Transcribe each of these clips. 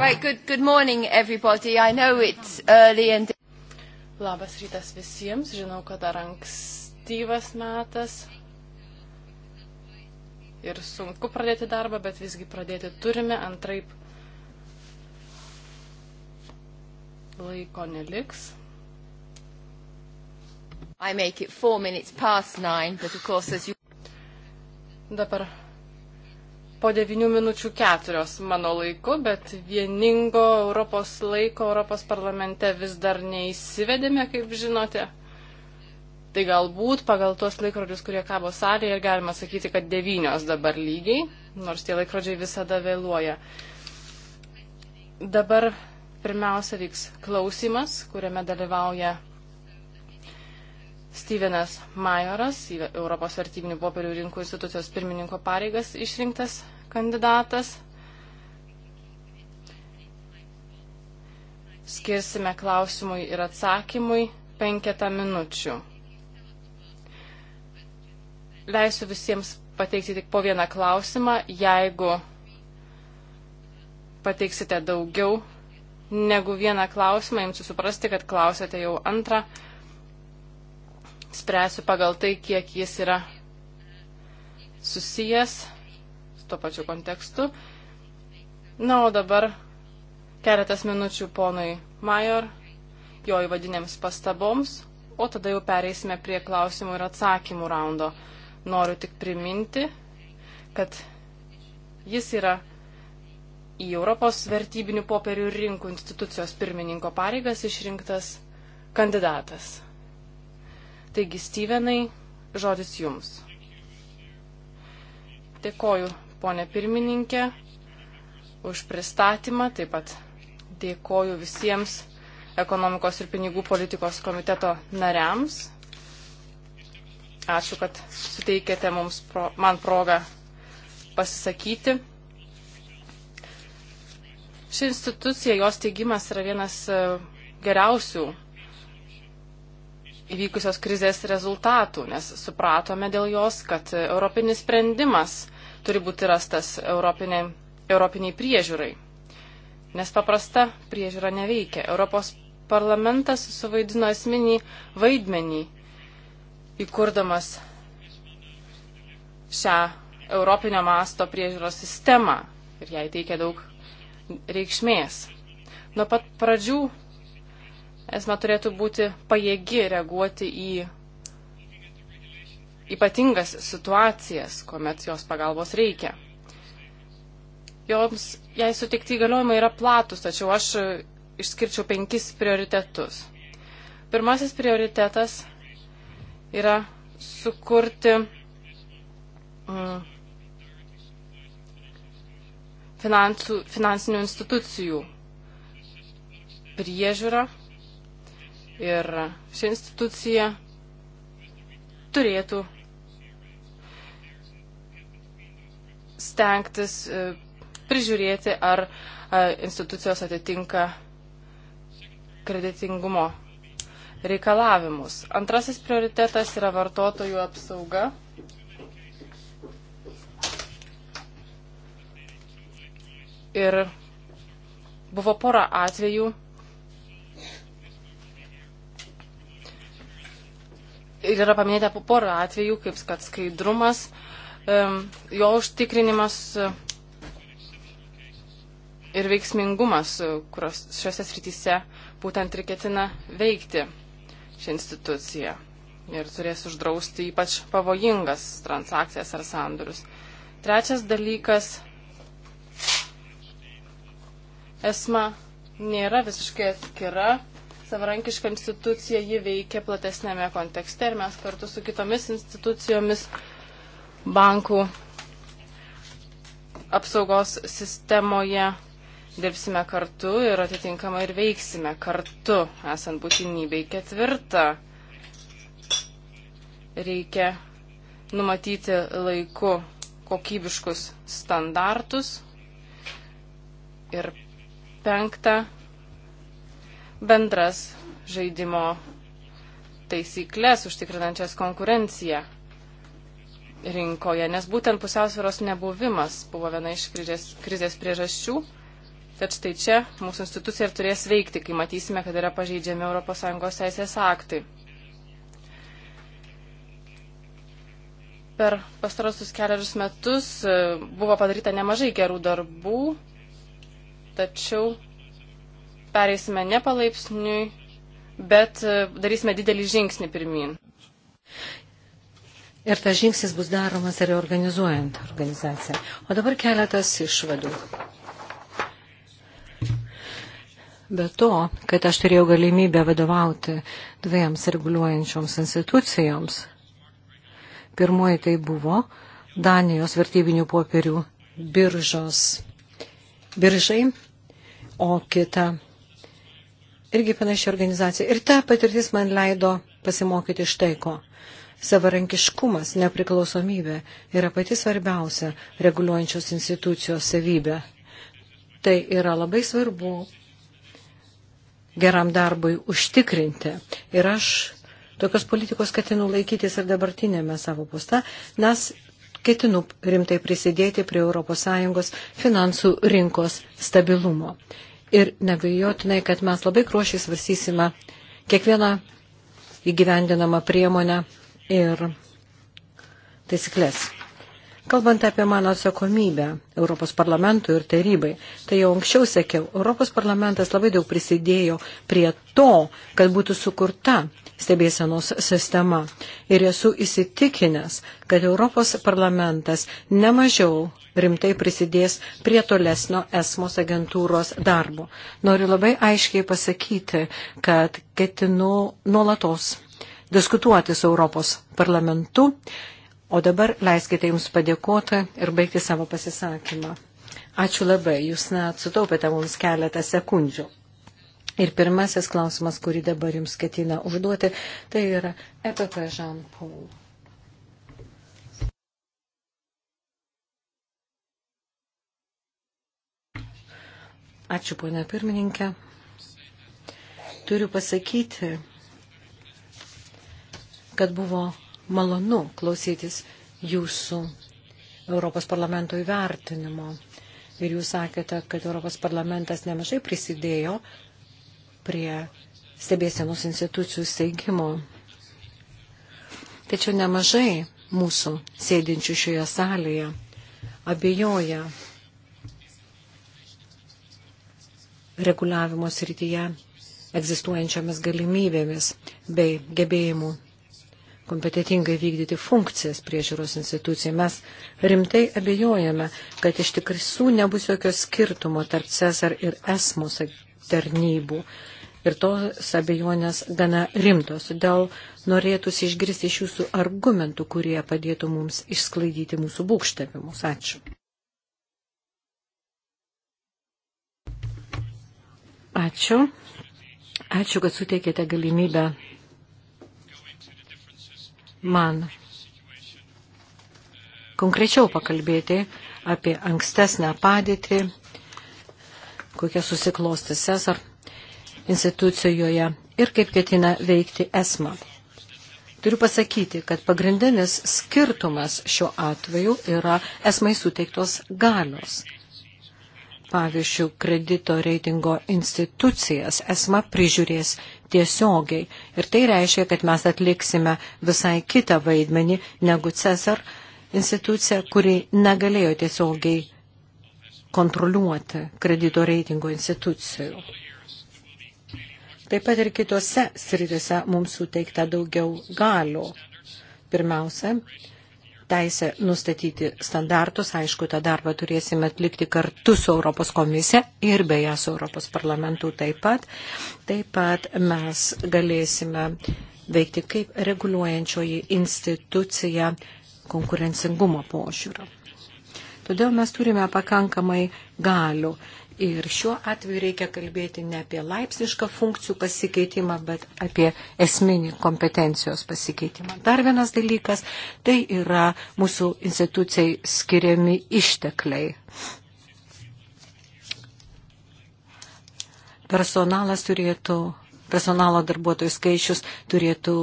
Right, good, good morning everybody. I know it's early and... Labas rytas visiems, žinau, kad dar ankstyvas metas ir sunku pradėti darbą, bet visgi pradėti turime, antraip laiko neliks. I make it four minutes past nine, but of course as you... Dabar po 9 minučių 4 mano laiku, bet vieningo Europos laiko Europos parlamente vis dar neįsivedėme, kaip žinote. Tai galbūt pagal tuos laikrodžius, kurie kabo salėje, ir galima sakyti, kad 9 dabar lygiai, nors tie laikrodžiai visada vėluoja. Dabar pirmiausia vyks klausimas, kuriame dalyvauja Stevenas Majoras, Europos vertybinių popierių rinkų institucijos pirmininko pareigas išrinktas kandidatas. Skirsime klausimui ir atsakymui penketą minučių. Leisiu visiems pateikti tik po vieną klausimą. Jeigu pateiksite daugiau negu vieną klausimą, jums suprasti, kad klausėte jau antrą klausimą spręsiu pagal tai, kiek jis yra susijęs su tuo pačiu kontekstu. Na, o dabar keletas minučių ponui Major, jo įvadinėms pastaboms, o tada jau pereisime prie klausimų ir atsakymų raundo. Noriu tik priminti, kad jis yra į Europos vertybinių popierių rinkų institucijos pirmininko pareigas išrinktas kandidatas. Taigi, Stevenai, žodis jums. Dėkoju, ponė pirmininkė, už pristatymą, taip pat dėkoju visiems ekonomikos ir pinigų politikos komiteto nariams. Ačiū, kad suteikėte mums, pro, man progą pasisakyti. Ši institucija, jos teigimas yra vienas e, geriausių įvykusios krizės rezultatų, nes supratome dėl jos, kad europinis sprendimas turi būti rastas europinė, europiniai priežiūrai. Nes paprasta priežiūra neveikia. Europos parlamentas suvaidino esminį vaidmenį, įkurdamas šią europinio masto priežiūros sistemą ir jai teikia daug reikšmės. Nuo pat pradžių esma turėtų būti pajėgi reaguoti į ypatingas situacijas, kuomet jos pagalbos reikia. Joms, jai suteikti įgaliojimai yra platus, tačiau aš išskirčiau penkis prioritetus. Pirmasis prioritetas yra sukurti mm, finansų, finansinių institucijų priežiūrą Ir ši institucija turėtų stengtis e, prižiūrėti, ar e, institucijos atitinka kreditingumo reikalavimus. Antrasis prioritetas yra vartotojų apsauga. Ir buvo pora atvejų, ir yra paminėta porą atvejų, kaip kad skaidrumas, jo užtikrinimas ir veiksmingumas, e, kurios šiuose srityse būtent ir ketina veikti ši institucija ir turės uždrausti ypač pavojingas transakcijas ar sandurius. Trečias dalykas. Esma nėra visiškai atskira savarankiška institucija, ji veikia platesnėme kontekste ir mes kartu su kitomis institucijomis bankų apsaugos sistemoje dirbsime kartu ir atitinkamai ir veiksime kartu, esant būtinybei. Ketvirta, reikia numatyti laiku kokybiškus standartus. Ir penkta, bendras žaidimo taisyklės užtikrinančias konkurenciją rinkoje, nes būtent pusiausvėros nebuvimas buvo viena iš krizės, krizės priežasčių. Tad štai čia mūsų institucija ir turės veikti, kai matysime, kad yra pažeidžiami ES teisės aktai. Per pastarosius keliarius metus e, buvo padaryta nemažai gerų darbų, tačiau pereisime ne palaipsniui, bet e, darysime didelį žingsnį pirmin. Ir tas žingsnis bus daromas reorganizuojant organizaciją. O dabar keletas išvadų. Be to, kad aš turėjau galimybę vadovauti dviems reguliuojančioms institucijoms. Pirmoji tai buvo Danijos vertybinių popierių biržos biržai, o kita irgi panaši organizacija. Ir ta patirtis man leido pasimokyti iš tai, ko. Savarankiškumas, nepriklausomybė yra pati svarbiausia reguliuojančios institucijos savybė. Tai yra labai svarbu geram darbui užtikrinti. Ir aš tokios politikos ketinu laikytis ir dabartinėme savo poste, nes ketinu rimtai prisidėti prie ES finansų rinkos stabilumo. Ir nebejotinai, kad mes labai kruošiai svarsysime kiekvieną įgyvendinamą priemonę ir taisyklės. Kalbant apie mano atsakomybę Europos parlamentui ir tarybai, tai jau anksčiau sakiau, Europos parlamentas labai daug prisidėjo prie to, kad būtų sukurta stebėsenos sistema. Ir esu įsitikinęs, kad Europos parlamentas nemažiau rimtai prisidės prie tolesnio esmos agentūros darbo. Noriu labai aiškiai pasakyti, kad ketinu nuolatos diskutuoti su Europos parlamentu, o dabar leiskite Jums padėkoti ir baigti savo pasisakymą. Ačiū labai, Jūs net sutaupėte mums keletą sekundžių. Ir pirmasis klausimas, kurį dabar jums ketina užduoti, tai yra EPP Jean Paul. Ačiū, ponia pirmininkė. Turiu pasakyti, kad buvo malonu klausytis jūsų Europos parlamento įvertinimo. Ir jūs sakėte, kad Europos parlamentas nemažai prisidėjo prie stebėsienos institucijų steigimo. Tačiau nemažai mūsų sėdinčių šioje salėje abejoja reguliavimo srityje egzistuojančiamis galimybėmis bei gebėjimu kompetitingai vykdyti funkcijas priežiūros institucijai. Mes rimtai abejojame, kad iš tikrųjų nebus jokio skirtumo tarp Cezar ir Esmos tarnybų. Ir tos abejonės gana rimtos. Todėl norėtųsi išgirsti iš jūsų argumentų, kurie padėtų mums išsklaidyti mūsų būkštavimus. Ačiū. Ačiū. Ačiū, kad suteikėte galimybę man konkrečiau pakalbėti apie ankstesnę padėtį kokia susiklosti Cesar institucijoje ir kaip ketina veikti esmą. Turiu pasakyti, kad pagrindinis skirtumas šiuo atveju yra esmai suteiktos galios. Pavyzdžiui, kredito reitingo institucijas esma prižiūrės tiesiogiai. Ir tai reiškia, kad mes atliksime visai kitą vaidmenį negu Cesar institucija, kuri negalėjo tiesiogiai kontroliuoti kredito reitingo institucijų. Taip pat ir kitose sritise mums suteikta daugiau galių. Pirmiausia, teisė nustatyti standartus, aišku, tą darbą turėsime atlikti kartu su Europos komisija ir beje su Europos parlamentu taip pat. Taip pat mes galėsime veikti kaip reguliuojančioji institucija konkurencingumo požiūrio. Todėl mes turime pakankamai galių. Ir šiuo atveju reikia kalbėti ne apie laipsnišką funkcijų pasikeitimą, bet apie esminį kompetencijos pasikeitimą. Dar vienas dalykas - tai yra mūsų institucijai skiriami ištekliai. Personalas turėtų, personalo darbuotojų skaičius turėtų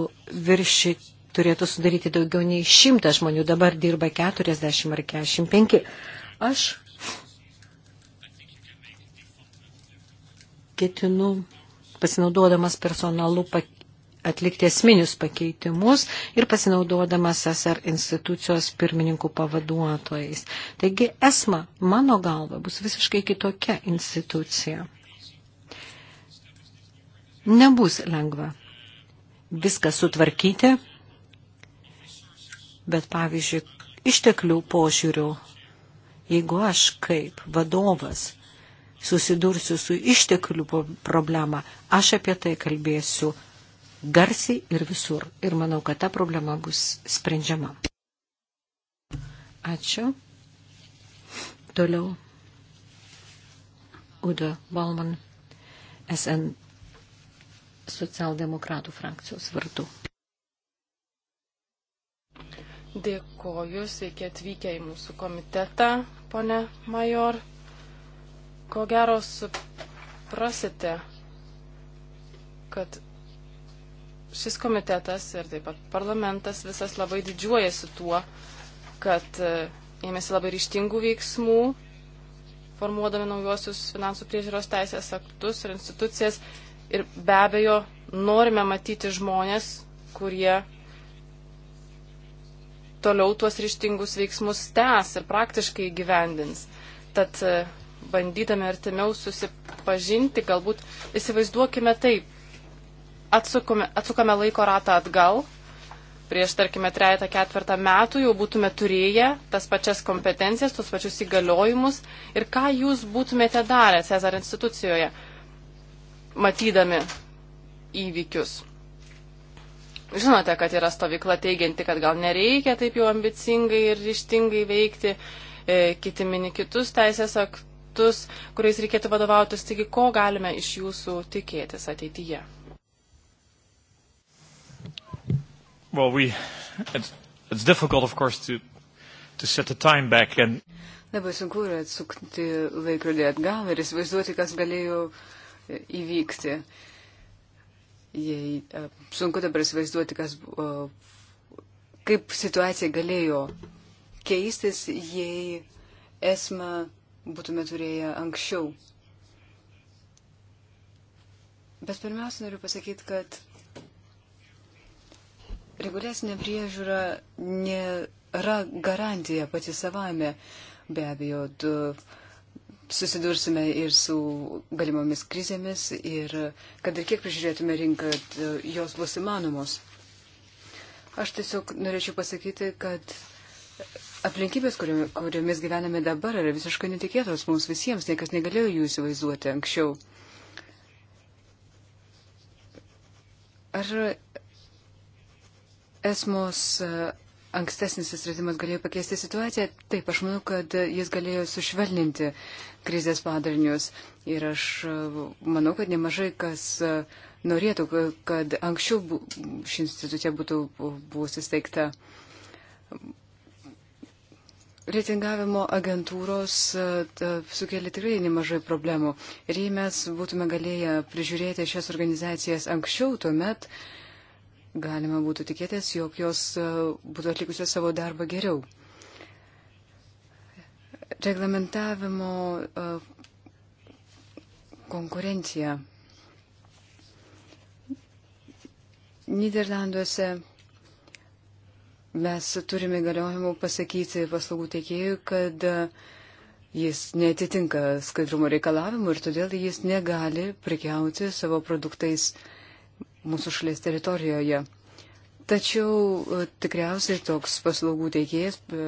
viršyti turėtų sudaryti daugiau nei šimtą žmonių, dabar dirba 40 ar 45. Aš ketinu, pasinaudodamas personalu, atlikti esminius pakeitimus ir pasinaudodamas SR institucijos pirmininkų pavaduotojais. Taigi ESMA, mano galva, bus visiškai kitokia institucija. Nebus lengva viską sutvarkyti, bet pavyzdžiui, išteklių požiūrių, jeigu aš kaip vadovas susidursiu su išteklių problema, aš apie tai kalbėsiu garsiai ir visur. Ir manau, kad ta problema bus sprendžiama. Ačiū. Toliau. Udo Balman, SN socialdemokratų frakcijos vardu. Dėkoju, sveiki atvykę į mūsų komitetą, pone Major. Ko gero suprasite, kad šis komitetas ir taip pat parlamentas visas labai didžiuojasi tuo, kad e, ėmėsi labai ryštingų veiksmų, formuodami naujosius finansų priežiūros teisės aktus ir institucijas. Ir be abejo, norime matyti žmonės, kurie toliau tuos ryštingus veiksmus tęs ir praktiškai gyvendins. Tad e, bandydami artimiau susipažinti, galbūt įsivaizduokime taip, atsukome, atsukame laiko ratą atgal, prieš, tarkime, trejata ketvirtą metų jau būtume turėję tas pačias kompetencijas, tuos pačius įgaliojimus ir ką jūs būtumėte darę Cezar institucijoje, matydami įvykius. Žinote, kad yra stovykla teigianti, kad gal nereikia taip jau ambicingai ir ryštingai veikti, e, kiti mini kitus teisės aktus, kuriais reikėtų vadovautis, taigi ko galime iš jūsų tikėtis ateityje. Well, we, it's, it's difficult, of course, to, to set the time back and... Labai sunku yra atsukti laikrodį atgal ir įsivaizduoti, kas galėjo e, įvykti. Uh, jei e, sunku dabar įsivaizduoti, kas, kaip situacija galėjo keistis, jei esmą būtume turėję anksčiau. Bet pirmiausia, noriu pasakyti, kad reguliacinė priežiūra nėra garantija pati savame. Be abejo, du, uh, susidursime ir su galimomis krizėmis ir kad ir kiek prižiūrėtume rinką, jos bus įmanomos. Aš tiesiog norėčiau pasakyti, kad aplinkybės, kuriomis gyvename dabar, yra visiškai netikėtos mums visiems, niekas negalėjo jų įsivaizduoti anksčiau. Ar esmos ankstesnis atradimas galėjo pakeisti situaciją, taip aš manau, kad jis galėjo sušvelninti krizės padarinius. Ir aš e, manau, kad nemažai kas e, norėtų, kad anksčiau ši institucija būtų buvusi steigta. Reitingavimo agentūros e, sukelia tikrai nemažai problemų. Ir jei mes būtume galėję prižiūrėti šias organizacijas anksčiau, tuomet uh, galima būtų tikėtis, jog jos e, būtų atlikusios savo darbą geriau. Reglamentavimo e, konkurencija. Niderlanduose mes turime galiojimų pasakyti paslaugų teikėjų, kad e, jis netitinka skaidrumo reikalavimų ir todėl jis negali prikiauti savo produktais uh, mūsų šalies teritorijoje. Tačiau e, tikriausiai toks paslaugų teikėjas e,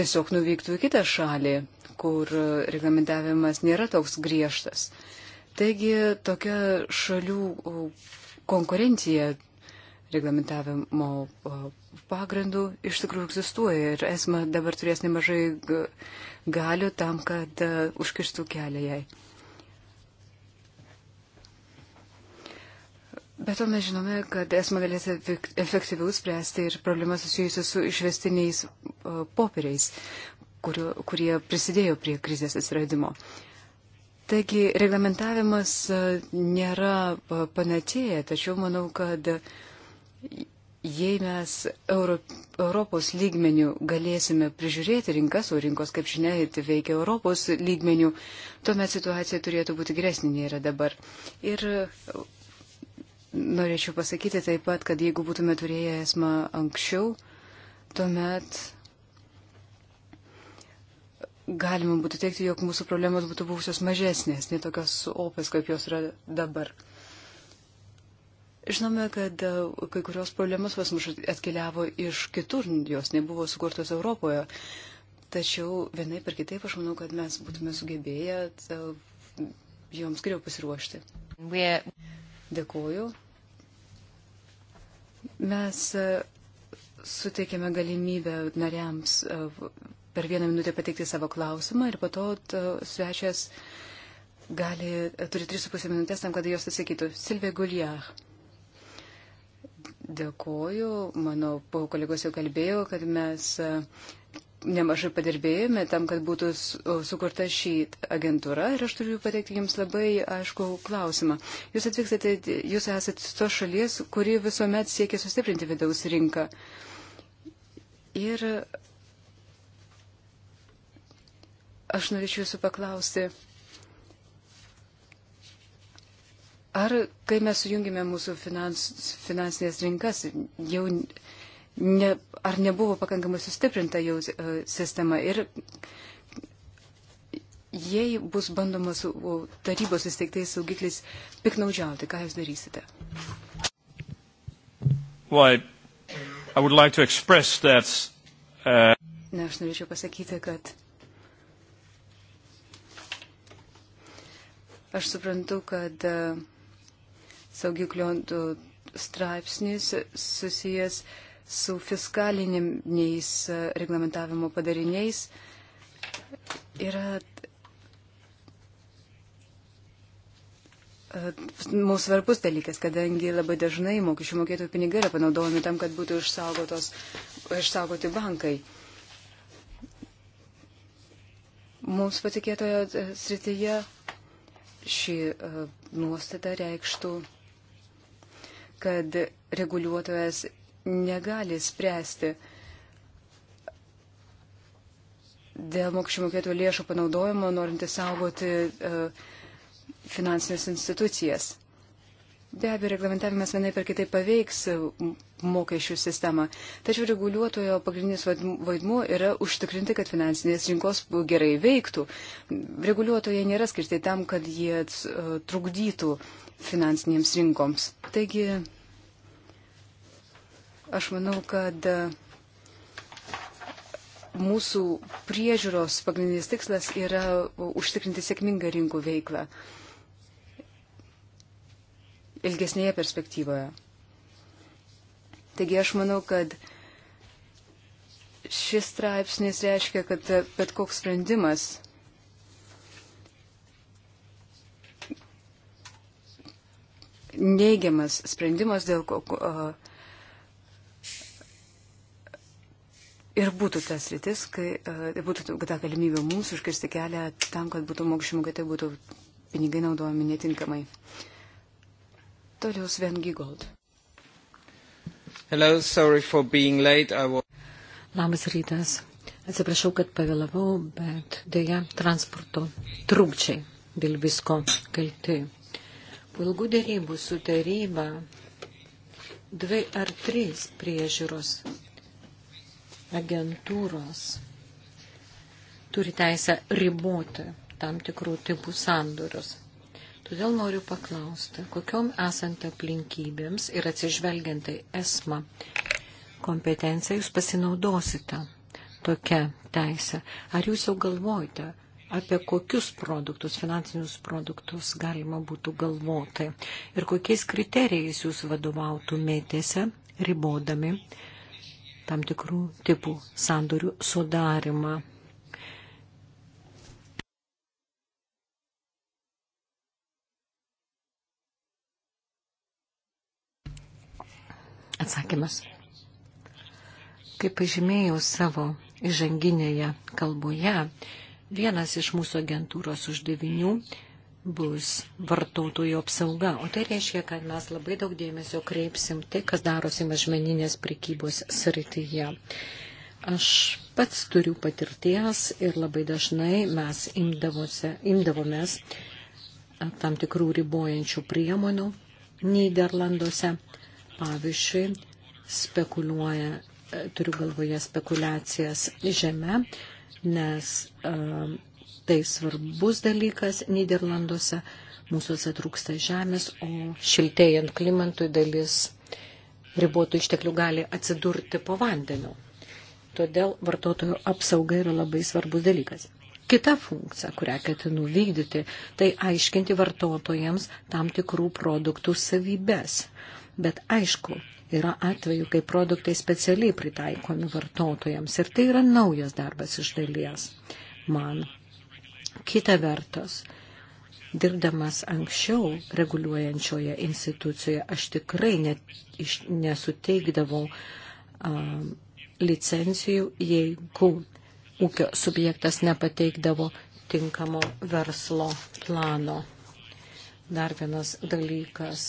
tiesiog nuvyktų į kitą šalį, kur e, reglamentavimas nėra toks griežtas. Taigi tokia šalių konkurencija reglamentavimo pagrindų iš tikrųjų egzistuoja ir esma dabar turės nemažai galių tam, kad užkirstų kelią jai. Bet to mes žinome, kad esma galės efektyviau spręsti ir problemas susijusias su išvestiniais popieriais, kurio, kurie prisidėjo prie krizės atsiradimo. Taigi, reglamentavimas e, nėra panatėję, tačiau manau, kad jei mes Euro, Europos lygmenių galėsime prižiūrėti rinkas, o rinkos, kaip žinia, tai veikia Europos lygmenių, tuomet situacija turėtų būti geresnė nei yra dabar. Ir Norėčiau pasakyti taip pat, kad jeigu būtume turėję esmą anksčiau, tuomet galima būtų teikti, jog mūsų problemos būtų buvusios mažesnės, netokios opės, kaip jos yra dabar. Žinome, kad e, kai kurios problemos pas mus atkeliavo iš kitur, jos nebuvo sukurtos Europoje. Tačiau vienai per kitaip aš manau, kad mes būtume sugebėję e, joms geriau pasiruošti. We're... Dėkuoju. Mes e, suteikėme galimybę nariams e, per vieną minutę pateikti savo klausimą ir po to svečias gali, e, turi 3,5 minutės tam, kad jos atsakytų. Silvė Guljach. Dėkuoju. Mano kolegos jau kalbėjo, kad mes nemažai padirbėjome tam, kad būtų sukurta šį agentūrą ir aš turiu pateikti jums labai aišku klausimą. Jūs atvykstate, jūs esate tos šalies, kuri visuomet siekia sustiprinti vidaus rinką. Ir aš norėčiau jūsų paklausti. Ar kai mes sujungime mūsų finans, finansinės rinkas, jau ne, ar nebuvo pakankamai sustiprinta jau e, sistema. Ir jei bus bandoma su tarybos įsteigtais saugikliais piknaudžiauti, ką jūs darysite? Well, I would like to express that. Uh... Na, aš norėčiau pasakyti, kad aš suprantu, kad uh, saugiklio straipsnis susijęs uh, su fiskaliniais e, reglamentavimo padariniais yra e, mūsų svarbus dalykas, kadangi labai dažnai mokesčių mokėtojų pinigai yra panaudojami tam, kad būtų išsaugoti bankai. Mums patikėtojo e, srityje ši nuostata reikštų, kad reguliuotojas negali spręsti dėl mokesčių mokėtojų lėšų panaudojimo, norint įsaugoti uh, e, finansinės institucijas. Be abejo, reglamentavimas vienai per kitaip paveiks mokesčių sistemą. Tačiau reguliuotojo pagrindinis vaidmuo yra užtikrinti, kad finansinės rinkos gerai veiktų. Reguliuotojai nėra skirti tam, kad jie e, trukdytų finansinėms rinkoms. Taigi Aš manau, kad e, mūsų priežiūros pagrindinis tikslas yra e, užtikrinti sėkmingą rinkų veiklą ilgesnėje perspektyvoje. Taigi aš manau, kad šis straipsnis reiškia, kad e, bet koks sprendimas neigiamas sprendimas dėl uh, ir būtų tas rytis, kai e, būtų ta galimybė mums užkirsti kelią tam, kad būtų mokesčių mokėtai būtų pinigai naudojami netinkamai. Toliau Sven Gigold. Hello, sorry for being late. I will... Labas rytas. Atsiprašau, kad pavėlavau, bet dėja transporto trūkčiai dėl visko kalti. Po ilgų dėrybų su taryba dvi ar trys priežiūros agentūros turi teisę riboti tam tikrų tipų sandorius. Todėl noriu paklausti, kokiom esant aplinkybėms ir atsižvelgiantai esmą kompetenciją jūs pasinaudosite tokią teisę. Ar jūs jau galvojate, apie kokius produktus, finansinius produktus galima būtų galvoti ir kokiais kriterijais jūs vadovautumėtėse, ribodami tam tikrų tipų sandorių sudarimą. Atsakymas. Kaip pažymėjau savo įžanginėje kalboje, vienas iš mūsų agentūros uždavinių bus vartotojų apsauga. O tai reiškia, kad mes labai daug dėmesio kreipsim tai, kas darosi mažmeninės prekybos srityje. Aš pats turiu patirties ir labai dažnai mes imdavomės tam tikrų ribojančių priemonių Niderlanduose. Pavyzdžiui, spekuliuoja, turiu galvoje spekulacijas žeme, nes uh, tai svarbus dalykas Niderlanduose. Mūsų atsitrūksta žemės, o šiltėjant klimatui dalis ribotų išteklių gali atsidurti po vandeniu. Todėl vartotojų apsauga yra labai svarbus dalykas. Kita funkcija, kurią ketinu vykdyti, tai aiškinti vartotojams tam tikrų produktų savybės. Bet aišku, yra atveju, kai produktai specialiai pritaikomi vartotojams ir tai yra naujas darbas iš dalies man Kita vertos, dirbdamas anksčiau reguliuojančioje institucijoje, aš tikrai net, iš, nesuteikdavau um, licencijų, jeigu ūkio subjektas nepateikdavo tinkamo verslo plano. Dar vienas dalykas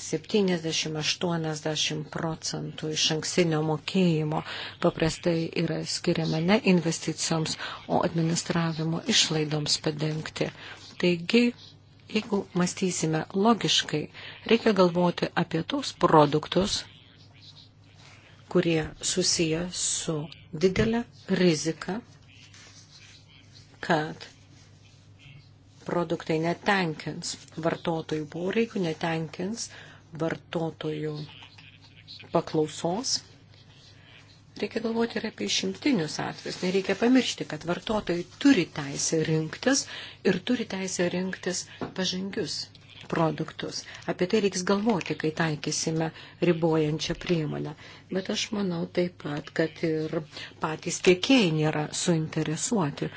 70-80 procentų iš anksinio mokėjimo paprastai yra skiriama ne investicijoms, o administravimo išlaidoms padengti. Taigi, jeigu mąstysime logiškai, reikia galvoti apie tos produktus, kurie susiję su didelė rizika, kad produktai netenkins vartotojų poreikų, netenkins uh, vartotojų paklausos. Reikia galvoti ir apie išimtinius atvejus. Nereikia pamiršti, kad vartotojai turi teisę rinktis ir turi teisę rinktis pažangius produktus. Apie tai reiks galvoti, kai taikysime ribojančią priemonę. Bet aš manau taip pat, kad ir patys tiekėjai nėra suinteresuoti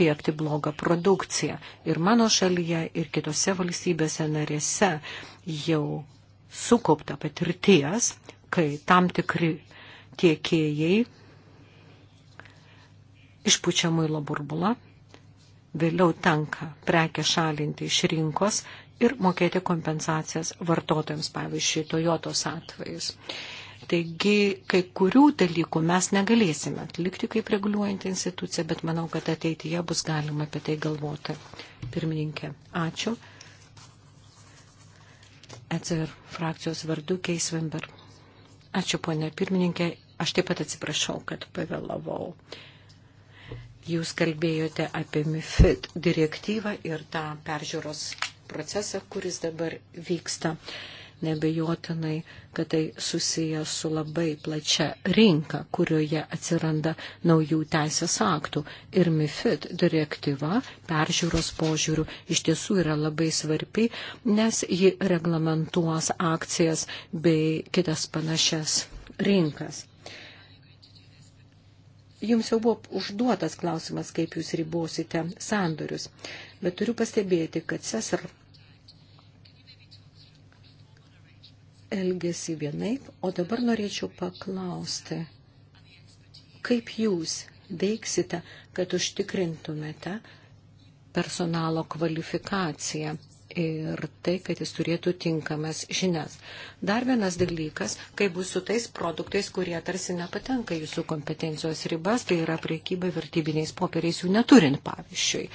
tiekti blogą produkciją. Ir mano šalyje, ir kitose valstybėse narėse jau sukaupta patirties, kai tam tikri tiekėjai išpučia muilo burbulą, vėliau tenka prekę šalinti iš rinkos ir mokėti kompensacijas vartotojams, pavyzdžiui, Toyotos atvejais. Taigi, kai kurių dalykų mes negalėsime atlikti kaip reguliuojantį instituciją, bet manau, kad ateityje bus galima apie tai galvoti. Pirmininkė, ačiū. ECR frakcijos vardu Keis Vimber. Ačiū, ponė pirmininkė. Aš taip pat atsiprašau, kad pavėlavau. Jūs kalbėjote apie MIFID direktyvą ir tą peržiūros procesą, kuris dabar vyksta. Uh, nebejotinai, kad tai susiję su labai plačia rinka, kurioje atsiranda naujų teisės aktų. Ir MIFID direktyva peržiūros požiūrių iš tiesų yra labai svarbi, nes ji reglamentuos akcijas bei kitas panašias rinkas. Jums jau buvo užduotas klausimas, kaip jūs ribosite sandorius, bet turiu pastebėti, kad CESAR elgesi vienaip, o dabar norėčiau paklausti, kaip jūs veiksite, kad užtikrintumėte personalo kvalifikaciją ir tai, kad jis turėtų tinkamas žinias. Dar vienas dalykas, kai bus su tais produktais, kurie tarsi nepatenka jūsų kompetencijos ribas, tai yra priekyba vertybiniais popieriais jų neturint, pavyzdžiui.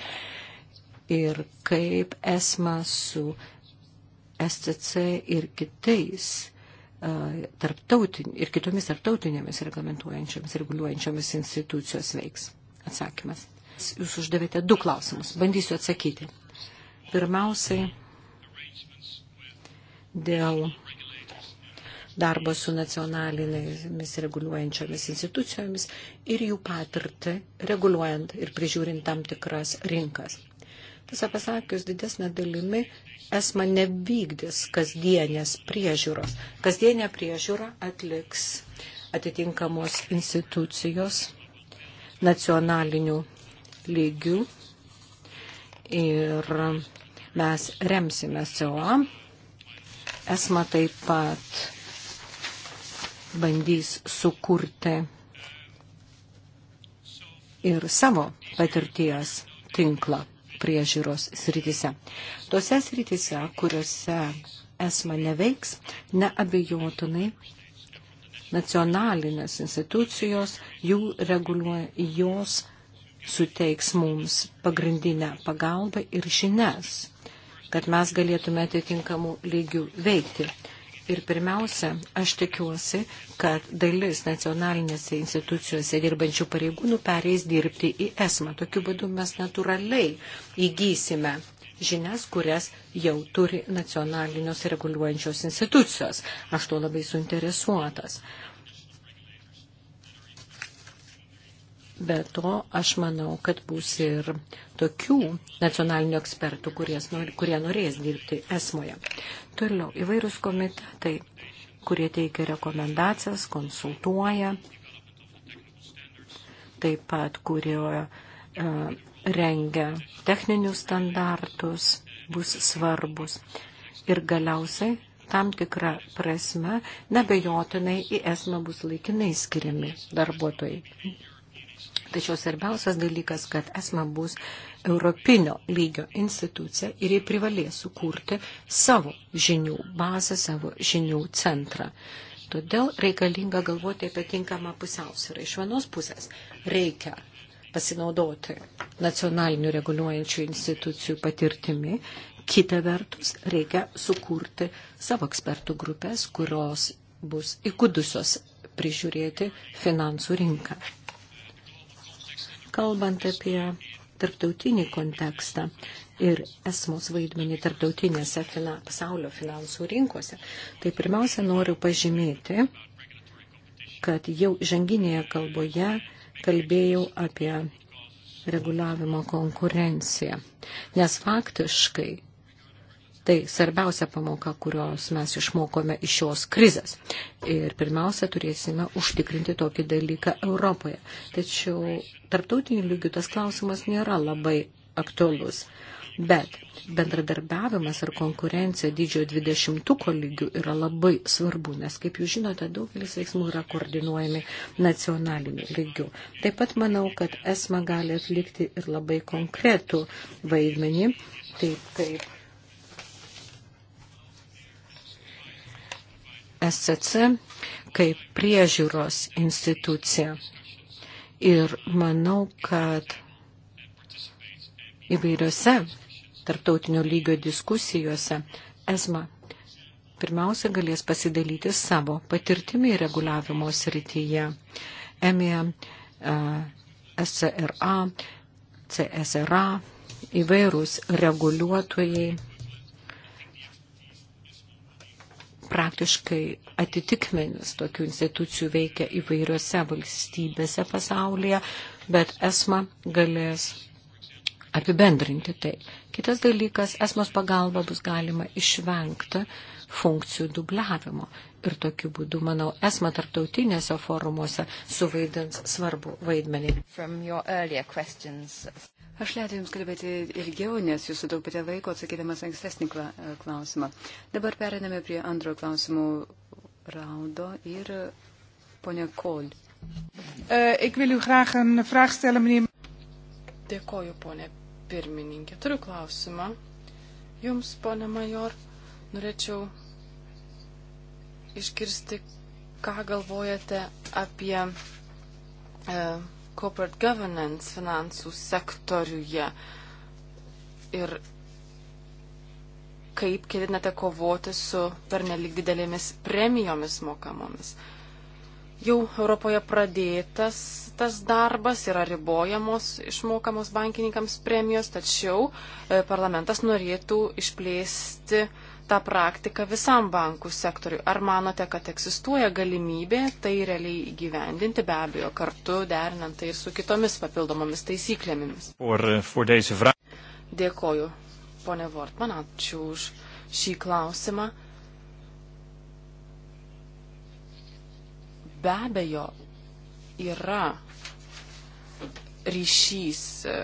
Ir kaip esma su SCC ir kitais tarptautin, ir kitomis tarptautinėmis reglamentuojančiomis, reguliuojančiomis institucijos veiks. Atsakymas. Jūs uždavėte du klausimus. Bandysiu atsakyti. Pirmiausiai, dėl darbo su nacionalinėmis reguliuojančiomis institucijomis ir jų patirtį reguliuojant ir prižiūrint tam tikras rinkas. Tiesą pasakius, didesnė dalimi esma nevykdys kasdienės priežiūros. Kasdienę priežiūrą atliks atitinkamos institucijos nacionalinių lygių ir mes remsime SEOA. Esma taip pat bandys sukurti ir savo patirties tinklą priežiūros srityse. Tose srityse, kuriuose esma neveiks, neabejotinai nacionalinės institucijos, jų reguliuoja, jos suteiks mums pagrindinę pagalbą ir žinias, kad mes galėtume atitinkamų lygių veikti. Ir pirmiausia, aš tikiuosi, kad dalis nacionalinėse institucijose dirbančių pareigūnų pereis dirbti į esmą. Tokiu būdu mes natūraliai įgysime žinias, kurias jau turi nacionalinios reguliuojančios institucijos. Aš tuo labai suinteresuotas. Be to, aš manau, kad bus ir tokių nacionalinių ekspertų, kurie norės dirbti esmoje. Toliau įvairūs komitetai, kurie teikia rekomendacijas, konsultuoja, taip pat kurio uh, rengia techninius standartus, bus svarbus. Ir galiausiai tam tikrą prasme nebejotinai į esmę bus laikinai skiriami darbuotojai. Tačiau svarbiausias dalykas, kad esma bus europinio lygio institucija ir jie privalės sukurti savo žinių bazę, savo žinių centrą. Todėl reikalinga galvoti apie tinkamą pusiausvyrą. Iš vienos pusės reikia pasinaudoti nacionalinių reguliuojančių institucijų patirtimi. Kita vertus, reikia sukurti savo ekspertų grupės, kurios bus įkudusios prižiūrėti finansų rinką kalbant apie tarptautinį kontekstą ir esmos vaidmenį tarptautinėse fina, pasaulio finansų rinkose, tai pirmiausia noriu pažymėti, kad jau žanginėje kalboje kalbėjau apie reguliavimo konkurenciją. Nes faktiškai Tai svarbiausia pamoka, kurios mes išmokome iš šios krizės. Ir pirmiausia, turėsime užtikrinti tokį dalyką Europoje. Tačiau tarptautinių lygių tas klausimas nėra labai aktualus. Bet bendradarbiavimas ar konkurencija didžiojo dvidešimtuko lygių yra labai svarbu, nes, kaip jūs žinote, daugelis veiksmų yra koordinuojami nacionaliniu lygiu. Taip pat manau, kad ESMA gali atlikti ir labai konkretų vaidmenį, taip kaip SCC kaip priežiūros institucija. Ir manau, kad įvairiose tarptautinio lygio diskusijose ESMA pirmiausia galės pasidalyti savo patirtimį reguliavimo srityje. EMIA, SCRA, CSRA, įvairūs reguliuotojai praktiškai atitikmenis tokių institucijų veikia įvairiose valstybėse pasaulyje, bet esma galės apibendrinti tai. Kitas dalykas, esmos pagalba bus galima išvengti funkcijų dubliavimo. Ir tokiu būdu, manau, esma tarptautinėse forumuose suvaidins svarbu vaidmenį. Aš leidžiu Jums kalbėti ilgiau, nes Jūs sutaupėte laiko atsakydamas ankstesnį e, klausimą. Dabar periname prie antrojo klausimų raundo ir ponia Kol. E, Dėkoju, ponė pirmininkė. Turiu klausimą. Jums, ponė Major, norėčiau išgirsti, ką galvojate apie. E, corporate governance finansų sektoriuje ir kaip ketinate kovoti su pernelik didelėmis premijomis mokamomis. Jau Europoje pradėtas tas darbas yra ribojamos išmokamos bankininkams premijos, tačiau e, parlamentas norėtų išplėsti uh, tą praktiką visam bankų sektoriui. Ar manote, kad egzistuoja galimybė tai realiai įgyvendinti, be abejo, kartu derinant tai su kitomis papildomomis taisyklėmis? Uh, Dėkoju, ponė Vortman, ačiū už šį klausimą. Be abejo, yra ryšys e,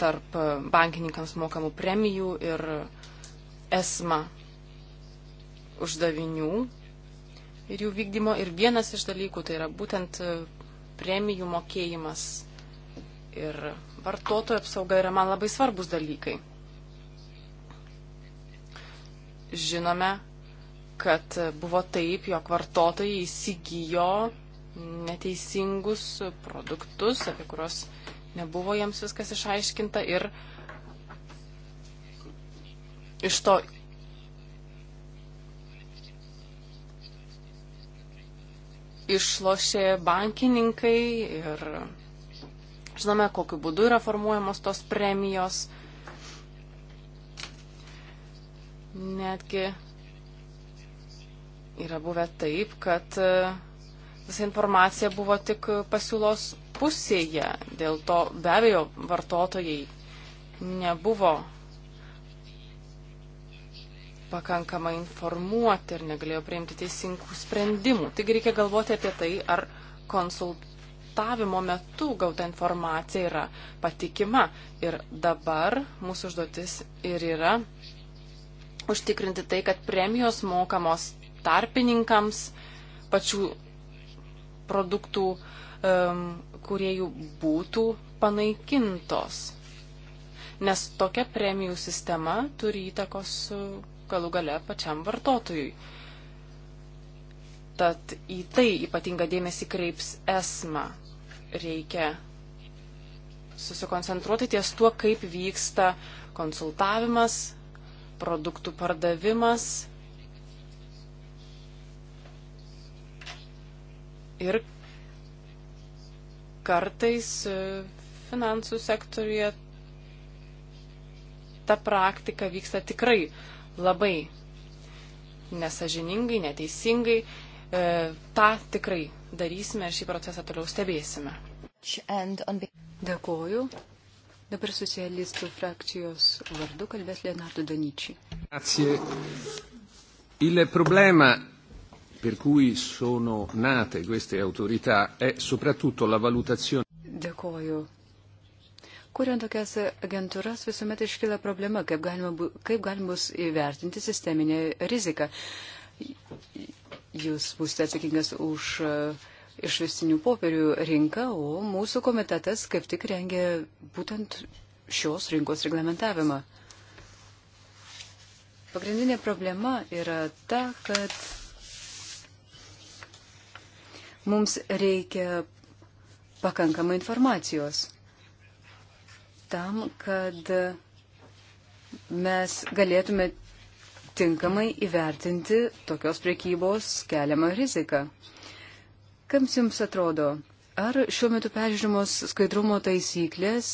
tarp bankininkams mokamų premijų ir esma uždavinių ir jų vykdymo. Ir vienas iš dalykų tai yra būtent e, premijų mokėjimas ir vartotojų apsauga yra man labai svarbus dalykai. Žinome, kad buvo taip, jog vartotojai įsigijo neteisingus produktus, apie kuriuos nebuvo jiems viskas išaiškinta ir uh, iš to išlošė bankininkai ir žinome, kokiu būdu yra formuojamos tos premijos. Netgi yra buvę taip, kad e, visa informacija buvo tik pasiūlos pusėje. Dėl to be abejo vartotojai nebuvo pakankamai informuoti ir negalėjo priimti teisingų sprendimų. Taigi reikia galvoti apie tai, ar konsultavimo metu gauta informacija yra patikima. Ir dabar mūsų užduotis ir yra užtikrinti tai, kad premijos mokamos tarpininkams, pačių produktų um, kuriejų būtų panaikintos. Nes tokia premijų sistema turi įtakos galų gale pačiam vartotojui. Tad į tai ypatingą dėmesį kreips esma. Reikia susikoncentruoti ties tuo, kaip vyksta konsultavimas, produktų pardavimas ir kartais e, finansų sektoriuje ta praktika vyksta tikrai labai nesažiningai, neteisingai. E, tą tikrai darysime ir šį procesą toliau stebėsime. Dėkoju. Dabar socialistų frakcijos vardu kalbės Leonardo Daničiai. Grazie. Il problema per cui sono nate queste autorità è soprattutto la valutazione. Dėkoju. Kuriant tokias agentūras visuomet iškyla problema, kaip galima, kaip galima bus įvertinti sisteminę riziką. Jūs būsite atsakingas už e, išvestinių popierių rinką, o mūsų komitetas kaip tik rengia būtent šios rinkos reglamentavimą. Pagrindinė problema yra ta, kad mums reikia pakankamai informacijos tam, kad mes galėtume tinkamai įvertinti tokios priekybos keliamą riziką. Kams jums atrodo, ar šiuo metu peržiūrimos skaidrumo taisyklės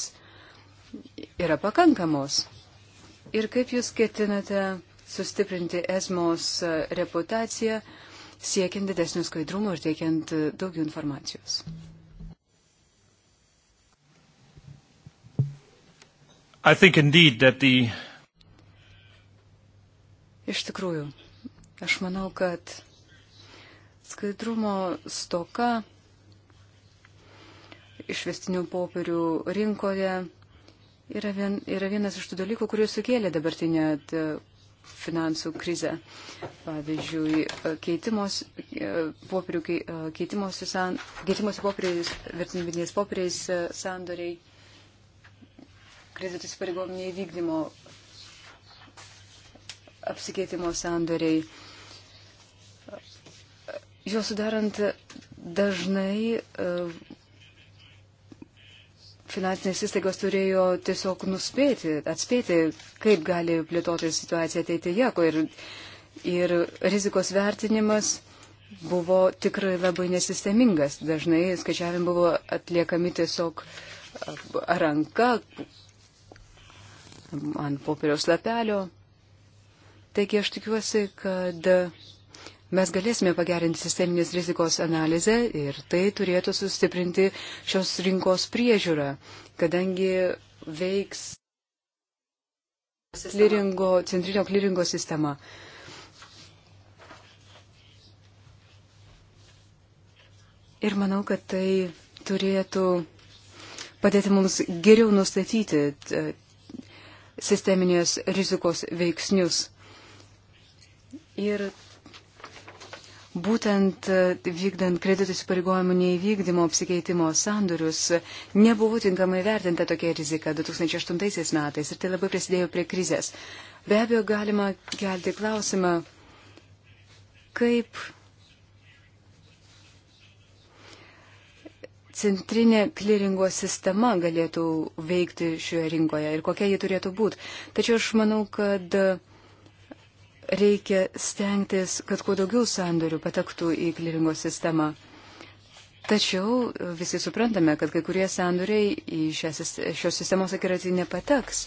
yra pakankamos? Ir kaip jūs ketinate sustiprinti esmos reputaciją, siekiant didesnio skaidrumo ir teikiant daugiau informacijos? Mm. I think indeed that the Iš tikrųjų, aš manau, kad skaidrumo stoka išvestinių popierių rinkoje yra, vien, yra vienas iš tų dalykų, kurie sukėlė dabartinę e, finansų krizę. Pavyzdžiui, e, keitimos, e, popierių, keitimos, san, keitimos popieriais, vertiniminiais popieriais sandoriai kredito įsipareigojimų neįvykdymo apsikeitimo sandoriai. Juos sudarant dažnai e, finansinės įstaigos turėjo tiesiog nuspėti, atspėti, kaip gali plėtoti situaciją ateityje. Ir, ir rizikos vertinimas buvo tikrai labai nesistemingas. Dažnai skaičiavim buvo atliekami tiesiog e, ranka, ant popieriaus lapelio. Taigi aš tikiuosi, kad mes galėsime pagerinti sisteminės rizikos analizę ir tai turėtų sustiprinti šios rinkos priežiūrą, kadangi veiks kliringo, centrinio kliringo sistema. Ir manau, kad tai turėtų padėti mums geriau nustatyti sisteminės rizikos veiksnius. Ir būtent e, vykdant kreditų įsipareigojimų neįvykdymo apsikeitimo sandorius nebuvo tinkamai vertinta tokia rizika 2008 metais ir tai labai prisidėjo prie krizės. Be abejo, galima kelti klausimą, kaip centrinė kliringo sistema galėtų veikti šioje rinkoje ir kokia ji turėtų būti. Tačiau aš manau, kad reikia stengtis, kad kuo daugiau sandorių patektų į kliringo sistemą. Tačiau visi suprantame, kad kai kurie sandoriai į šios, šios sistemos akiratį nepateks.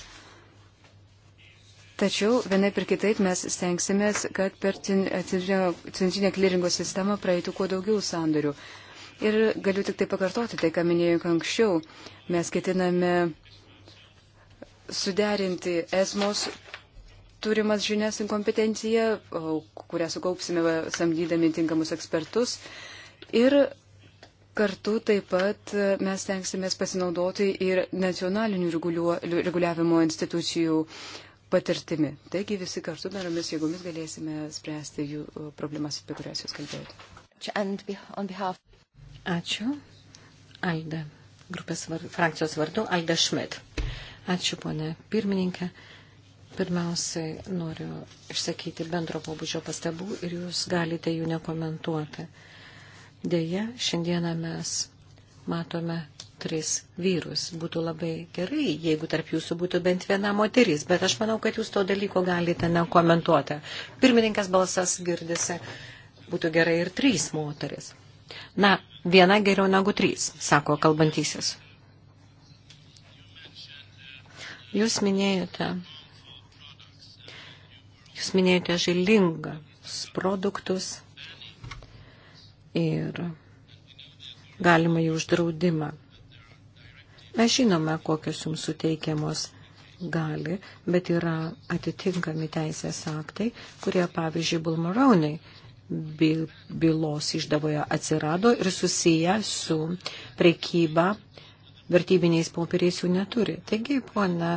Tačiau vienaip ir kitaip mes stengsimės, kad per centrinę kliringo sistemą praeitų kuo daugiau sandorių. Ir galiu tik tai pakartoti tai, ką minėjau anksčiau. Mes ketiname suderinti esmos turimas žinias ir kompetenciją, kurią sukaupsime samdydami tinkamus ekspertus. Ir kartu taip pat mes tenksimės pasinaudoti ir nacionalinių reguliavimo institucijų patirtimi. Taigi visi kartu daromis jėgomis galėsime spręsti jų problemas, apie kurias jūs kalbėjote. Ačiū. Alde, grupės var, frakcijos vardu, Alde Šmit. Ačiū, ponė pirmininkė. Pirmiausiai noriu išsakyti bendro pobūdžio pastabų ir jūs galite jų nekomentuoti. Deja, šiandieną mes matome tris vyrus. Būtų labai gerai, jeigu tarp jūsų būtų bent viena moteris, bet aš manau, kad jūs to dalyko galite nekomentuoti. Pirmininkas balsas girdisi, būtų gerai ir trys moteris. Na, viena geriau negu trys, sako kalbantysis. Jūs minėjote, jūs minėjote žilingas produktus ir galima jų uždraudimą. Mes žinome, kokios jums suteikiamos gali, bet yra atitinkami teisės aktai, kurie, pavyzdžiui, Bulmaraunai bylos išdavoje atsirado ir susiję su prekyba vertybiniais popieriais jų neturi. Taigi, pona,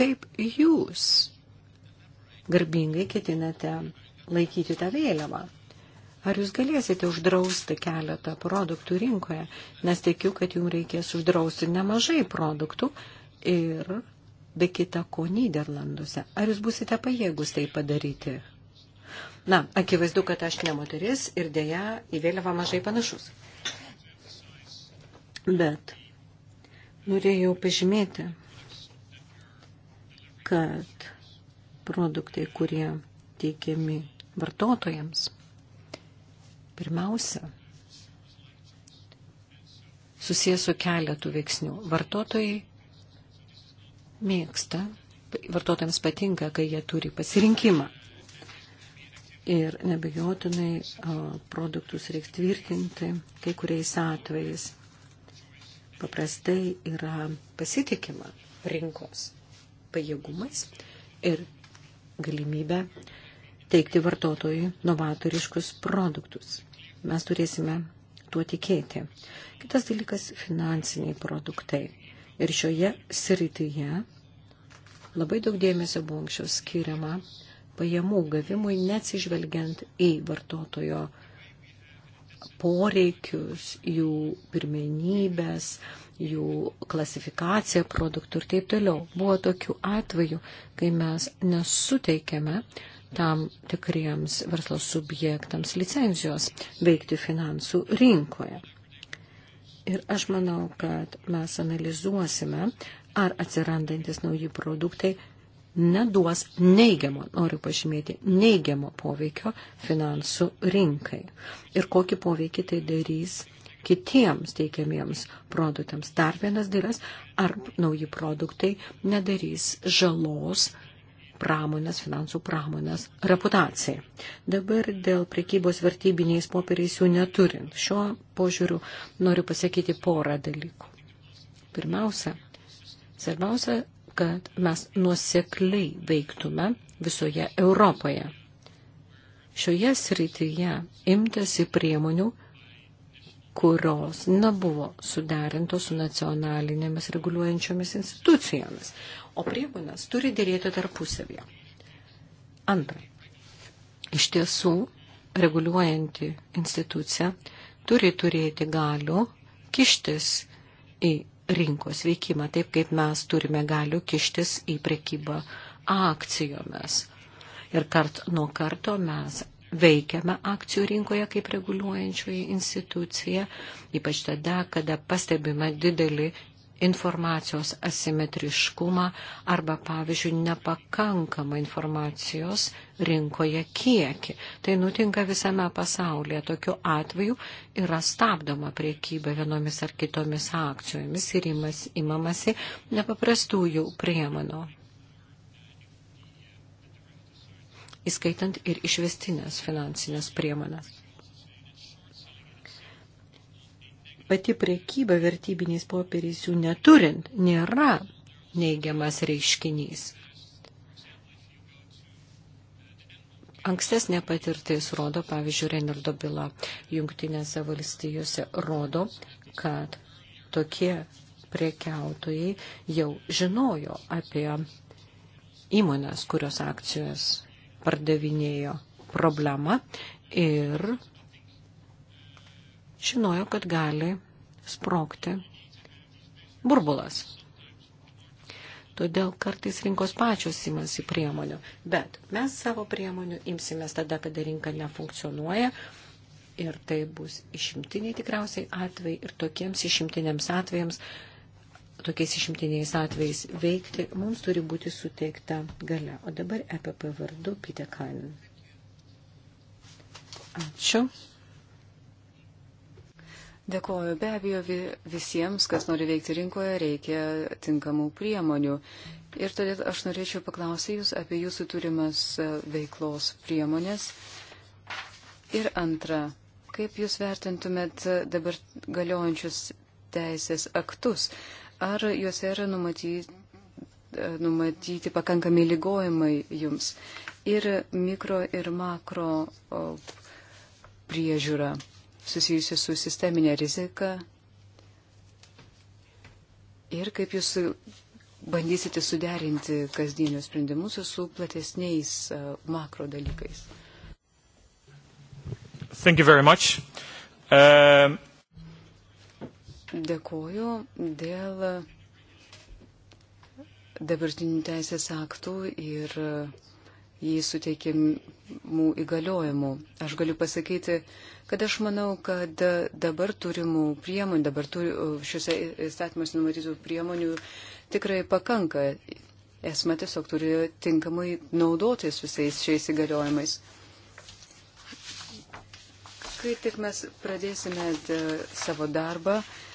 kaip jūs garbingai ketinate laikyti tą vėliavą? Ar jūs galėsite uždrausti keletą produktų rinkoje? Nes tikiu, kad jums reikės uždrausti nemažai produktų ir be kita ko Niderlanduose. Ar jūs busite pajėgus tai padaryti? Na, akivaizdu, kad aš ne moteris ir dėja į vėliavą mažai panašus. Bet norėjau pažymėti, kad produktai, kurie teikiami vartotojams, pirmiausia, susijęs su keletu veiksnių. Vartotojai mėgsta, vartotojams patinka, kai jie turi pasirinkimą ir nebejotinai produktus reiks tvirtinti kai kuriais atvejais. Paprastai yra pasitikima rinkos pajėgumais ir galimybę teikti vartotojui novatoriškus produktus. Mes turėsime tuo tikėti. Kitas dalykas - finansiniai produktai. Ir šioje srityje labai daug dėmesio buvo anksčiau skiriama pajamų gavimui, neatsižvelgiant į vartotojo poreikius, jų pirmenybės, jų klasifikaciją produktų ir taip toliau. Buvo tokių atvejų, kai mes nesuteikėme tam tikriems verslo subjektams licenzijos veikti finansų rinkoje. Ir aš manau, kad mes analizuosime, ar atsirandantis nauji produktai neduos neigiamo, noriu pažymėti, neigiamo poveikio finansų rinkai. Ir kokį poveikį tai darys kitiems teikiamiems produktams. Dar vienas dalykas, ar nauji produktai nedarys žalos pramonės, finansų pramonės reputacijai. Dabar dėl prekybos vertybiniais popieriais jų neturint. Šiuo požiūriu noriu pasakyti porą dalykų. Pirmiausia, svarbiausia kad mes nuosekliai veiktume visoje Europoje. Šioje srityje imtasi priemonių, kurios nebuvo suderintos su nacionalinėmis reguliuojančiomis institucijomis, o priemonės turi dėrėti tarpusavėje. Antra, iš tiesų reguliuojanti institucija turi turėti galių kištis į rinkos veikimą, taip kaip mes turime galių kištis į prekybą akcijomis. Ir kart nuo karto mes veikiame akcijų rinkoje kaip reguliuojančioji institucija, ypač tada, kada pastebime didelį informacijos asimetriškumą arba, pavyzdžiui, nepakankamą informacijos rinkoje kiekį. Tai nutinka visame pasaulyje. Tokiu atveju yra stabdoma priekyba vienomis ar kitomis akcijomis ir imas, imamasi nepaprastųjų priemonų. Įskaitant ir išvestinės finansinės priemonės. pati priekyba vertybiniais popieriais jų neturint nėra neigiamas reiškinys. Ankstesnė patirtis rodo, pavyzdžiui, Renaldo byla jungtinėse valstijose rodo, kad tokie priekiautojai jau žinojo apie įmonės, kurios akcijos pardavinėjo problemą ir žinojo, kad gali sprokti burbulas. Todėl kartais rinkos pačios imasi priemonių. Bet mes savo priemonių imsimės tada, kada rinka nefunkcionuoja. Ir tai bus išimtiniai tikriausiai atvejai. Ir tokiems išimtiniams atvejams, tokiais išimtiniais atvejais veikti mums turi būti suteikta gale. O dabar EPP vardu Pite Kanin. Ačiū. Dėkoju. Be abejo, visiems, kas nori veikti rinkoje, reikia tinkamų priemonių. Ir todėl aš norėčiau paklausyti Jūs apie Jūsų turimas e, veiklos priemonės. Ir antra, kaip Jūs vertintumėt dabar galiojančius teisės aktus? Ar juose yra numatyti, e, numatyti pakankami lygojimai Jums? Ir mikro ir makro priežiūra susijusi su sisteminė rizika ir kaip jūs bandysite suderinti kasdienius sprendimus su platesniais makro dalykais. Thank you very much. Um... Dėkuoju dėl dabartinių teisės aktų ir jį suteikiamų įgaliojimų. Aš galiu pasakyti, kad aš manau, kad dabar turimų priemonių, dabar turi, šiuose įstatymuose numatytų priemonių tikrai pakanka. Esma tiesiog turi tinkamai naudotis visais šiais įgaliojimais. Kai tik mes pradėsime savo darbą, uh,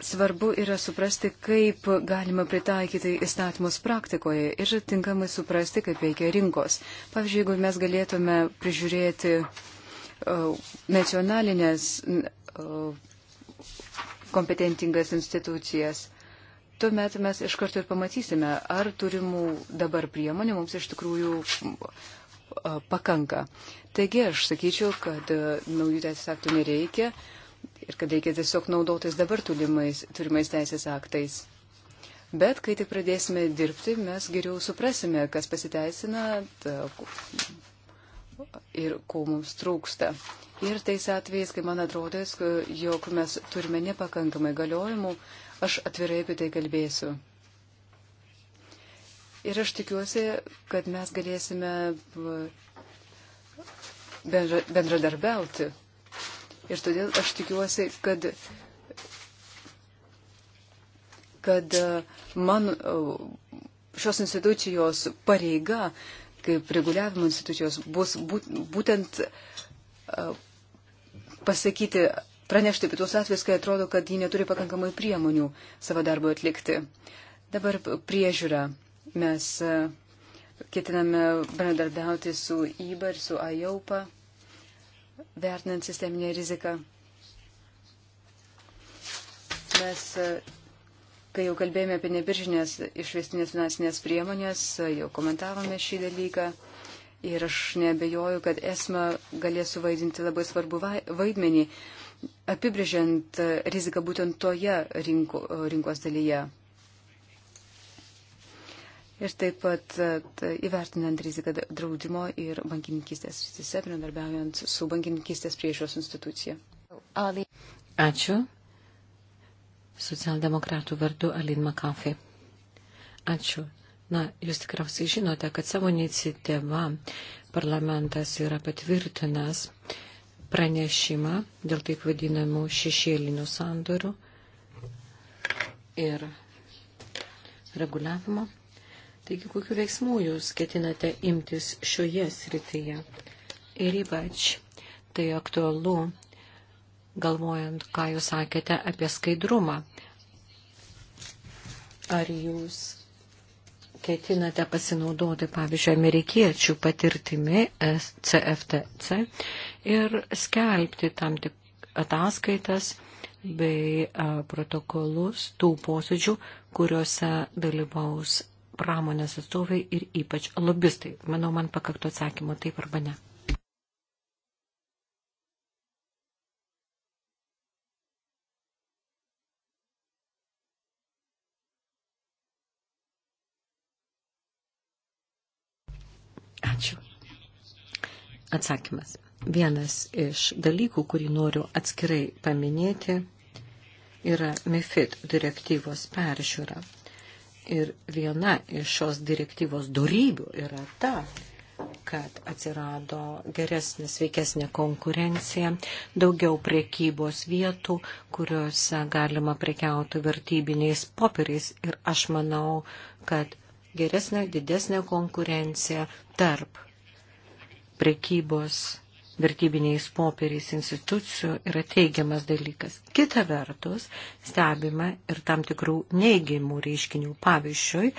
Svarbu yra suprasti, kaip galima pritaikyti įstatymus praktikoje ir tinkamai suprasti, kaip veikia rinkos. Pavyzdžiui, jeigu mes galėtume prižiūrėti uh, nacionalinės uh, kompetentingas institucijas, tuomet mes iš karto ir pamatysime, ar turimų dabar priemonių mums iš tikrųjų e, pakanka. Taigi aš sakyčiau, kad naujų teisės aktų nereikia. Uh, ir kad reikia tiesiog naudotis dabar turimais, turimais teisės aktais. Bet kai tik pradėsime dirbti, mes geriau suprasime, kas pasiteisina ta, ir ko mums trūksta. Ir tais atvejais, kai man atrodės, jog mes turime nepakankamai galiojimų, aš atvirai apie tai kalbėsiu. Ir aš tikiuosi, kad mes galėsime bendra, bendradarbiauti. Ir todėl aš tikiuosi, kad, kad e, man e, šios institucijos pareiga, kaip reguliavimo institucijos, bus būtent e, pasakyti, pranešti apie tuos atvejus, kai atrodo, kad ji neturi pakankamai priemonių savo darbo atlikti. Dabar priežiūra. Mes ketiname bendradarbiauti su IBA ir su AJOPA vertinant sisteminę riziką. Mes, e, kai jau kalbėjome apie nebiržinės išvestinės finansinės priemonės, e, jau komentavome šį dalyką. Ir aš nebejoju, kad esma galės suvaidinti labai svarbu vaidmenį, apibrėžiant e, riziką būtent toje rinko, rinkos dalyje ir taip pat tai, įvertinant riziką draudimo ir bankininkistės srityse, bendradarbiaujant su bankininkistės priežiūros institucija. Ačiū. Socialdemokratų vardu Alin Makafi. Ačiū. Na, jūs tikriausiai žinote, kad savo iniciatyvą parlamentas yra patvirtinęs pranešimą dėl taip vadinamų šešėlinių sandorių ir reguliavimo. Taigi, kokiu veiksmu jūs ketinate imtis šioje srityje? Ir ypač tai aktualu, galvojant, ką jūs sakėte apie skaidrumą. Ar jūs ketinate pasinaudoti, pavyzdžiui, amerikiečių patirtimi CFTC ir skelbti tam tik ataskaitas bei protokolus tų posėdžių, kuriuose dalyvaus pramonės atstovai ir ypač lobistai? Manau, man pakaktų atsakymo taip arba ne. Ačiū. Atsakymas. Vienas iš dalykų, kurį noriu atskirai paminėti, yra MIFID direktyvos peržiūra. Ir viena iš šios direktyvos darybių yra ta, kad atsirado geresnė, sveikesnė konkurencija, daugiau priekybos vietų, kuriuose galima prekiauti vertybiniais popieriais. Ir aš manau, kad geresnė, didesnė konkurencija tarp priekybos vertybiniais popieriais institucijų yra teigiamas dalykas. Kita vertus, stebima ir tam tikrų neigiamų reiškinių. Pavyzdžiui,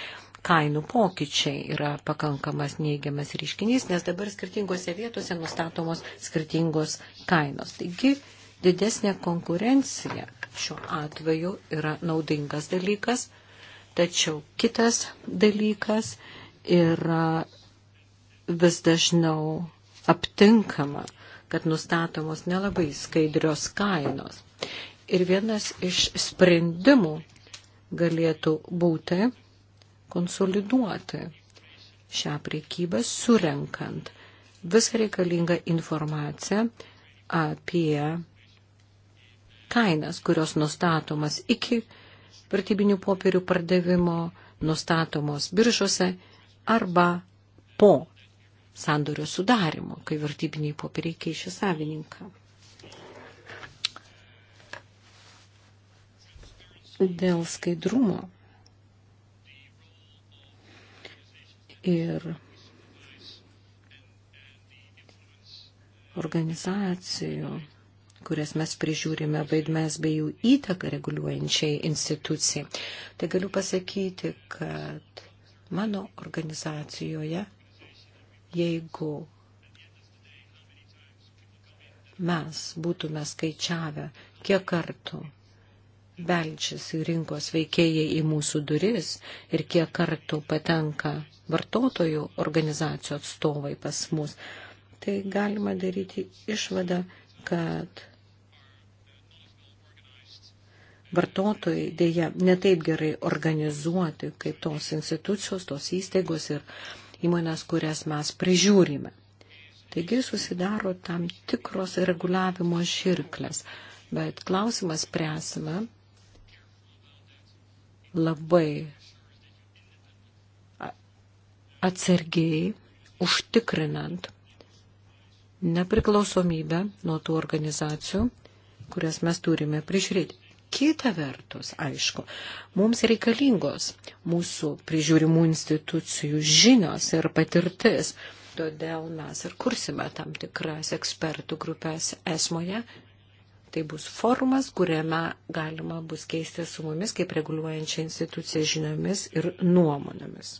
kainų pokyčiai yra pakankamas neigiamas reiškinys, nes dabar skirtingose vietose nustatomos skirtingos kainos. Taigi, didesnė konkurencija šiuo atveju yra naudingas dalykas, tačiau kitas dalykas yra vis dažniau aptinkama, kad nustatomos nelabai skaidrios kainos. Ir vienas iš sprendimų galėtų būti konsoliduoti šią priekybą, surenkant visą reikalingą informaciją apie kainas, kurios nustatomas iki vertybinių popierių pardavimo, nustatomos biržose arba po sandorio sudarimo, kai vertybiniai popieriai keičia savininką. Dėl skaidrumo ir organizacijų, kurias mes prižiūrime vaidmes bei jų įtaką reguliuojančiai institucijai. Tai galiu pasakyti, kad mano organizacijoje Jeigu mes būtume skaičiavę, kiek kartų belčiasi rinkos veikėjai į mūsų duris ir kiek kartų patenka vartotojų organizacijų atstovai pas mus, tai galima daryti išvadą, kad vartotojai dėja netaip gerai organizuoti, kaip tos institucijos, tos įstaigos ir įmonės, kurias mes prižiūrime. Taigi susidaro tam tikros reguliavimo žirklės, bet klausimas presime labai atsargiai užtikrinant nepriklausomybę nuo tų organizacijų, kurias mes turime prižiūrėti. Kita vertus, aišku, mums reikalingos mūsų prižiūrimų institucijų žinios ir patirtis. Todėl mes ir kursime tam tikras ekspertų grupės esmoje. Tai bus forumas, kuriame galima bus keisti su mumis, kaip reguliuojančia institucija žiniomis ir nuomonėmis.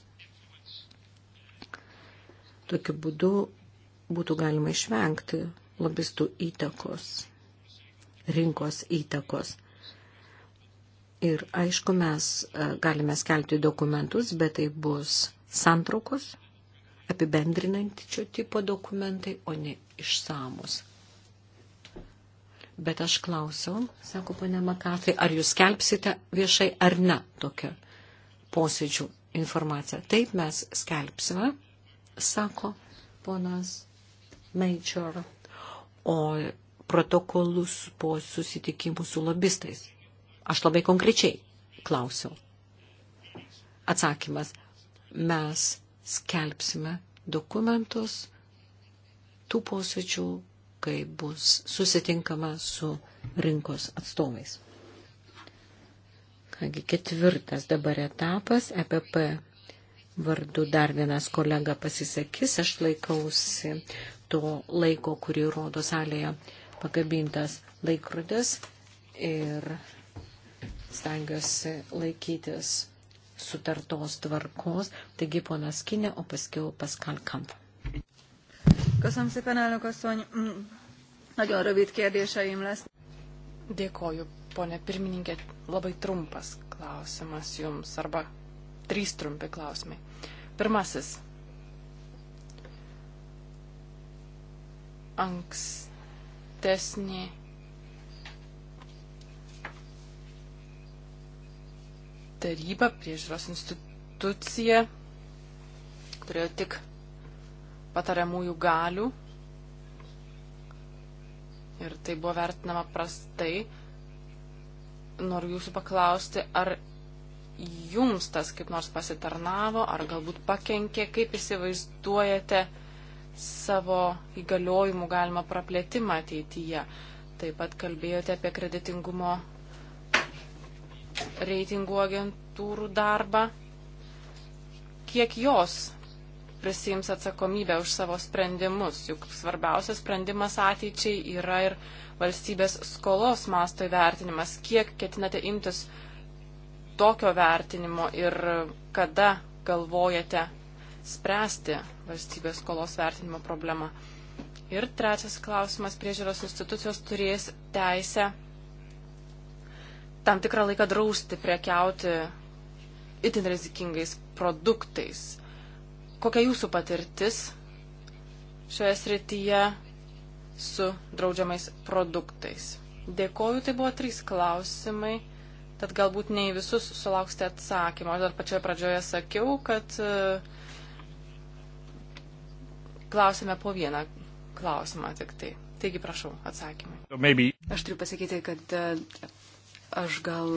Tokiu būdu būtų galima išvengti lobistų įtakos, rinkos įtakos Ir aišku, mes e, galime skelbti dokumentus, bet tai bus santraukos, apibendrinančio tipo dokumentai, o ne išsamus. Bet aš klausiau, sako ponia Makatai, ar jūs skelbsite viešai ar ne tokią posėdžių informaciją. Taip mes skelbsime, sako ponas Major, o protokolus po susitikimų su lobistais Aš labai konkrečiai klausiau. Atsakymas. Mes skelbsime dokumentus tų posėdžių, kai bus susitinkama su rinkos atstovais. Kągi ketvirtas dabar etapas e - EPP vardu dar vienas kolega pasisakys, aš laikausi to laiko, kurį rodo salėje pakabintas laikrodis ir stengiuosi laikytis sutartos tvarkos. Taigi ponas Kinė, o paskui Paskal Kamp. Köszönöm szépen, elnök asszony. Mm, nagyon rövid kérdéseim lesz. Dėkoju, ponė pirmininkė. Labai trumpas klausimas jums, arba trys trumpi klausimai. Pirmasis. Ankstesnė taryba, priežiūros institucija turėjo tik patariamųjų galių ir tai buvo vertinama prastai. Noriu jūsų paklausti, ar jums tas kaip nors pasitarnavo, ar galbūt pakenkė, kaip įsivaizduojate savo įgaliojimų galima praplėtimą ateityje. Taip pat kalbėjote apie kreditingumo reitingų agentūrų darbą, kiek jos prisims atsakomybę už savo sprendimus, juk svarbiausias sprendimas ateičiai yra ir valstybės skolos masto įvertinimas, kiek ketinate imtis tokio vertinimo ir kada galvojate spręsti valstybės skolos vertinimo problemą. Ir trečias klausimas, priežiūros institucijos turės teisę tam tikrą laiką drausti prekiauti itin rizikingais produktais. Kokia jūsų patirtis šioje srityje su draudžiamais produktais? Dėkoju, tai buvo trys klausimai, tad galbūt ne į visus sulauksite atsakymą. Aš dar pačioje pradžioje sakiau, kad e, klausime po vieną klausimą tik tai. Taigi prašau atsakymai. Maybe. Aš turiu pasakyti, kad e, Aš gal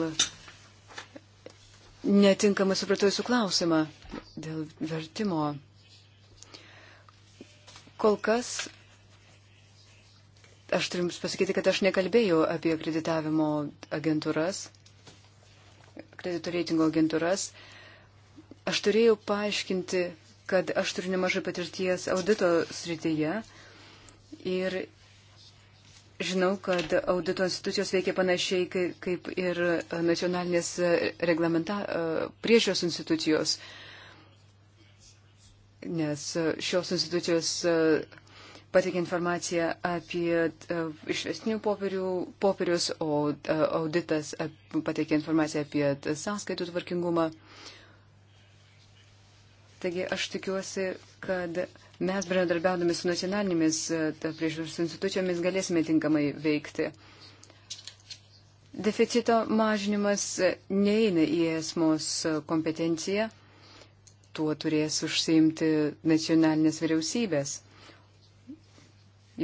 netinkamai supratau jūsų klausimą dėl vertimo. Kol kas aš turim pasakyti, kad aš nekalbėjau apie akreditavimo agentūras, kredito reitingo agentūras. Aš turėjau paaiškinti, kad aš turiu nemažai patirties audito srityje ir Žinau, kad audito institucijos veikia panašiai kaip, kaip ir e, nacionalinės e, reglamenta e, priežios institucijos, nes šios institucijos pateikia informaciją apie išvestinių popierius, o auditas pateikia informaciją apie sąskaitų tvarkingumą. Taigi aš tikiuosi, kad mes, bendradarbiaudami su nacionalinėmis e, priežiūros institucijomis, galėsime tinkamai veikti. Deficito mažinimas neįeina į esmos kompetenciją, tuo turės užsiimti nacionalinės vyriausybės,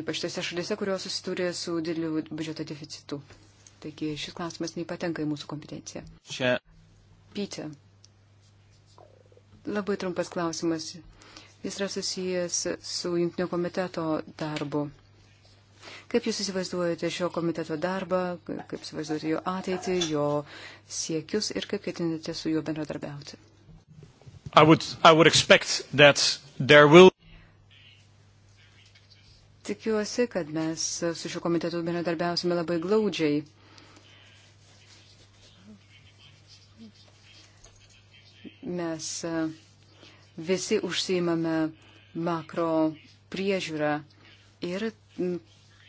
ypač tose šalise, kurios susidūrė su dideliu biudžeto deficitu. Taigi šis klausimas nepatenka į mūsų kompetenciją. Čia. Pyte. Labai trumpas klausimas. Jis yra susijęs su jungtinio komiteto darbu. Kaip Jūs įsivaizduojate šio komiteto darbą, kaip įsivaizduojate jo ateitį, jo siekius ir kaip ketinate su juo bendradarbiauti? I would, I would will... Tikiuosi, kad mes su šiuo komitetu bendradarbiausime labai glaudžiai. Mes uh, visi užsiimame makro priežiūrą ir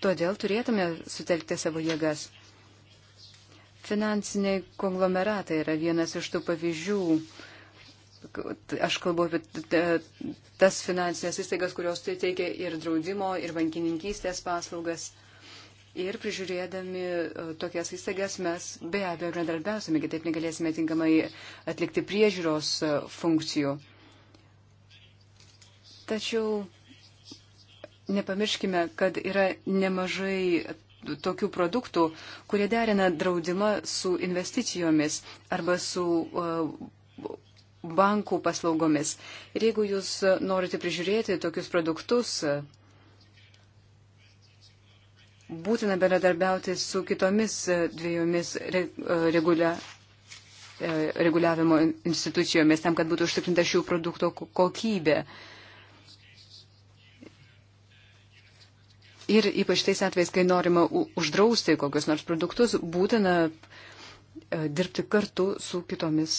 todėl turėtume sutelkti savo jėgas. Finansiniai konglomeratai yra vienas iš tų pavyzdžių. Aš kalbu apie tas finansinės įstaigas, kurios tai teikia ir draudimo, ir bankininkystės paslaugas. Ir prižiūrėdami e, tokias įstaigas mes be abejo bendradarbiausime, kitaip negalėsime tinkamai atlikti priežiūros e, funkcijų. Tačiau nepamirškime, kad yra nemažai tokių produktų, kurie derina draudimą su investicijomis arba su uh, bankų paslaugomis. Ir jeigu jūs norite prižiūrėti tokius produktus, būtina bendradarbiauti su kitomis dviejomis uh, regulia, uh, reguliavimo institucijomis tam, kad būtų užtikrinta šių produktų kokybė. Uh, Ir ypač tais atvejais, kai norima uždrausti kokius nors produktus, būtina e, dirbti kartu su kitomis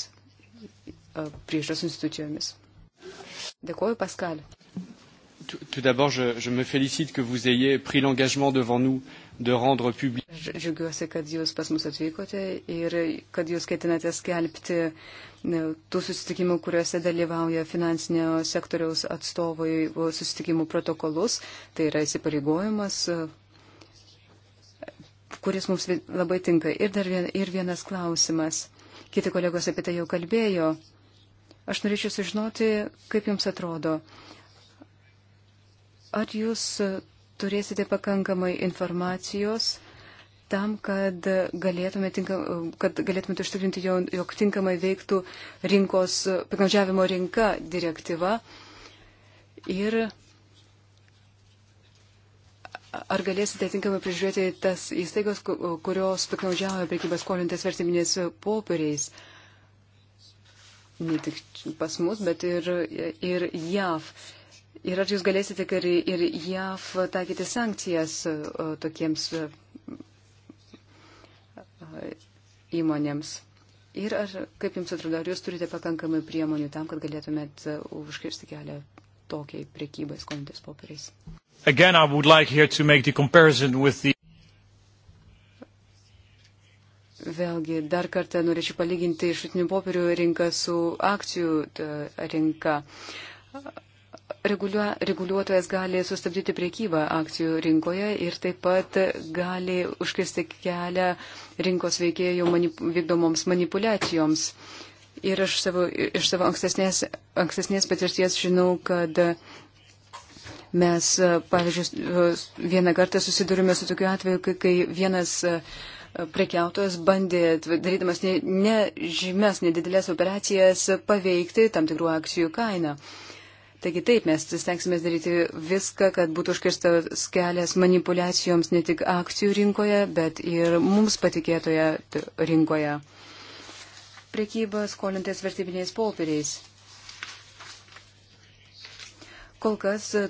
e, priežiūros institucijomis. Dėkuoju, Paskaliu. Tout d'abord, je, je me félicite que vous ayez pris l'engagement devant nous euh, de rendre public. Džiugiuosi, kad jūs pas mus atvykote ir kad jūs ketinate skelbti tų susitikimų, kuriuose dalyvauja finansinio sektoriaus atstovai susitikimų protokolus. Tai yra įsipareigojimas kuris mums labai tinka. Ir dar vien, ir vienas klausimas. Kiti kolegos apie tai jau kalbėjo. Aš norėčiau sužinoti, kaip jums atrodo. Ar jūs turėsite pakankamai informacijos tam, kad galėtume, tinkam, kad galėtume užtikrinti, jog tinkamai veiktų rinkos, piknaudžiavimo rinka direktyva. Ir ar galėsite tinkamai prižiūrėti tas įstaigos, kurios piknaudžiavo prekybas skolintas vertiminės popieriais? Ne tik pas mus, bet ir, ir JAV. Ir ar jūs galėsite ir, ir JAV taikyti sankcijas e, tokiems e, e, įmonėms? Ir ar, kaip jums atrodo, ar jūs turite pakankamai priemonių tam, kad galėtumėt užkirsti kelią tokiai priekybai skolintis popieriais? Again, I would like here to make the comparison with the Vėlgi, dar kartą norėčiau palyginti išutinių popierių rinką su akcijų rinka reguliuo, reguliuotojas gali sustabdyti priekybą akcijų rinkoje ir taip pat gali užkirsti kelią rinkos veikėjų manip, vykdomoms manipulacijoms. Ir aš savo, iš savo ankstesnės, ankstesnės patirties žinau, kad mes, pavyzdžiui, vieną kartą susidurime su tokiu atveju, kai vienas prekiautojas bandė, darydamas nežymės, ne nedidelės operacijas, paveikti tam tikrų akcijų kainą. Uh, Taigi taip, mes stengsime daryti viską, kad būtų užkirstas kelias manipulacijoms ne tik akcijų rinkoje, bet ir mums patikėtoje rinkoje. Prekyba skolintais vertybiniais popieriais. Kol kas e,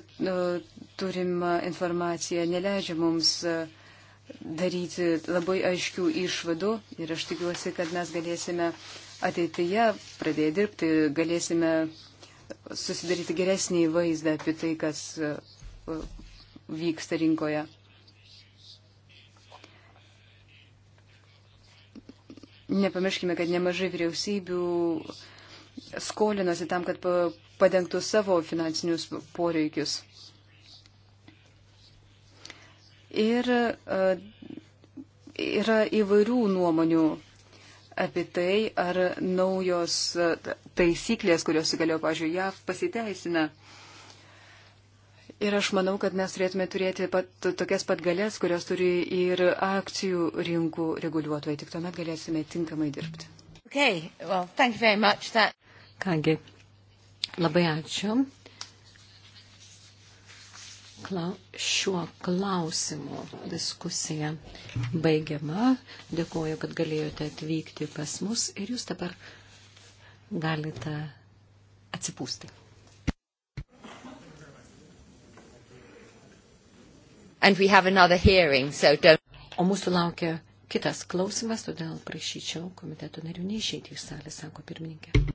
turima informacija neleidžia mums e, daryti labai aiškių išvadų ir aš tikiuosi, kad mes galėsime ateityje pradėję dirbti, galėsime susidaryti geresnį vaizdą apie tai, kas e, vyksta rinkoje. Nepamirškime, kad nemažai vyriausybių skolinosi tam, kad padengtų savo finansinius poreikius. Ir e, yra įvairių nuomonių apie tai, ar naujos e, taisyklės, kurios įgalėjo, pažiūrėjau, JAV pasiteisina. Ir aš manau, kad mes turėtume turėti pat, tokias pat galės, kurios turi ir akcijų rinkų reguliuotojai. Tik tuomet galėsime tinkamai dirbti. Okay. Well, Kągi, labai ačiū klau, šiuo klausimu diskusija baigiama. Dėkuoju, kad galėjote atvykti pas mus ir jūs dabar galite atsipūsti. Hearing, so o mūsų laukia kitas klausimas, todėl prašyčiau komiteto narių neišeiti iš salės, sako pirmininkė.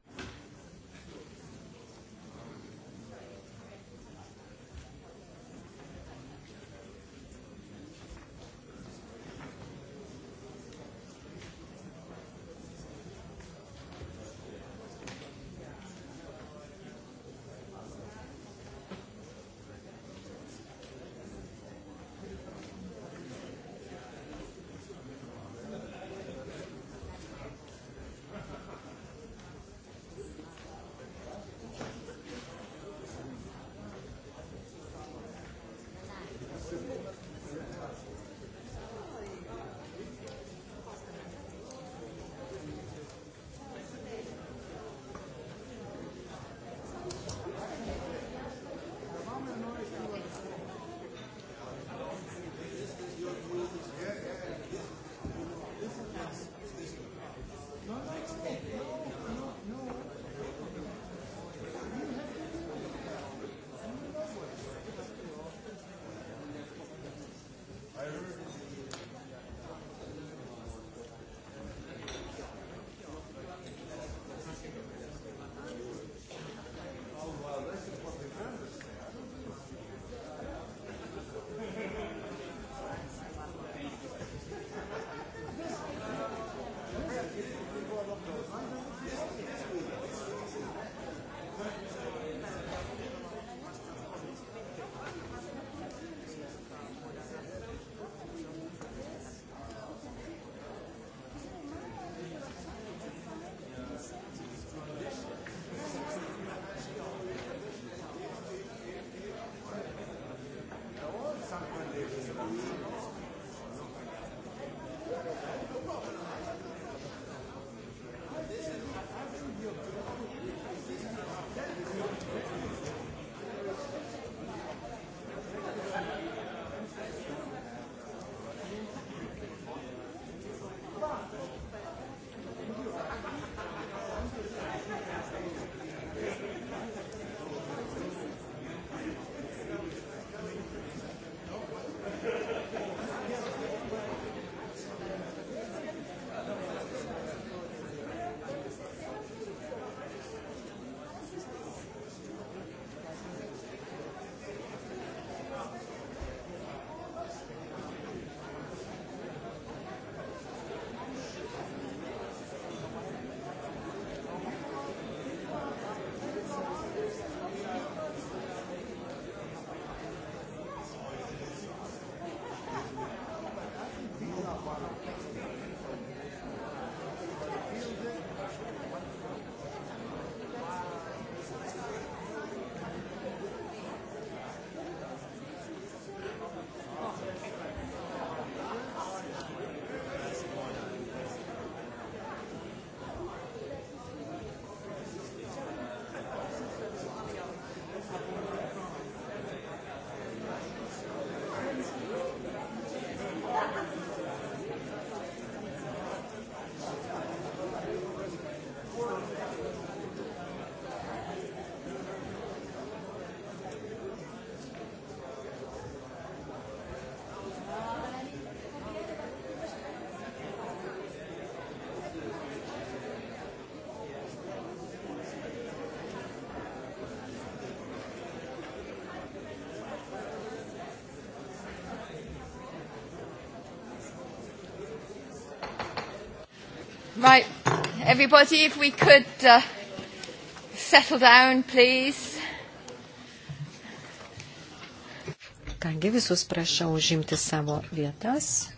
Right, everybody, if we could uh, settle down, please. Kągi visus prašau užimti savo vietas.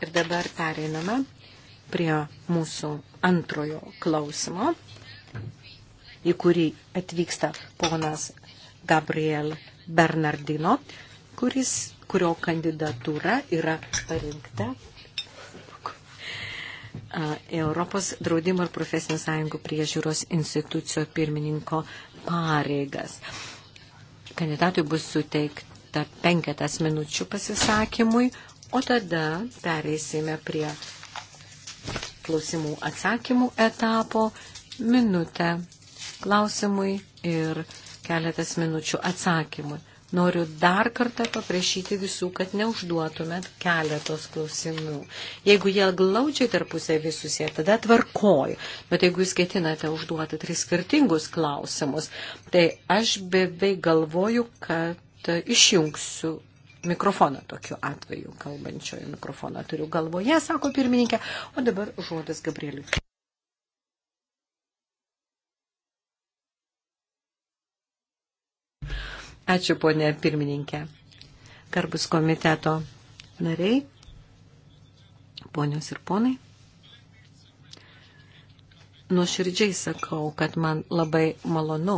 Ir dabar pereiname prie mūsų antrojo klausimo, į kurį atvyksta ponas Gabriel Bernardino, kuris, kurio kandidatūra yra parinkta Europos draudimo ir profesinių sąjungų priežiūros institucijo pirmininko pareigas. Kandidatui bus suteikta penketas minučių pasisakymui, o tada pereisime prie klausimų atsakymų etapo minutę klausimui ir keletas minučių atsakymui. Noriu dar kartą paprašyti visų, kad neužduotumėt keletos klausimų. Jeigu jie glaudžiai tarpusavį susiję, tada tvarkoju. Bet jeigu jūs ketinate užduoti tris skirtingus klausimus, tai aš beveik galvoju, kad išjungsiu mikrofoną tokiu atveju, kalbančiojo mikrofoną turiu galvoje, sako pirmininkė. O dabar žodis Gabrieliui. Ačiū, ponė pirmininkė. Garbus komiteto nariai, ponios ir ponai. Nuoširdžiai sakau, kad man labai malonu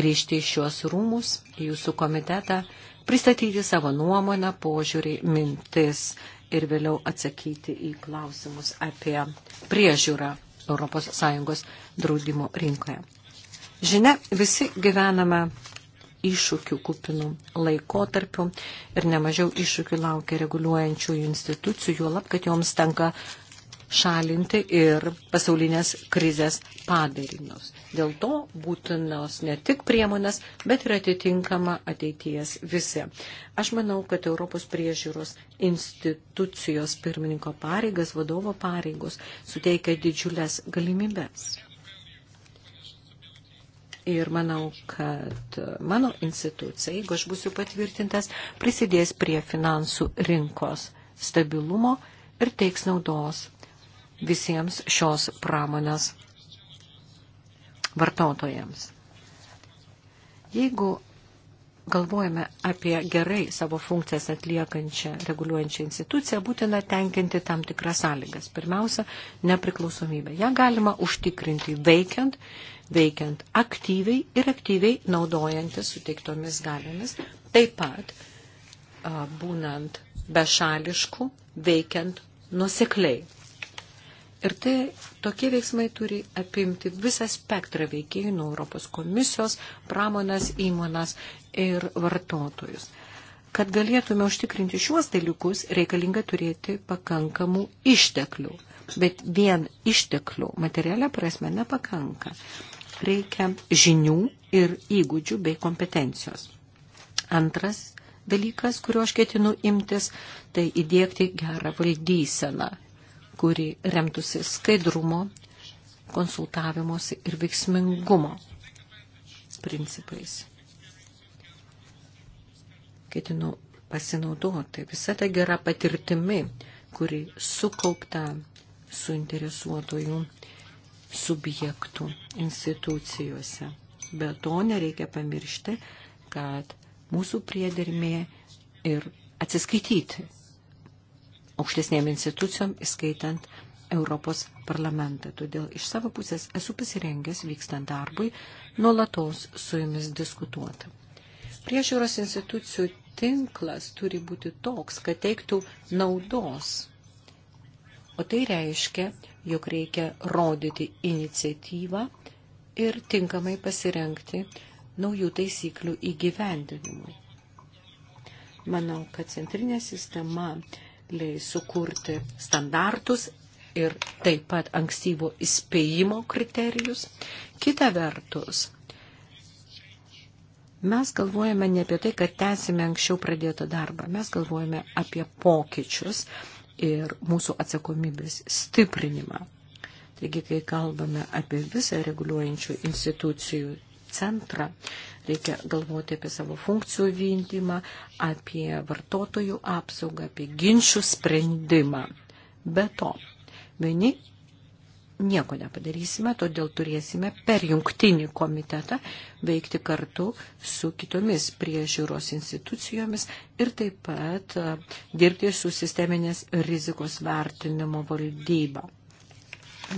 grįžti į šiuos rūmus, į jūsų komitetą, pristatyti savo nuomonę, požiūrį, mintis ir vėliau atsakyti į klausimus apie priežiūrą ES draudimo rinkoje. Žinia, visi gyvename iššūkių kupinų laikotarpių ir nemažiau iššūkių laukia reguliuojančių institucijų, juolab, kad joms tenka šalinti ir pasaulinės krizės padarinius. Dėl to būtinos ne tik priemonės, bet ir atitinkama ateities visi. Aš manau, kad Europos priežiūros institucijos pirmininko pareigas, vadovo pareigos suteikia didžiulės galimybės Ir manau, kad mano institucija, jeigu aš būsiu patvirtintas, prisidės prie finansų rinkos stabilumo ir teiks naudos visiems šios pramonės vartotojams. Jeigu galvojame apie gerai savo funkcijas atliekančią reguliuojančią instituciją, būtina tenkinti tam tikras sąlygas. Pirmiausia, nepriklausomybę. Ja galima užtikrinti veikiant veikiant aktyviai ir aktyviai naudojantis suteiktomis galiomis, taip pat būnant bešališku, veikiant nusekliai. Ir tai tokie veiksmai turi apimti visą spektrą veikėjų nuo Europos komisijos, pramonės, įmonas ir vartotojus. Kad galėtume užtikrinti šiuos dalykus, reikalinga turėti pakankamų išteklių. Bet vien išteklių materialia prasme nepakanka reikia žinių ir įgūdžių bei kompetencijos. Antras dalykas, kuriuo aš ketinu imtis, tai įdėkti gerą valdyseną, kuri remtųsi skaidrumo, konsultavimuose ir veiksmingumo principais. Ketinu pasinaudoti visą tą gerą patirtimį, kuri sukaupta suinteresuotojų interesuotojų subjektų institucijose. Be to nereikia pamiršti, kad mūsų priedermė ir atsiskaityti aukštesnėm institucijom, įskaitant Europos parlamentą. Todėl iš savo pusės esu pasirengęs vykstant darbui nuolatos su jumis diskutuoti. Priežiūros institucijų tinklas turi būti toks, kad teiktų naudos. O tai reiškia, jog reikia rodyti iniciatyvą ir tinkamai pasirenkti naujų taisyklių įgyvendinimui. Manau, kad centrinė sistema leis sukurti standartus ir taip pat ankstyvo įspėjimo kriterijus. Kita vertus, mes galvojame ne apie tai, kad tęsime anksčiau pradėtą darbą, mes galvojame apie pokyčius ir mūsų atsakomybės stiprinimą. Taigi, kai kalbame apie visą reguliuojančių institucijų centrą, reikia galvoti apie savo funkcijų vykdymą, apie vartotojų apsaugą, apie ginčių sprendimą. Be to, vieni nieko nepadarysime, todėl turėsime per jungtinį komitetą veikti kartu su kitomis priežiūros institucijomis ir taip pat dirbti su sisteminės rizikos vertinimo valdyba.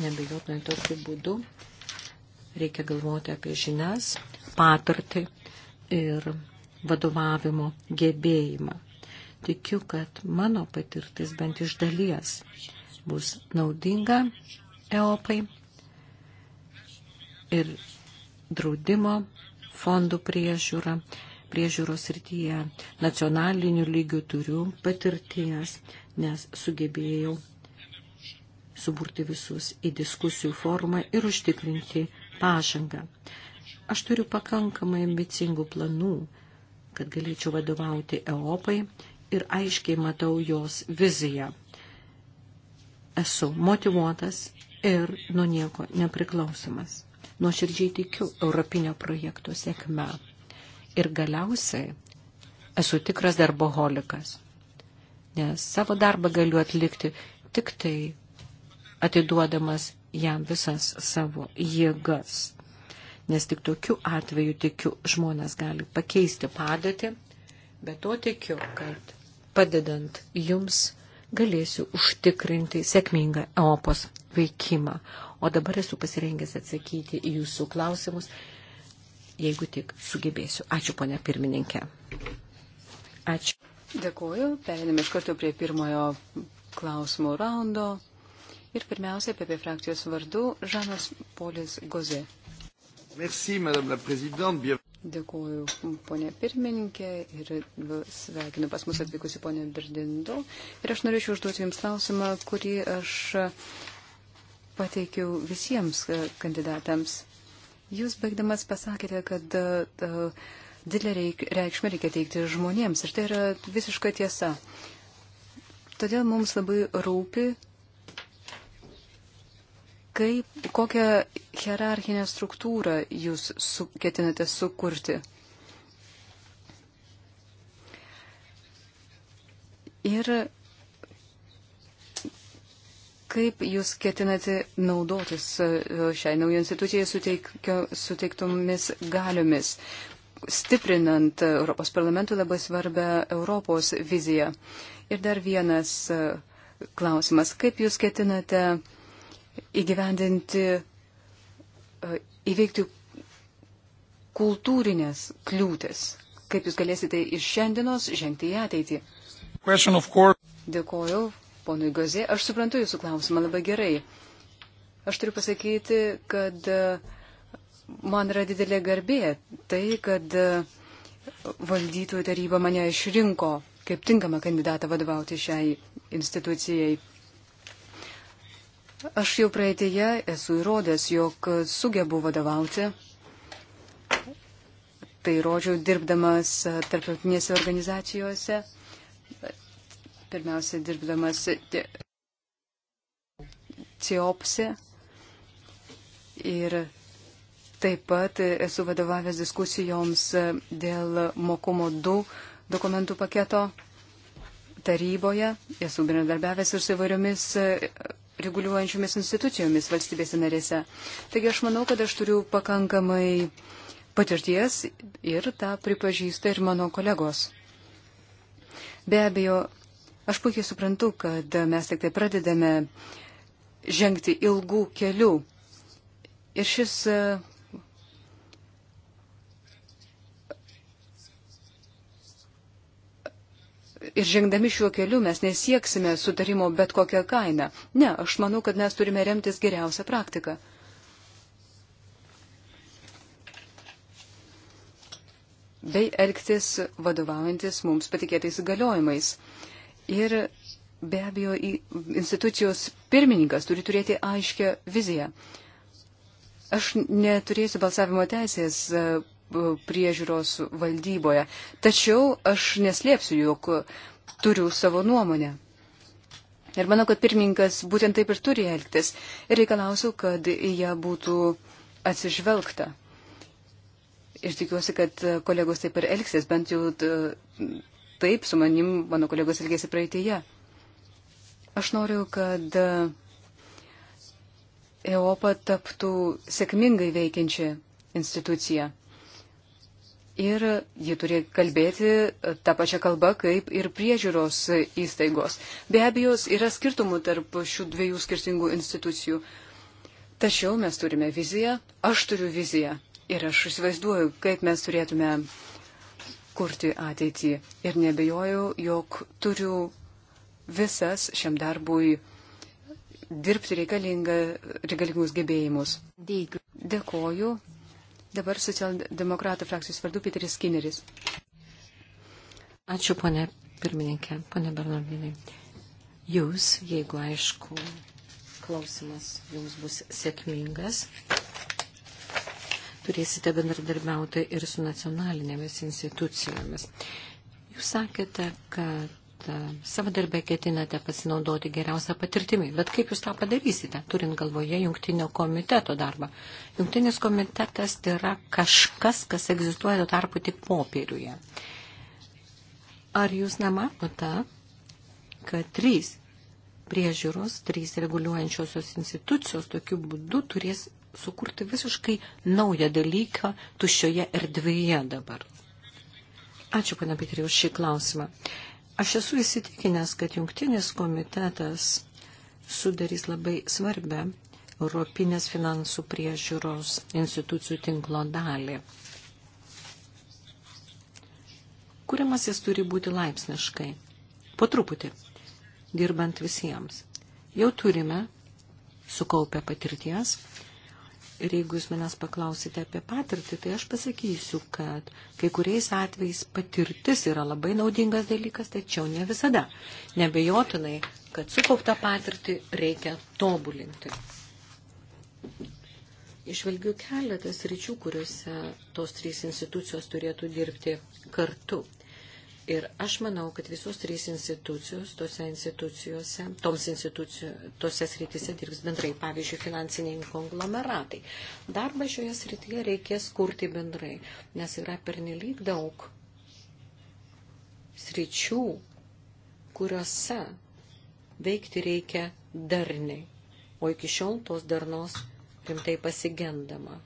Nebejotinai tokiu būdu reikia galvoti apie žinias, patirtį ir vadovavimo gebėjimą. Tikiu, kad mano patirtis bent iš dalies bus naudinga EOPai ir draudimo fondų priežiūra. Priežiūros rytyje nacionalinių lygių turiu patirties, nes sugebėjau suburti visus į diskusijų formą ir užtikrinti pažangą. Aš turiu pakankamai ambicingų planų, kad galėčiau vadovauti Europai ir aiškiai matau jos viziją. Esu motivuotas ir nuo nieko nepriklausomas. Nuoširdžiai tikiu Europinio projekto sėkme. Ir galiausiai esu tikras darboholikas, nes savo darbą galiu atlikti tik tai atiduodamas jam visas savo jėgas. Nes tik tokiu atveju tikiu žmonės gali pakeisti padėtį, bet to tikiu, kad padedant jums galėsiu užtikrinti sėkmingą Europos veikimą. O dabar esu pasirengęs atsakyti į jūsų klausimus, jeigu tik sugebėsiu. Ačiū, ponia pirmininkė. Ačiū. Dėkuoju. Periname iš karto prie pirmojo klausimų raundo. Ir pirmiausia, apie frakcijos vardu Žanas Polis Goze. Merci, madame la présidente. Bien... Dėkuoju ponė pirmininkė ir sveikinu pas mus atvykusi ponė Birdindo. Ir aš norėčiau užduoti Jums klausimą, kurį aš pateikiau visiems kandidatams. Jūs baigdamas pasakėte, kad e, e, didelį reikšmę reikia teikti žmonėms ir tai yra visiška tiesa. Todėl mums labai rūpi Kaip, kokią hierarchinę struktūrą jūs su, ketinate sukurti? Ir kaip jūs ketinate naudotis e, šiai naujai institucijai suteiktomis galiomis, stiprinant Europos parlamentų labai svarbę Europos viziją. Ir dar vienas e, klausimas, kaip jūs ketinate įgyvendinti, e, įveikti kultūrinės kliūtis. Kaip jūs galėsite iš šiandienos žengti į ateitį? Dėkoju, ponui Gozė. Aš suprantu jūsų klausimą labai gerai. Aš turiu pasakyti, kad e, man yra didelė garbė tai, kad e, valdytojų taryba mane išrinko kaip tinkamą kandidatą vadovauti šiai institucijai. Aš jau praeitėje esu įrodęs, jog sugebu vadovauti. Tai rodžiau dirbdamas tarptautinėse organizacijose, pirmiausia dirbdamas CEOPSE ir taip pat esu vadovavęs diskusijoms dėl mokumo 2 dokumentų paketo taryboje, esu bendradarbiavęs ir su įvairiomis reguliuojančiomis institucijomis valstybėse narėse. Taigi aš manau, kad aš turiu pakankamai patirties ir tą pripažįsta ir mano kolegos. Be abejo, aš puikiai suprantu, kad mes tik tai pradedame žengti ilgų kelių. Ir šis ir žengdami šiuo keliu mes nesieksime sutarimo bet kokią kainą. Ne, aš manau, kad mes turime remtis geriausią praktiką. bei elgtis vadovaujantis mums patikėtais įgaliojimais. Ir be abejo, institucijos pirmininkas turi turėti aiškę viziją. Aš neturėsiu balsavimo teisės priežiūros valdyboje. Tačiau aš neslėpsiu, jog turiu savo nuomonę. Ir manau, kad pirmininkas būtent taip ir turi elgtis. Ir reikalausiu, kad į ją būtų atsižvelgta. Ir tikiuosi, kad kolegos taip ir elgsis, bent jau taip su manim mano kolegos elgėsi praeitėje. Aš noriu, kad EOPA taptų sėkmingai veikiančią instituciją ir ji turi kalbėti tą pačią kalbą kaip ir priežiūros įstaigos. Be abejo, yra skirtumų tarp šių dviejų skirtingų institucijų. Tačiau mes turime viziją, aš turiu viziją ir aš įsivaizduoju, kaip mes turėtume kurti ateitį. Ir nebejoju, jog turiu visas šiam darbui dirbti reikalingus gebėjimus. Dėkoju. Dabar socialdemokratų frakcijos vardu Piteris Skinneris. Ačiū, ponė pirmininkė, ponė Bernardinai. Jūs, jeigu aišku, klausimas jums bus sėkmingas, turėsite bendradarbiauti ir su nacionalinėmis institucijomis. Jūs sakėte, kad kad e, savo darbę ketinate pasinaudoti geriausią patirtimį. Bet kaip jūs tą padarysite, turint galvoje jungtinio komiteto darbą? Jungtinis komitetas tai yra kažkas, kas egzistuoja tuo tarpu tik popieriuje. Ar jūs nematote, kad trys priežiūros, trys reguliuojančiosios institucijos tokiu būdu turės sukurti visiškai naują dalyką tuščioje erdvėje dabar. Ačiū, pana Pitrė, už šį klausimą. Aš esu įsitikinęs, kad jungtinis komitetas sudarys labai svarbę Europinės finansų priežiūros institucijų tinklo dalį. Kūrimas jis turi būti laipsniškai, po truputį, dirbant visiems. Jau turime sukaupę patirties Ir jeigu jūs manęs paklausite apie patirtį, tai aš pasakysiu, kad kai kuriais atvejais patirtis yra labai naudingas dalykas, tačiau ne visada. Nebejotinai, kad sukauptą patirtį reikia tobulinti. Išvelgiu keletas ryčių, kuriuose tos trys institucijos turėtų dirbti kartu. Ir aš manau, kad visos trys institucijos, tose institucijose, toms institucijose, tose srityse dirbs bendrai, pavyzdžiui, finansiniai konglomeratai. Darbą šioje srityje reikės kurti bendrai, nes yra pernelyg daug sričių, kuriuose veikti reikia darniai, o iki šiol tos darnos rimtai pasigendama.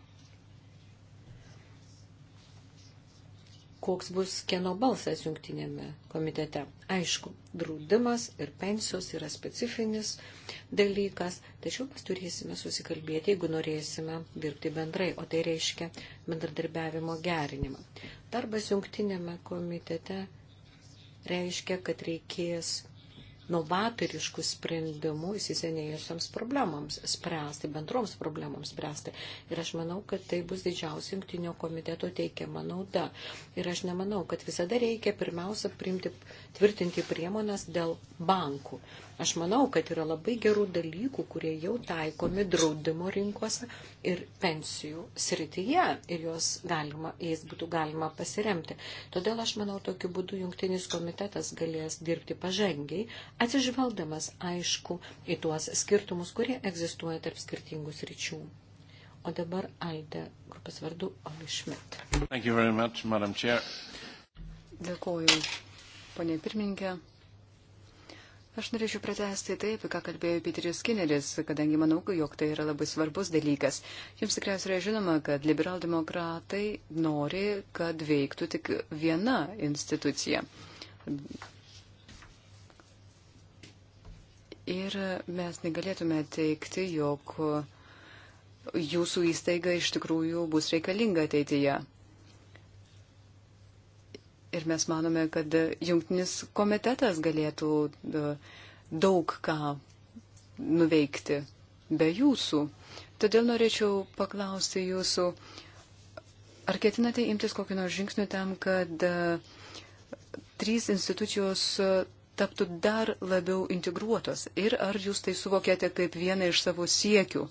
koks bus kieno balsas jungtinėme komitete. Aišku, draudimas ir pensijos yra specifinis dalykas, tačiau mes turėsime susikalbėti, jeigu norėsime dirbti bendrai, o tai reiškia bendradarbiavimo gerinimą. Darbas jungtinėme komitete reiškia, kad reikės novatoriškų sprendimų įsisenėjusiams problemams spręsti, bendroms problemams spręsti. Ir aš manau, kad tai bus didžiausia jungtinio komiteto teikiama nauda. Ir aš nemanau, kad visada reikia pirmiausia priimti, tvirtinti priemonės dėl bankų. Aš manau, kad yra labai gerų dalykų, kurie jau taikomi draudimo rinkose ir pensijų srityje ir juos galima, jais būtų galima pasiremti. Todėl aš manau, tokiu būdu jungtinis komitetas galės dirbti pažengiai, atsižvelgdamas aišku į tuos skirtumus, kurie egzistuoja tarp skirtingų sričių. O dabar Alde grupės vardu Oli Schmidt. Much, Dėkuoju, ponė pirmininkė. Aš norėčiau pratesti taip, ką kalbėjo Piteris Skinneris, kadangi manau, jog tai yra labai svarbus dalykas. Jums tikriausiai yra žinoma, kad liberaldemokratai nori, kad veiktų tik viena institucija. Ir mes negalėtume teikti, jog jūsų įstaiga iš tikrųjų bus reikalinga ateityje. Ir mes manome, kad jungtinis komitetas galėtų e, daug ką nuveikti be jūsų. Todėl norėčiau paklausti jūsų, ar ketinate imtis kokį nors žingsnių tam, kad e, trys institucijos taptų dar labiau integruotos ir ar jūs tai suvokėte kaip vieną iš savo siekių?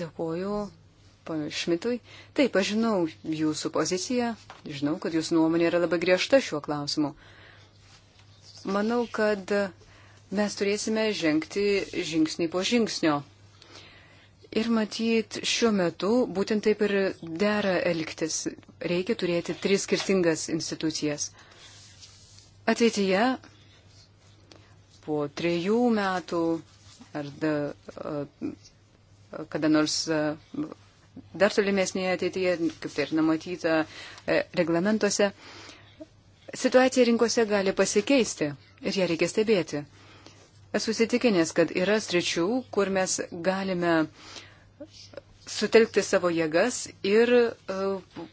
Dėkoju, ponui Šmitui. Taip, aš žinau jūsų poziciją, žinau, kad jūsų nuomonė yra labai griežta šiuo klausimu. Manau, kad mes turėsime žengti žingsnį po žingsnio. Ir matyt, šiuo metu būtent taip ir dera elgtis. Reikia turėti tris skirtingas institucijas ateityje po trejų metų ar da, kada nors dar tolimesnėje ateityje, kaip tai ir numatyta e, reglamentuose, situacija rinkose gali pasikeisti ir ją reikia stebėti. Esu įsitikinęs, kad yra sričių, kur mes galime sutelkti savo jėgas ir uh,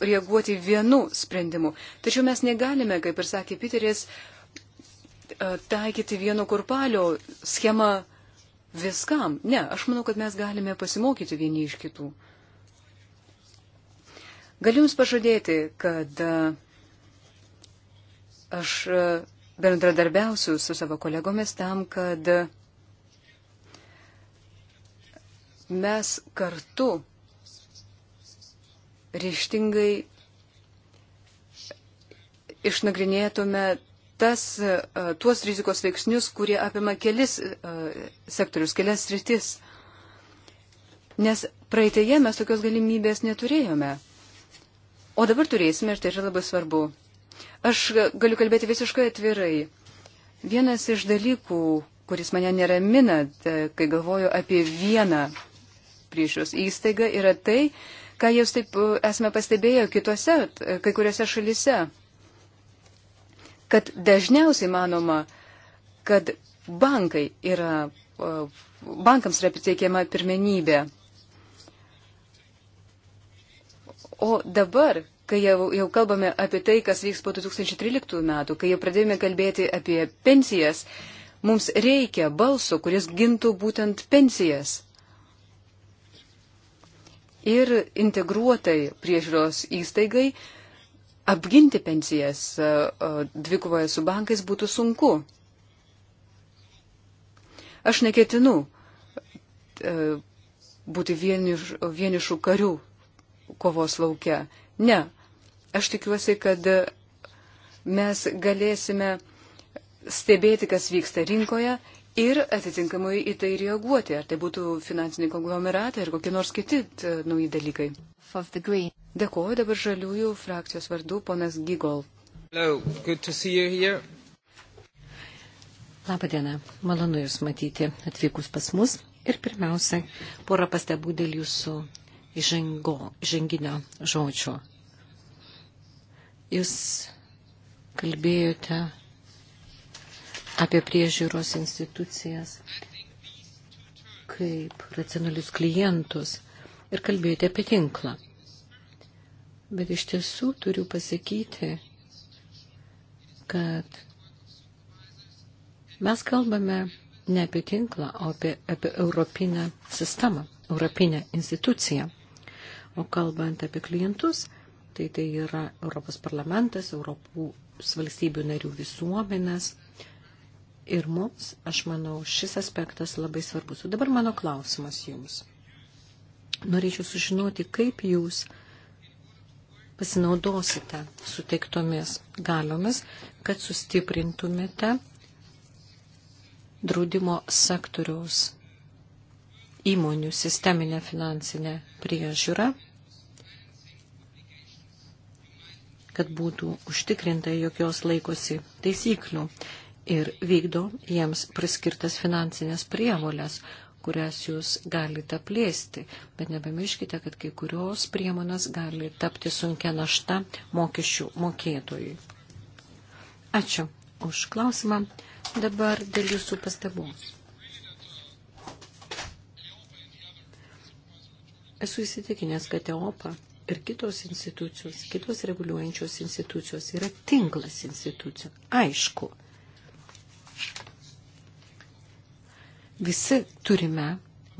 reaguoti vienu sprendimu. Tačiau mes negalime, kaip ir sakė Piteris, e, taikyti vieno kurpalio schemą viskam. Ne, aš manau, kad mes galime pasimokyti vieni iš kitų. Galiu Jums pažadėti, kad e, aš e, bendradarbiausiu su savo kolegomis tam, kad mes kartu ryštingai išnagrinėtume tas, e, tuos rizikos veiksnius, kurie apima kelis e, sektorius, kelias sritis. Nes praeitėje mes tokios galimybės neturėjome. O dabar turėsime ir tai yra labai svarbu. Aš galiu kalbėti visiškai atvirai. Vienas iš dalykų, kuris mane neramina, e, kai galvoju apie vieną priešios įstaigą, yra tai, ką jūs taip e, esame pastebėję kitose, kai kuriuose šalise, kad dažniausiai manoma, kad bankai yra, e, bankams yra priteikiama pirmenybė. O dabar, kai jau, jau kalbame apie tai, kas vyks po 2013 metų, kai jau pradėjome kalbėti apie pensijas, mums reikia balso, kuris gintų būtent pensijas ir integruotai priežiūros įstaigai apginti pensijas dvikovoje su bankais būtų sunku. Aš neketinu būti vieniš, vienišų karių kovos laukia. Ne, aš tikiuosi, kad mes galėsime stebėti, kas vyksta rinkoje ir atitinkamai į tai reaguoti, ar tai būtų finansiniai konglomeratai ar kokie nors kiti nauji dalykai. Dėkuoju dabar žaliųjų frakcijos vardu, ponas Gigol. Labą dieną, malonu Jūs matyti atvykus pas mus ir pirmiausia, porą pastebų dėl Jūsų įžengo, ženginio žodžio. Jūs kalbėjote apie priežiūros institucijas kaip racionalius klientus ir kalbėjote apie tinklą. Bet iš tiesų turiu pasakyti, kad mes kalbame ne apie tinklą, o apie, apie europinę sistemą, europinę instituciją. O kalbant apie klientus, tai tai yra Europos parlamentas, Europų valstybių narių visuomenės, Ir mums, aš manau, šis aspektas labai svarbus. O dabar mano klausimas jums. Norėčiau sužinoti, kaip jūs pasinaudosite suteiktomis galiomis, kad sustiprintumėte draudimo sektoriaus įmonių sisteminę finansinę priežiūrą, kad būtų užtikrinta, jog jos laikosi taisyklių ir vykdo jiems priskirtas finansinės prievolės, kurias jūs galite plėsti, bet nepamirškite, kad kai kurios priemonės gali tapti sunkia našta mokesčių mokėtojui. Ačiū už klausimą. Dabar dėl jūsų pastabų. Esu įsitikinęs, kad EOPA ir kitos institucijos, kitos reguliuojančios institucijos yra tinklas institucijų. Aišku, visi turime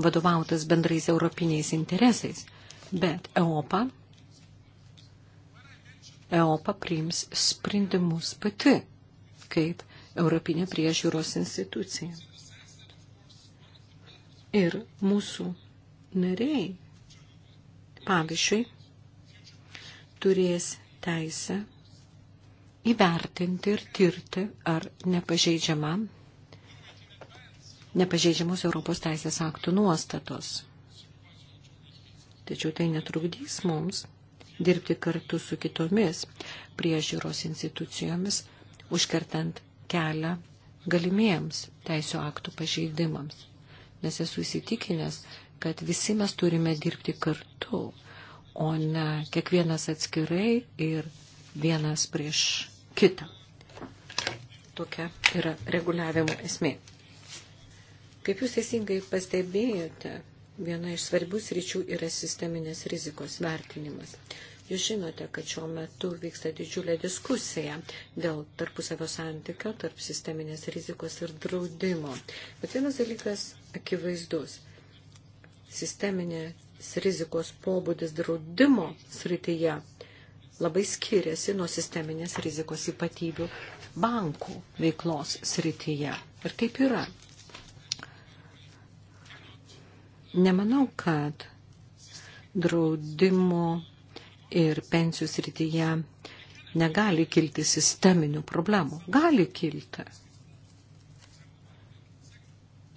vadovautas bendrais europiniais interesais, bet Europa, Europa priims sprendimus pati, kaip Europinė priežiūros institucija. Ir mūsų nariai, pavyzdžiui, turės teisę įvertinti ir tirti, ar nepažeidžiama nepažeidžiamos Europos teisės aktų nuostatos. Tačiau tai netrukdys mums dirbti kartu su kitomis priežiūros institucijomis, užkertant kelią galimiems teisų aktų pažeidimams. Nes esu įsitikinęs, kad visi mes turime dirbti kartu, o ne kiekvienas atskirai ir vienas prieš kitą. Tokia yra reguliavimo esmė. Kaip jūs teisingai pastebėjote, viena iš svarbių sričių yra sisteminės rizikos vertinimas. Jūs žinote, kad šiuo metu vyksta didžiulė diskusija dėl tarpusavio santykio tarp sisteminės rizikos ir draudimo. Bet vienas dalykas akivaizdus. Sisteminės rizikos pobūdis draudimo srityje labai skiriasi nuo sisteminės rizikos ypatybių bankų veiklos srityje. Ir taip yra. Nemanau, kad draudimo ir pensijų srityje negali kilti sisteminių problemų. Gali kilti.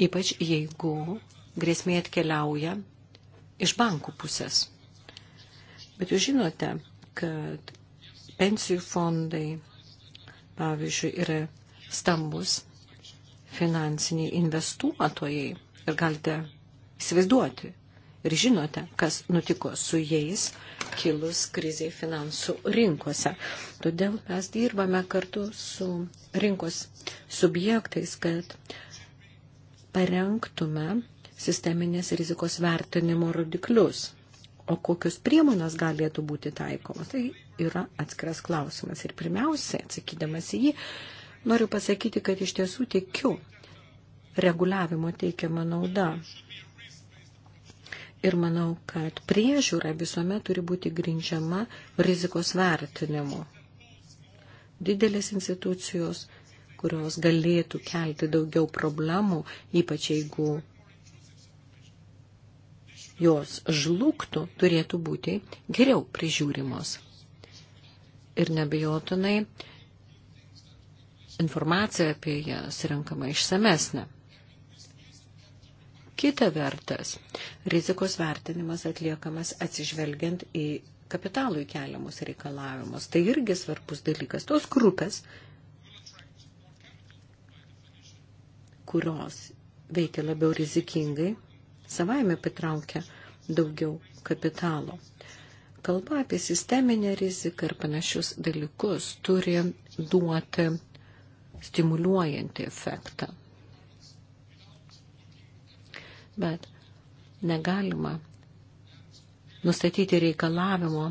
Ypač jeigu grėsmė atkeliauja iš bankų pusės. Bet jūs žinote, kad pensijų fondai, pavyzdžiui, yra stambus finansiniai investuotojai ir galite įsivaizduoti. Ir žinote, kas nutiko su jais kilus kriziai finansų rinkose. Todėl mes dirbame kartu su rinkos subjektais, kad parengtume sisteminės rizikos vertinimo rodiklius. O kokios priemonės galėtų būti taikomos, tai yra atskiras klausimas. Ir pirmiausia, atsakydamas į jį, noriu pasakyti, kad iš tiesų tikiu reguliavimo teikiama nauda. Ir manau, kad priežiūra visuomet turi būti grindžiama rizikos vertinimu. Didelės institucijos, kurios galėtų kelti daugiau problemų, ypač jeigu jos žlugtų, turėtų būti geriau prižiūrimos. Ir nebejotinai informacija apie jas renkama išsamesnė. Kita vertas, rizikos vertinimas atliekamas atsižvelgiant į kapitalui keliamus reikalavimus. Tai irgi svarbus dalykas. Tos grupės, kurios veikia labiau rizikingai, savaime patraukia daugiau kapitalo. Kalba apie sisteminę riziką ir panašius dalykus turi duoti stimuliuojantį efektą bet negalima nustatyti reikalavimo,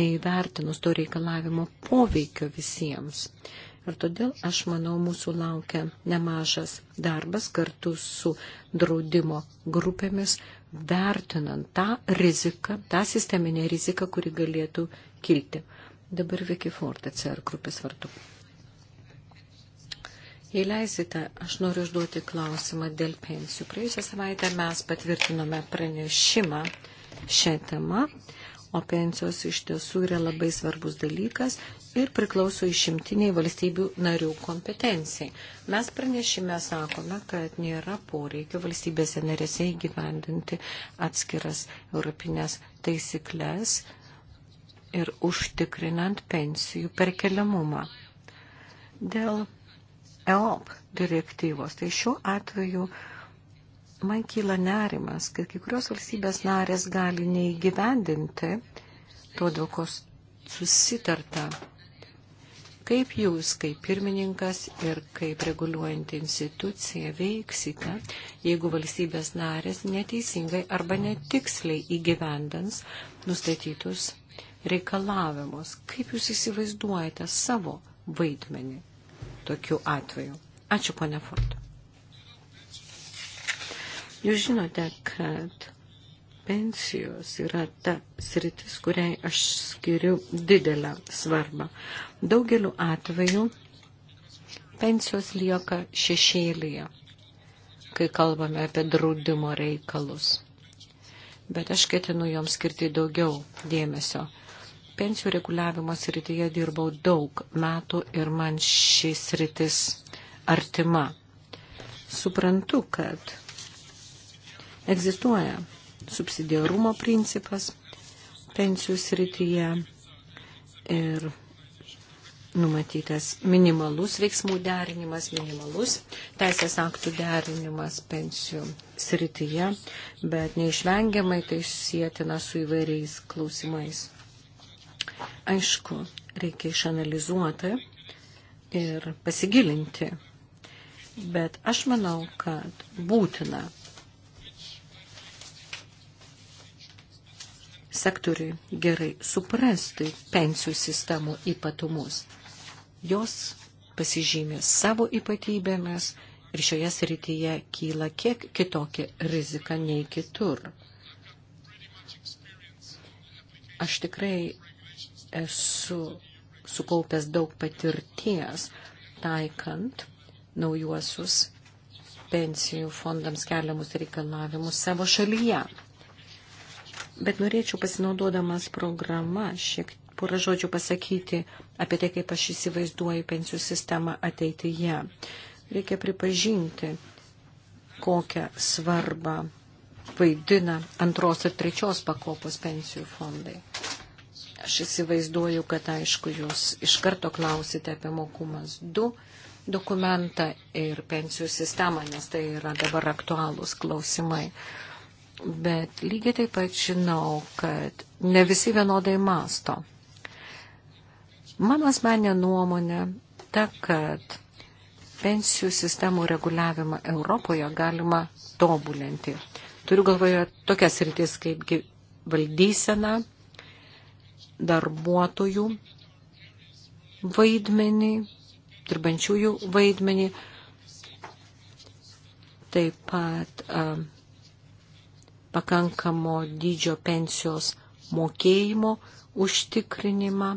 neįvertinus to reikalavimo poveikio visiems. Ir todėl, aš manau, mūsų laukia nemažas darbas kartu su draudimo grupėmis, vertinant tą riziką, tą sisteminę riziką, kuri galėtų kilti. Dabar Vicky Ford, CR grupės vardu. Jei leisite, aš noriu užduoti klausimą dėl pensijų. Praėjusią savaitę mes patvirtinome pranešimą šią temą, o pensijos iš tiesų yra labai svarbus dalykas ir priklauso išimtiniai valstybių narių kompetencijai. Mes pranešime sakome, kad nėra poreikio valstybėse narėse įgyvendinti atskiras europinės taisyklės ir užtikrinant pensijų perkeliamumą. Dėl EOP direktyvos. Tai šiuo atveju man kyla nerimas, kad kai kurios valstybės narės gali neįgyvendinti to, dėl ko susitarta. Kaip jūs, kaip pirmininkas ir kaip reguliuojanti institucija veiksite, jeigu valstybės narės neteisingai arba netiksliai įgyvendins nustatytus reikalavimus? Kaip jūs įsivaizduojate savo vaidmenį tokių atvejų. Ačiū, ponia Ford. Jūs žinote, kad pensijos yra ta sritis, kuriai aš skiriu didelę svarbą. Daugeliu atveju pensijos lieka šešėlyje, kai kalbame apie draudimo reikalus. Bet aš ketinu joms skirti daugiau dėmesio, Pensijų reguliavimo srityje dirbau daug metų ir man šis sritis artima. Suprantu, kad egzistuoja subsidiarumo principas pensijų srityje ir numatytas minimalus veiksmų derinimas, minimalus teisės aktų derinimas pensijų srityje, bet neišvengiamai tai sėtina su įvairiais klausimais Aišku, reikia išanalizuoti ir pasigilinti, bet aš manau, kad būtina sektoriui gerai suprasti pensijų sistemų ypatumus. Jos pasižymė savo ypatybėmis ir šioje srityje kyla kiek kitokia rizika nei kitur. Aš tikrai esu sukaupęs daug patirties taikant naujuosius pensijų fondams keliamus reikalavimus savo šalyje. Bet norėčiau pasinaudodamas programą šiek porą žodžių pasakyti apie tai, kaip aš įsivaizduoju pensijų sistemą ateityje. Reikia pripažinti, kokią svarbą vaidina antros ir trečios pakopos pensijų fondai. Aš įsivaizduoju, kad aišku, jūs iš karto klausite apie mokumas 2 dokumentą ir pensijų sistemą, nes tai yra dabar aktualūs klausimai. Bet lygiai taip pat žinau, kad ne visi vienodai masto. Mano asmenė nuomonė ta, kad pensijų sistemų reguliavimą Europoje galima tobulinti. Turiu galvoje tokias rytis kaip valdysena, darbuotojų vaidmenį, dirbančiųjų vaidmenį, taip pat a, pakankamo dydžio pensijos mokėjimo užtikrinimą.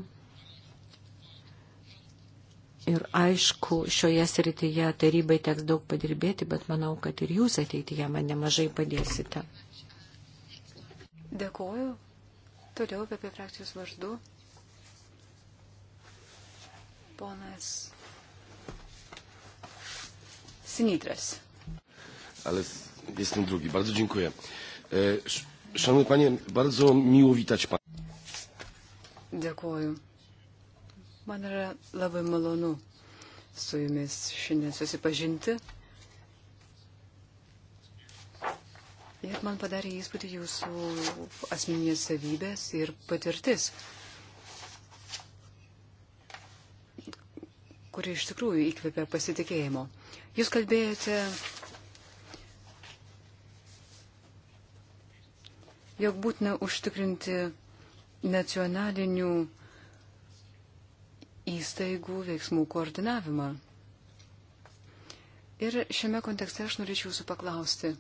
Ir aišku, šioje srityje tarybai teks daug padirbėti, bet manau, kad ir jūs ateityje man nemažai padėsite. Dėkoju. Toliau apie frakcijos vardu. Ponas Sinitras. Ale jestem drugi. Bardzo dziękuję. E, szanowny panie, bardzo miło witać pana. Dėkuoju. Man yra labai malonu su jumis šiandien susipažinti. Ir man padarė įspūdį jūsų asmeninės savybės ir patirtis, kuri iš tikrųjų įkvėpia pasitikėjimo. Jūs kalbėjote, jog būtina užtikrinti nacionalinių įstaigų veiksmų koordinavimą. Ir šiame kontekste aš norėčiau jūsų paklausti.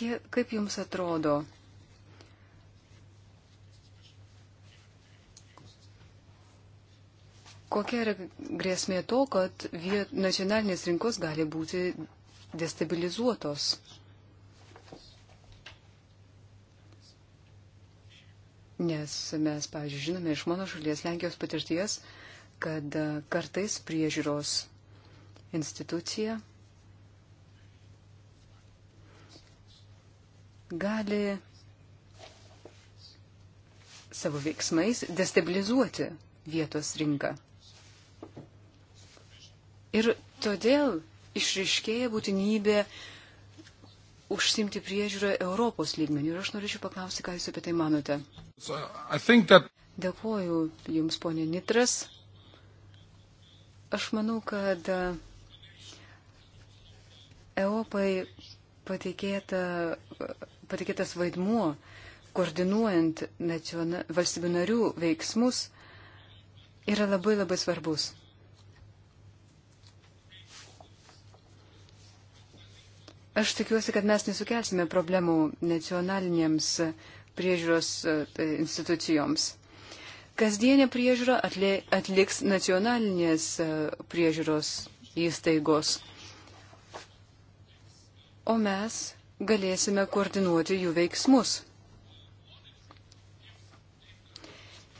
kiek, kaip jums atrodo, kokia yra grėsmė to, kad viet, nacionalinės rinkos gali būti destabilizuotos? Nes mes, pavyzdžiui, žinome iš mano šalies Lenkijos patirties, kad kartais priežiūros institucija gali savo veiksmais destabilizuoti vietos rinką. Ir todėl išriškėja būtinybė užsimti priežiūrą Europos lygmenių. Ir aš norėčiau paklausti, ką Jūs apie tai manote. So, that... Dėkuoju Jums, ponė Nitras. Aš manau, kad e, Europai patikėta patikėtas vaidmuo, koordinuojant naciona, valstybių narių veiksmus, yra labai labai svarbus. Aš tikiuosi, kad mes nesukelsime problemų nacionalinėms priežiūros e, institucijoms. Kasdienė priežiūra atliks nacionalinės e, priežiūros įstaigos. O mes galėsime koordinuoti jų veiksmus.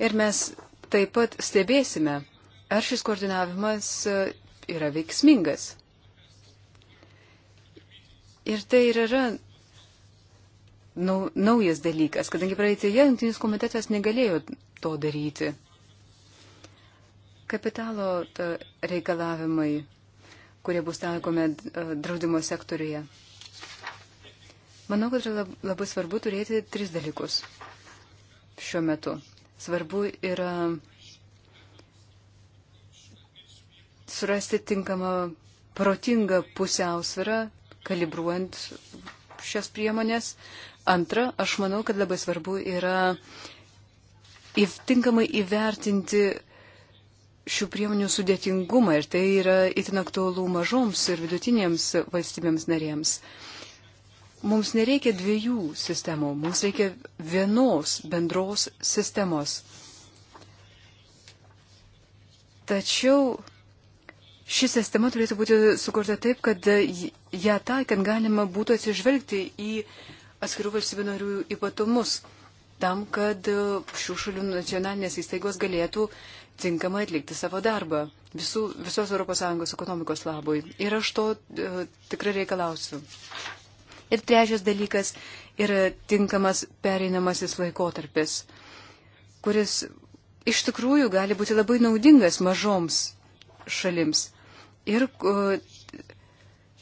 Ir mes taip pat stebėsime, ar šis koordinavimas e, yra veiksmingas. Ir tai ir yra nau, naujas dalykas, kadangi praeitėje jungtinis komitetas negalėjo to daryti. Kapitalo e, reikalavimai, kurie bus taikomi e, draudimo sektoriuje. Manau, kad yra labai svarbu turėti tris dalykus šiuo metu. Svarbu yra surasti tinkamą protingą pusiausvyrą, kalibruojant šias priemonės. Antra, aš manau, kad labai svarbu yra tinkamai įvertinti šių priemonių sudėtingumą ir tai yra itin aktualu mažoms ir vidutinėms valstybėms narėms. Uh, Mums nereikia dviejų sistemų, mums reikia vienos bendros sistemos. Tačiau ši sistema turėtų būti sukurta taip, kad ją taikant galima būtų atsižvelgti į atskirų valstybių narių ypatumus, tam, kad šių šalių nacionalinės įstaigos galėtų tinkamai atlikti savo darbą visų, visos ES ekonomikos labui. Ir aš to e, tikrai reikalausiu. Ir trečias dalykas yra tinkamas pereinamasis laikotarpis, kuris iš tikrųjų gali būti labai naudingas mažoms šalims. Ir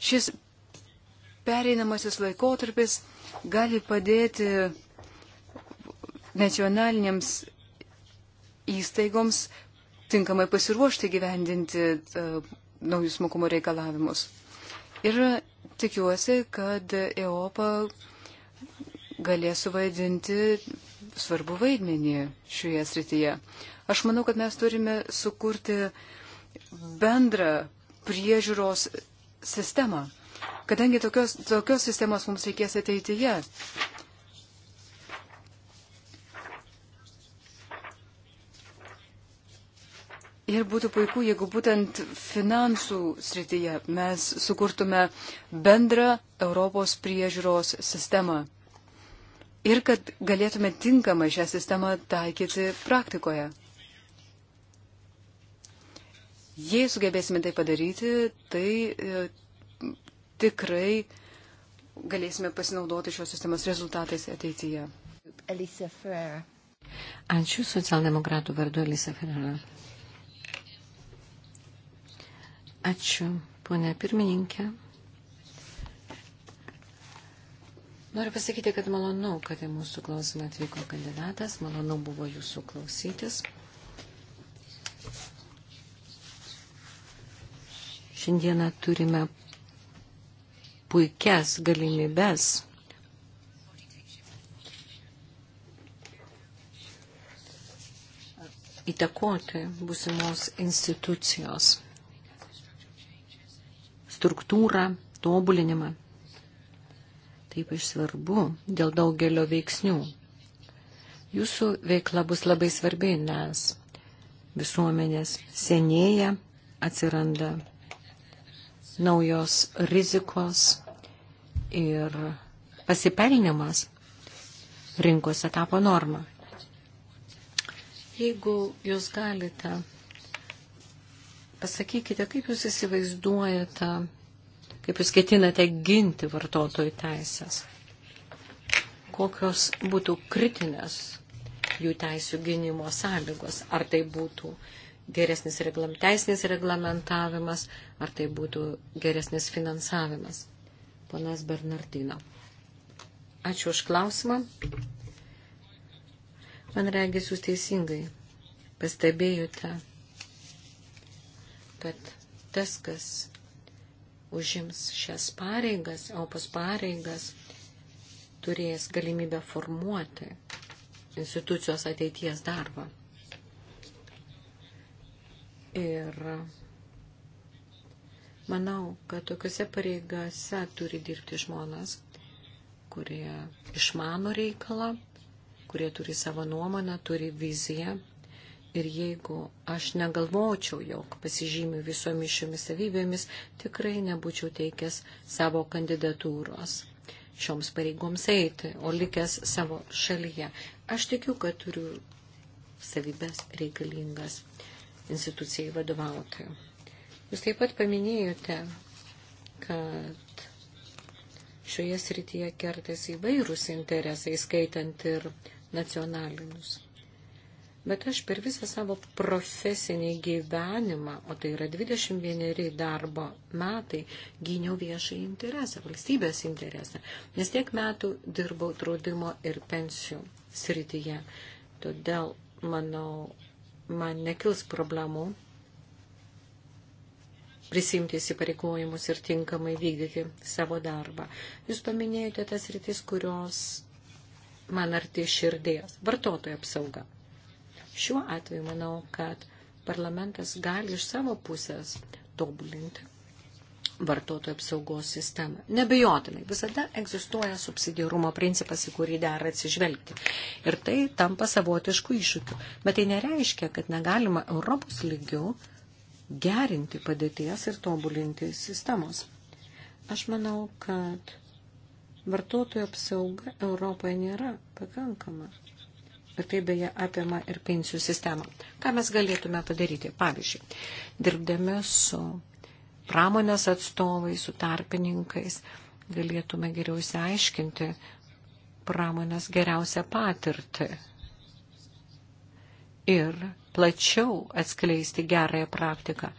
šis pereinamasis laikotarpis gali padėti nacionaliniams įstaigoms tinkamai pasiruošti gyvendinti e, naujus mokumo reikalavimus. Ir tikiuosi, kad EOPA galės suvaidinti svarbu vaidmenį šioje srityje. Aš manau, kad mes turime sukurti bendrą priežiūros sistemą, kadangi tokios, tokios sistemos mums reikės ateityje. Ir būtų puiku, jeigu būtent finansų srityje mes sukurtume bendrą Europos priežiūros sistemą. Ir kad galėtume tinkamai šią sistemą taikyti praktikoje. Jei sugebėsime tai padaryti, tai e, tikrai galėsime pasinaudoti šios sistemos rezultatais ateityje. Elisa Ferreira. Ačiū socialdemokratų vardu Elisa Ferreira. Ačiū, ponė pirmininkė. Noriu pasakyti, kad malonu, kad į mūsų klausimą atvyko kandidatas, malonu buvo jūsų klausytis. Šiandieną turime puikias galimybės įtakoti būsimos institucijos struktūrą, tobulinimą. Taip iš svarbu dėl daugelio veiksnių. Jūsų veikla bus labai svarbi, nes visuomenės senėja, atsiranda naujos rizikos ir pasipelnimas rinkose tapo norma. Jeigu jūs galite pasakykite, kaip jūs įsivaizduojate, kaip jūs ketinate ginti vartotojų teisės? Kokios būtų kritinės jų teisų gynimo sąlygos? Ar tai būtų geresnis reglam, teisinis reglamentavimas, ar tai būtų geresnis finansavimas? Ponas Bernardino. Ačiū už klausimą. Man regis, jūs teisingai pastebėjote kad tas, kas užims šias pareigas, opos pareigas, turės galimybę formuoti institucijos ateities darbą. Ir manau, kad tokiuose pareigose turi dirbti žmonės, kurie išmano reikalą, kurie turi savo nuomonę, turi viziją Ir jeigu aš negalvočiau, jog pasižymiu visomis šiomis savybėmis, tikrai nebūčiau teikęs savo kandidatūros šioms pareigoms eiti, o likęs savo šalyje. Aš tikiu, kad turiu savybės reikalingas institucijai vadovauti. Jūs taip pat paminėjote, kad šioje srityje kertasi įvairūs interesai, skaitant ir nacionalinius. Bet aš per visą savo profesinį gyvenimą, o tai yra 21 darbo metai, gyniau viešai interesą, valstybės interesą, nes tiek metų dirbau draudimo ir pensijų srityje. Todėl, manau, man nekils problemų prisimti įsipareigojimus ir tinkamai vykdyti savo darbą. Jūs paminėjote tas rytis, kurios man arti širdies. Vartotojo apsauga. Šiuo atveju manau, kad parlamentas gali iš savo pusės tobulinti vartotojų apsaugos sistemą. Nebejotinai, visada egzistuoja subsidiarumo principas, į kurį dera atsižvelgti. Ir tai tampa savotiškų iššūkių. Bet tai nereiškia, kad negalima Europos lygių gerinti padėties ir tobulinti sistemos. Aš manau, kad vartotojų apsauga Europoje nėra pakankama tai beje apima ir pensijų sistemą. Ką mes galėtume padaryti? Pavyzdžiui, dirbdami su pramonės atstovais, su tarpininkais, galėtume geriau įsiaiškinti pramonės geriausią patirtį ir plačiau atskleisti gerąją praktiką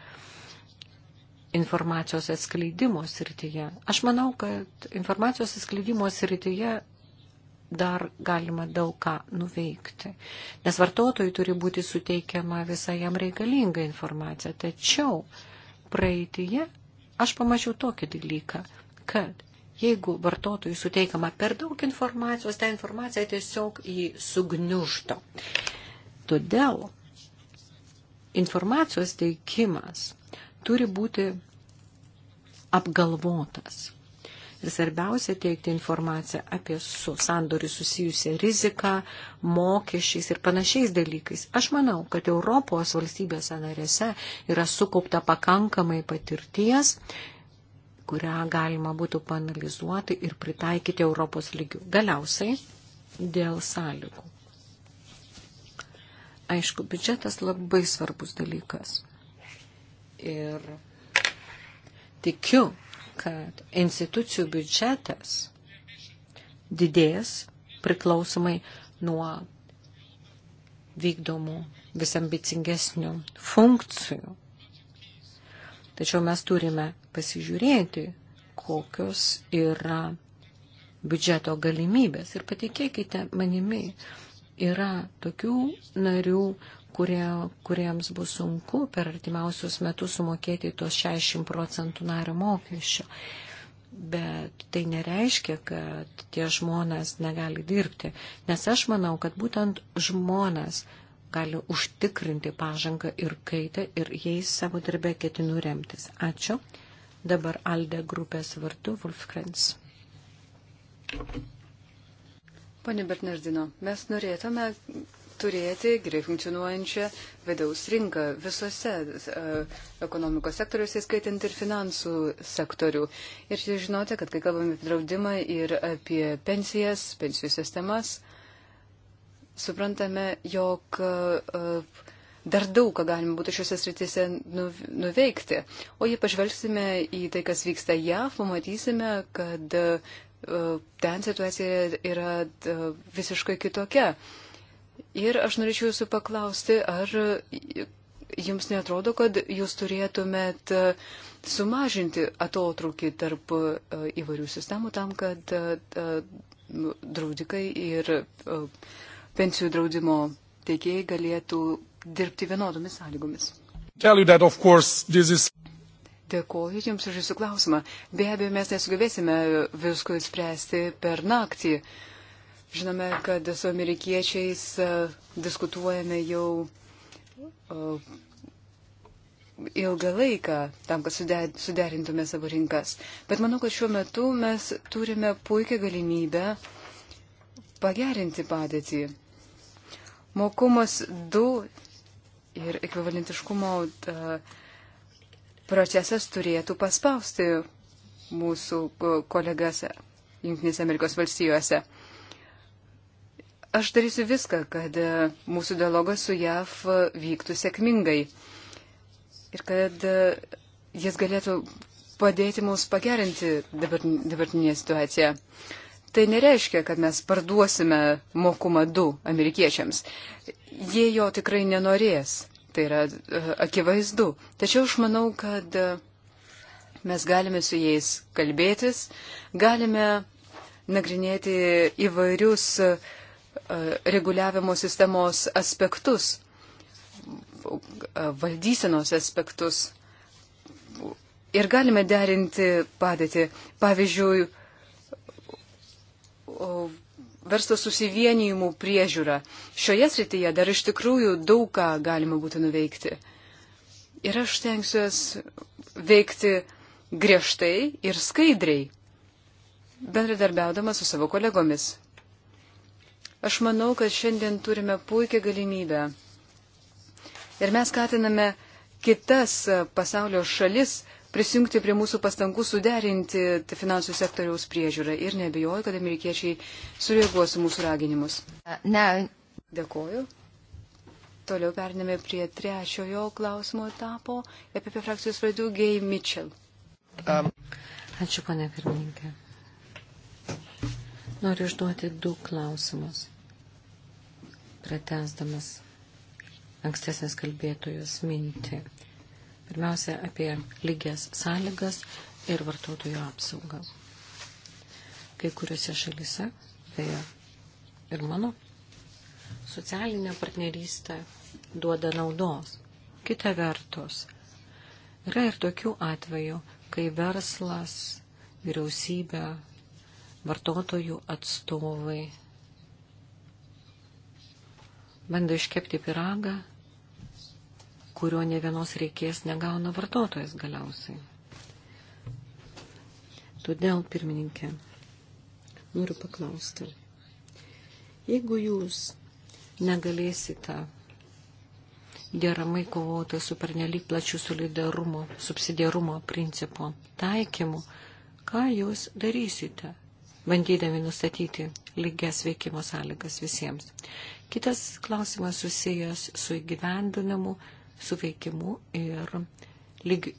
informacijos atskleidimo srityje. Aš manau, kad informacijos atskleidimo srityje dar galima daug ką nuveikti. Nes vartotojui turi būti suteikiama visa jam reikalinga informacija. Tačiau praeitįje aš pamačiau tokį dalyką, kad jeigu vartotojui suteikama per daug informacijos, ta informacija tiesiog jį sugniuždo. Todėl informacijos teikimas turi būti apgalvotas. Ir svarbiausia teikti informaciją apie su sandoriu susijusią riziką, mokesčiais ir panašiais dalykais. Aš manau, kad Europos valstybėse narėse yra sukaupta pakankamai patirties kurią galima būtų panalizuoti ir pritaikyti Europos lygių. Galiausiai dėl sąlygų. Aišku, biudžetas labai svarbus dalykas. Ir tikiu, kad institucijų biudžetas didės priklausomai nuo vykdomų vis ambicingesnių funkcijų. Tačiau mes turime pasižiūrėti, kokios yra biudžeto galimybės. Ir patikėkite manimi, yra tokių narių, kurie, kuriems bus sunku per artimiausius metus sumokėti tuos 60 procentų nario mokesčio. Bet tai nereiškia, kad tie žmonės negali dirbti, nes aš manau, kad būtent žmonės gali užtikrinti pažangą ir kaitę ir jais savo darbę ketinu remtis. Ačiū. Dabar Alde grupės vardu Wolfgrens. Pane Bernardino, mes norėtume turėti gerai funkcionuojančią vidaus rinką visose e, ekonomikos sektoriuose, skaitant ir finansų sektorių. Ir žinote, kad kai kalbame apie draudimą ir apie pensijas, pensijų sistemas, suprantame, jog e, dar daug ką galima būtų šiuose srityse nu, nuveikti. O jei pažvelgsime į tai, kas vyksta JAV, pamatysime, kad e, ten situacija yra visiškai kitokia. Ir aš norėčiau jūsų paklausti, ar jums netrodo, kad jūs turėtumėt e, sumažinti atotrukį tarp e, įvairių sistemų tam, kad e, draudikai ir pensijų draudimo teikėjai galėtų dirbti vienodomis sąlygomis. That, course, is... Dėkuoju Jums už Jūsų klausimą. Be abejo, mes nesugebėsime visko įspręsti per naktį. Uh, Žinome, kad su amerikiečiais e, diskutuojame jau e, ilgą laiką tam, kad suderintume savo rinkas. Bet manau, kad šiuo metu mes turime puikią galimybę pagerinti padėtį. Mokumas 2 ir ekvivalentiškumo e, procesas turėtų paspausti mūsų kolegas Junktinėse Amerikos valstijose. Aš darysiu viską, kad e, mūsų dialogas su JAV vyktų sėkmingai ir kad e, jis galėtų padėti mums pagerinti dabartinę situaciją. Tai nereiškia, kad mes parduosime mokumą du amerikiečiams. Jie jo tikrai nenorės. Tai yra e, akivaizdu. Tačiau aš manau, kad mes galime su jais kalbėtis, galime nagrinėti įvairius uh, E, reguliavimo sistemos aspektus, e, valdysenos aspektus. Ir galime derinti padėtį. Pavyzdžiui, verslo susivienijimų priežiūra. Šioje srityje dar iš tikrųjų daug ką galima būtų nuveikti. Ir aš tenksiuosi veikti griežtai ir skaidriai, bendradarbiaudama su savo kolegomis. Aš manau, kad šiandien turime puikią galimybę. Ir mes skatiname kitas pasaulio šalis prisijungti prie mūsų pastangų suderinti finansų sektoriaus priežiūrą. Ir nebejoju, kad amerikiečiai sureaguos mūsų raginimus. Uh, ne. Dėkoju. Toliau periname prie trečiojo klausimo etapo. Apie frakcijos vardų Gay Mitchell. Um. Ačiū, ponė pirmininkė. Noriu išduoti du klausimus, pratesdamas ankstesnės kalbėtojos mintį. Pirmiausia, apie lygias sąlygas ir vartotojų apsaugą. Kai kuriuose šalyse, beje, ir mano, socialinė partnerystė duoda naudos. Kita vertus, yra ir tokių atvejų, kai verslas, vyriausybė, vartotojų atstovai bando iškepti piragą, kurio ne vienos reikės negauna vartotojas galiausiai. Todėl, pirmininkė, noriu paklausti, jeigu jūs negalėsite deramai kovoti su pernelyg plačiu solidarumo, subsidiarumo principu taikymu, ką jūs darysite? bandydami nustatyti lygias veikimo sąlygas visiems. Kitas klausimas susijęs su įgyvendinamu, su veikimu ir lyg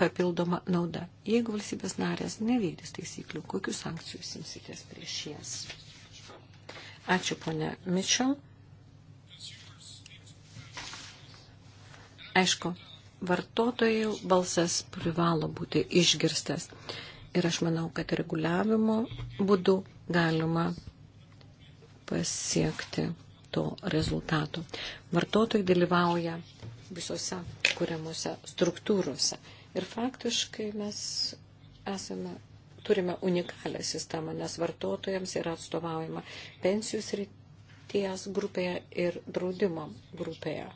papildoma nauda. Jeigu valstybės narės nevykdys taisyklių, kokių sankcijų simsitės prieš jas? Ačiū, ponia Mitchell. Aišku, vartotojų balsas privalo būti išgirstas. Ir aš manau, kad reguliavimo būdu galima pasiekti to rezultato. Vartotojai dalyvauja visose kuriamuose struktūrose. Ir faktiškai mes esame, turime unikalią sistemą, nes vartotojams yra atstovaujama pensijų srities grupėje ir draudimo grupėje.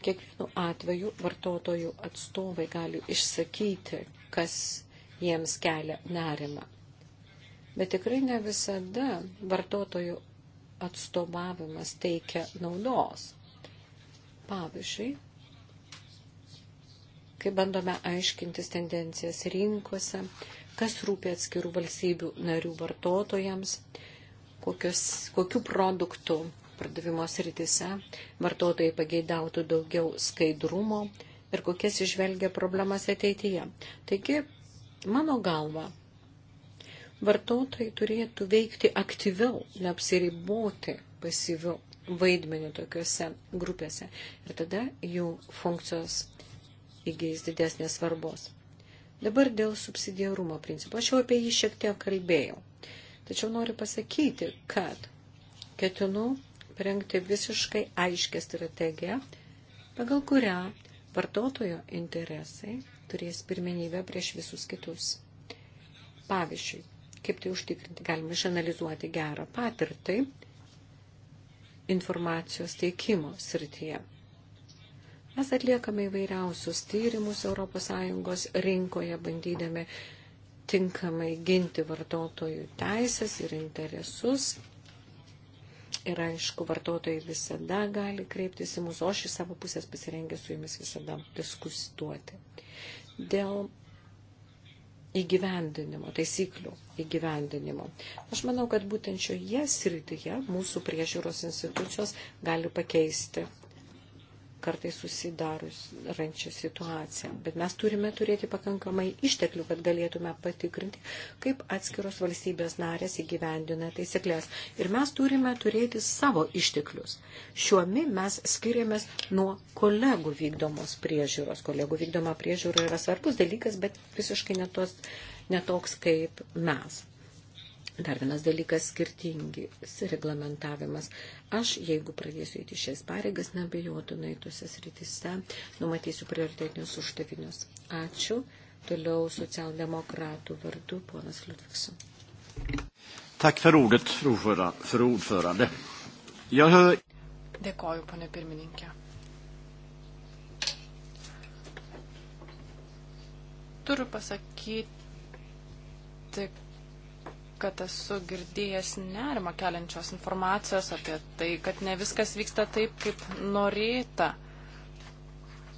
Kiekvienu atveju vartotojų atstovai gali išsakyti, kas jiems kelia nerimą. Bet tikrai ne visada vartotojų atstovavimas teikia naudos. Pavyzdžiui, kai bandome aiškintis tendencijas rinkose, kas rūpia atskirų valstybių narių vartotojams, kokios, kokių produktų pardavimo sritise vartotojai pageidautų daugiau skaidrumo ir kokias išvelgia problemas ateityje. Taigi, Mano galva, vartotojai turėtų veikti aktyviau, neapsiriboti pasyviu vaidmeniu tokiuose grupėse. Ir tada jų funkcijos įgys didesnės svarbos. Dabar dėl subsidiarumo principo. Aš jau apie jį šiek tiek kalbėjau. Tačiau noriu pasakyti, kad ketinu parengti visiškai aiškę strategiją, pagal kurią vartotojo interesai turės pirmenybę prieš visus kitus. Pavyzdžiui, kaip tai užtikrinti, galima išanalizuoti gerą patirtį informacijos teikimo srityje. Mes atliekame įvairiausius tyrimus ES rinkoje, bandydami tinkamai ginti vartotojų teisės ir interesus. Ir aišku, vartotojai visada gali kreiptis į mūsų, o aš iš savo pusės pasirengęs su jumis visada diskutuoti dėl įgyvendinimo, taisyklių įgyvendinimo. Aš manau, kad būtent šioje srityje mūsų priežiūros institucijos gali pakeisti kartai susidarančią situaciją. Bet mes turime turėti pakankamai išteklių, kad galėtume patikrinti, kaip atskiros valstybės narės įgyvendina taisyklės. Ir mes turime turėti savo išteklius. Šiuomi mes skiriamės nuo kolegų vykdomos priežiūros. Kolegų vykdoma priežiūra yra svarbus dalykas, bet visiškai netos, netoks kaip mes. Dar vienas dalykas - skirtingis reglamentavimas. Aš, jeigu pradėsiu įti šias pareigas, nebejotinai tuose srityse numatysiu prioritetinius uždavinius. Ačiū. Toliau socialdemokratų vardu ponas Liudvikson. Tak for ordet, fru ordförande. Jag hör... Dėkoju, ponė pirmininkė. Turiu pasakyti, kad esu girdėjęs nerimą keliančios informacijos apie tai, kad ne viskas vyksta taip, kaip norėta.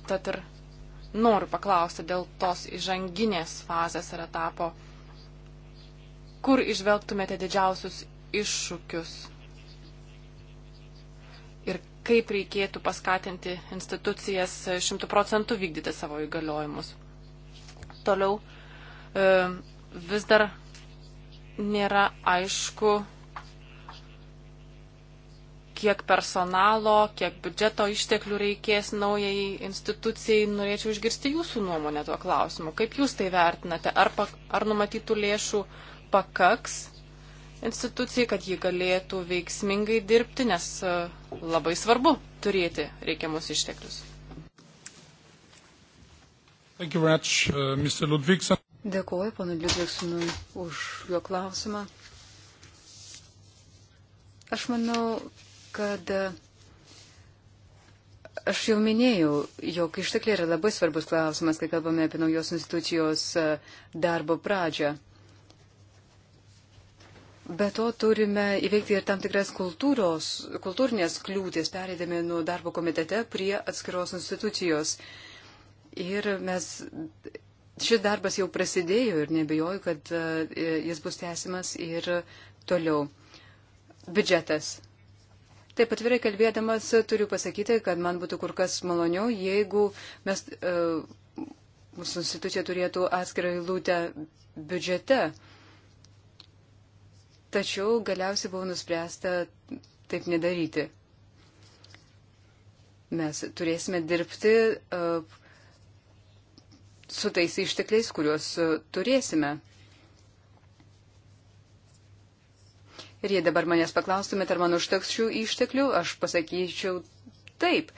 Tad ir noriu paklausti dėl tos įžanginės fazės ar etapo, kur išvelgtumėte didžiausius iššūkius ir kaip reikėtų paskatinti institucijas šimtų procentų vykdyti savo įgaliojimus. Toliau e, vis dar nėra aišku, kiek personalo, kiek biudžeto išteklių reikės naujai institucijai. Norėčiau išgirsti jūsų nuomonę tuo klausimu. Kaip jūs tai vertinate? Ar, pak, ar numatytų lėšų pakaks institucijai, kad ji galėtų veiksmingai dirbti, nes e, labai svarbu turėti reikiamus išteklius? Much, uh, Dėkuoju ponui Liudviksonui už jo klausimą. Aš manau, kad e, aš jau minėjau, jog ištekliai yra labai svarbus klausimas, kai kalbame apie naujos institucijos e, darbo pradžią. Be to turime įveikti ir tam tikras kultūros, kultūrinės kliūtis, pereidami nuo darbo komitete prie atskiros institucijos. Ir mes šis darbas jau prasidėjo ir nebejoju, kad e, jis bus tęsimas ir toliau. Biudžetas. Taip atvirai kalbėdamas turiu pasakyti, kad man būtų kur kas maloniau, jeigu mes, uh, mūsų institucija turėtų atskirą eilutę biudžete. Tačiau galiausiai buvo nuspręsta taip nedaryti. Mes turėsime dirbti uh, su tais ištekliais, kuriuos e, turėsime. Ir jei dabar manęs paklaustumėt, ar man užteks šių išteklių, aš pasakyčiau taip.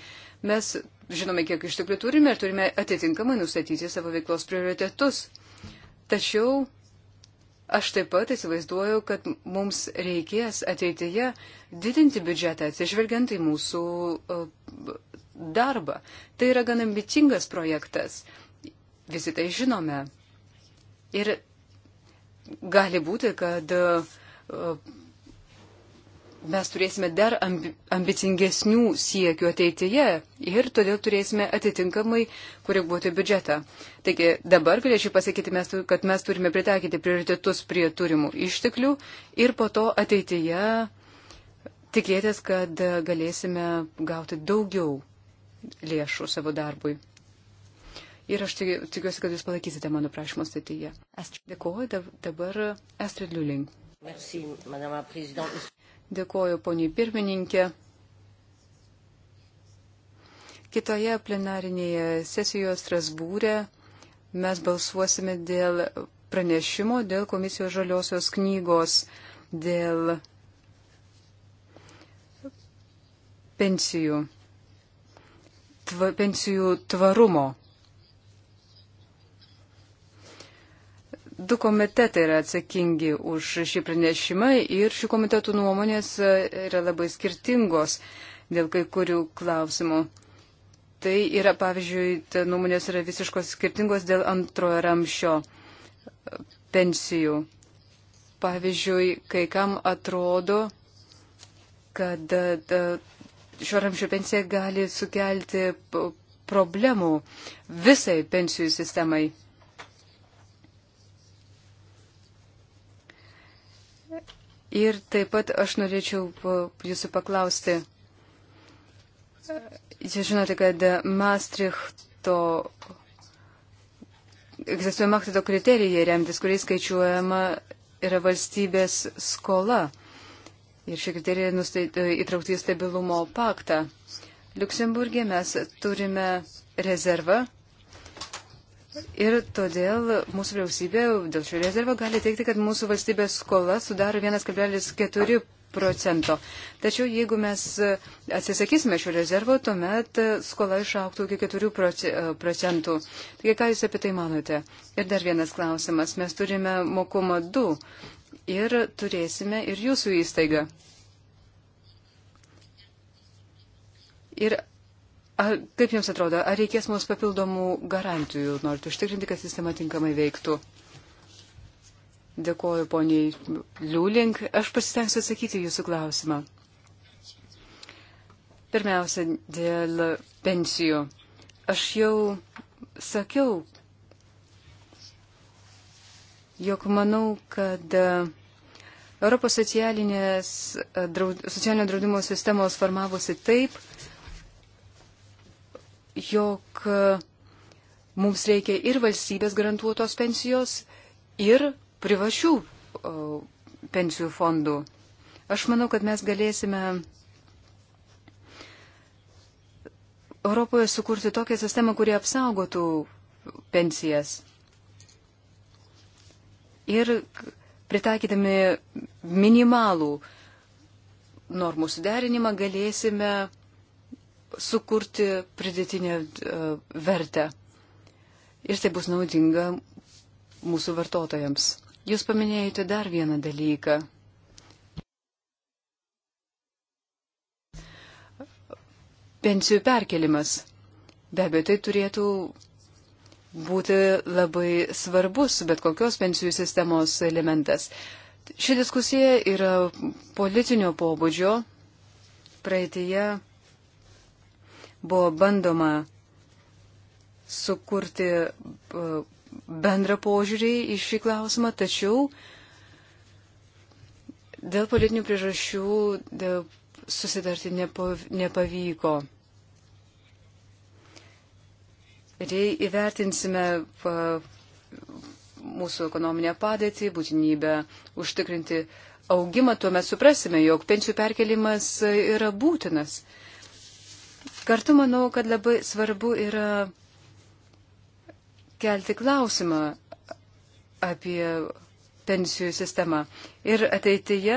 Mes žinome, kiek išteklių turime ir turime atitinkamai nustatyti savo veiklos prioritetus. Tačiau Aš taip pat įsivaizduoju, kad mums reikės ateityje didinti biudžetą atsižvelgiant į mūsų e, darbą. Tai yra gan ambicingas projektas visi tai žinome. Ir gali būti, kad e, mes turėsime dar ambi ambicingesnių siekių ateityje ir todėl turėsime atitinkamai koreguoti biudžetą. Taigi dabar galėčiau pasakyti, mes, kad mes turime pritaikyti prioritetus prie turimų išteklių ir po to ateityje tikėtis, kad galėsime gauti daugiau lėšų savo darbui. Ir aš tikiuosi, kad jūs palaikysite mano prašymus ateityje. Dėkuoju dabar Astrid Liuling. Dėkuoju poniai pirmininkė. Kitoje plenarinėje sesijoje Strasbūrė mes balsuosime dėl pranešimo, dėl komisijos žaliosios knygos, dėl pensijų, tva, pensijų tvarumo. du komitetai yra atsakingi už šį pranešimą ir šių komitetų nuomonės e, yra labai skirtingos dėl kai kurių klausimų. Tai yra, pavyzdžiui, nuomonės yra visiškos skirtingos dėl antrojo ramšio e, pensijų. Pavyzdžiui, kai kam atrodo, kad e, šio ramšio pensija gali sukelti problemų visai pensijų sistemai. Ir taip pat aš norėčiau jūsų paklausti. Jūs žinote, kad Maastrichto egzistuoja Maastrichto kriterijai remtis, kuriais skaičiuojama yra valstybės skola. Ir šie kriterijai nustait, įtraukti į stabilumo paktą. Liuksemburgė mes turime rezervą, Ir todėl mūsų vyriausybė dėl šio rezervo gali teikti, kad mūsų valstybės skola sudaro 1,4 procento. Tačiau jeigu mes e, atsisakysime šio rezervo, tuomet e, skola išauktų iki 4 e, procentų. Taigi, ką Jūs apie tai manote? Ir dar vienas klausimas. Mes turime mokumo 2 ir turėsime ir Jūsų įstaigą. Ir Ar, kaip Jums atrodo, ar reikės mums papildomų garantijų, norint užtikrinti, kad sistema tinkamai veiktų? Dėkuoju, poniai Liūlink. Aš pasistengsiu atsakyti Jūsų klausimą. Pirmiausia, dėl pensijų. Aš jau sakiau, jog manau, kad e, Europos socialinės, e, draud, socialinio draudimo sistemos formavosi taip, jog e, mums reikia ir valstybės garantuotos pensijos, ir privačių e, pensijų fondų. Aš manau, kad mes galėsime Europoje sukurti tokią sistemą, kurie apsaugotų pensijas. Ir pritaikydami minimalų normų suderinimą galėsime sukurti pridėtinę e, vertę. Ir tai bus naudinga mūsų vartotojams. Jūs paminėjote dar vieną dalyką. Pensijų perkelimas. Be abejo, tai turėtų būti labai svarbus bet kokios pensijų sistemos elementas. Ši diskusija yra politinio pobūdžio. Praeitėje buvo bandoma sukurti e, bendrą požiūrį į šį klausimą, tačiau dėl politinių priežasčių dėl e, susidarti nepavyko. Ir jei įvertinsime e, mūsų ekonominę padėtį, būtinybę užtikrinti augimą, tuomet suprasime, jog pensijų perkelimas yra būtinas. Kartu manau, kad labai svarbu yra kelti klausimą apie pensijų sistemą. Ir ateityje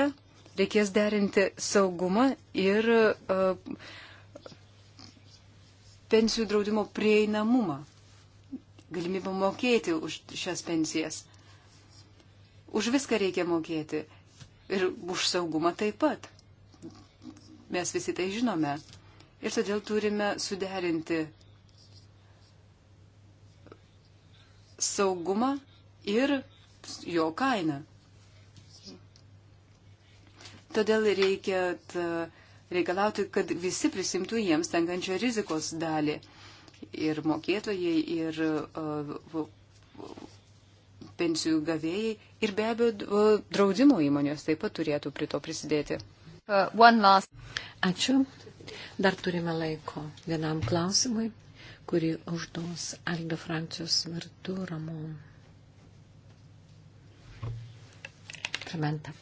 reikės derinti saugumą ir uh, pensijų draudimo prieinamumą, galimybę mokėti už šias pensijas. Už viską reikia mokėti ir už saugumą taip pat. Mes visi tai žinome ir todėl turime suderinti saugumą ir jo kainą. Todėl reikia reikalauti, kad visi prisimtų jiems tenkančią rizikos dalį. Ir mokėtojai, ir uh, pensijų gavėjai, ir be abejo draudimo įmonės taip pat turėtų prie to prisidėti. Uh, last... Ačiū. Dar turime laiko vienam klausimui, kurį užduos Aldo Francijos vardu Ramon. Tramenta.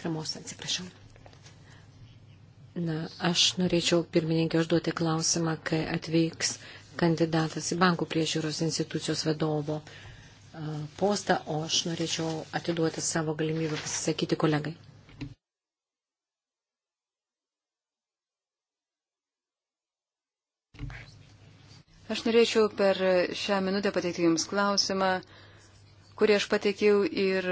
Tramos, atsiprašau. Na, aš norėčiau pirmininkė užduoti klausimą, kai atvyks kandidatas į bankų priežiūros institucijos vadovo postą, o aš norėčiau atiduoti savo galimybę pasisakyti kolegai. Aš norėčiau per šią minutę pateikti Jums klausimą, kurį aš pateikiau ir,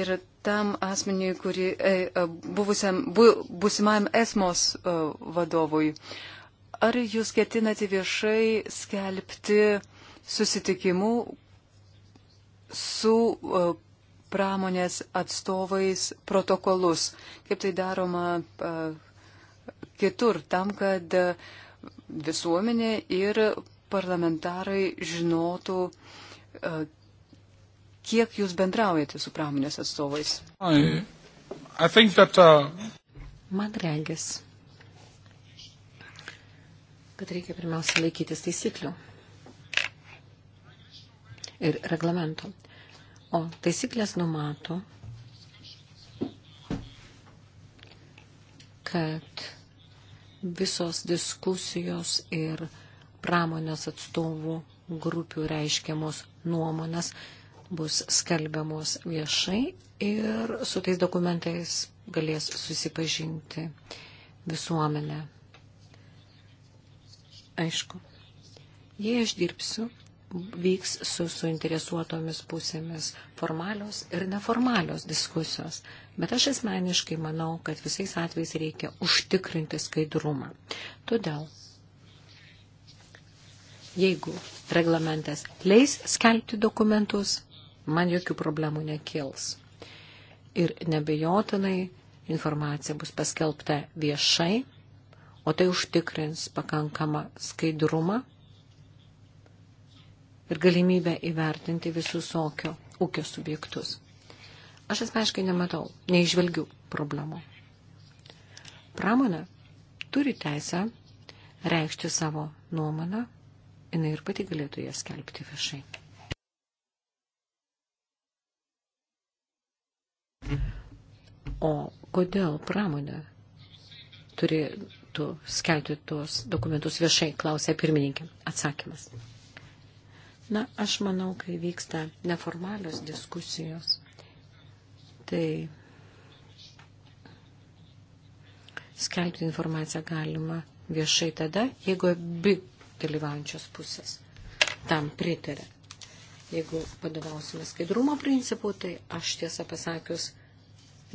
ir tam asmeniui, kuri, e, e buvusiam, bu, busimajam esmos e, vadovui. Ar Jūs ketinate viešai skelbti susitikimų su e, pramonės atstovais protokolus, kaip tai daroma e, kitur, tam, kad uh, visuomenė ir parlamentarai žinotų, e, kiek jūs bendraujate su pramonės atstovais. I, I that, uh... Man regis, kad reikia pirmiausia laikytis taisyklių ir reglamento. O taisyklės numato, kad visos diskusijos ir pramonės atstovų grupių reiškiamos nuomonės bus skelbiamos viešai ir su tais dokumentais galės susipažinti visuomenė. Aišku, jei aš dirbsiu vyks su suinteresuotomis pusėmis formalios ir neformalios diskusijos. Bet aš asmeniškai manau, kad visais atvejais reikia užtikrinti skaidrumą. Todėl, jeigu reglamentas leis skelbti dokumentus, man jokių problemų nekils. Ir nebejotinai informacija bus paskelbta viešai, o tai užtikrins pakankamą skaidrumą ir galimybę įvertinti visus okio, ūkio subjektus. Aš asmeniškai nematau, neižvelgiu problemų. Pramonė turi teisę reikšti savo nuomonę, jinai ir pati galėtų ją skelbti viešai. O kodėl pramonė turėtų skelbti tuos dokumentus viešai, klausė pirmininkė. Atsakymas. Na, aš manau, kai vyksta neformalios diskusijos, tai skelbti informaciją galima viešai tada, jeigu abi dalyvaujančios pusės tam pritarė. Jeigu vadovausime skaidrumo principų, tai aš tiesą pasakius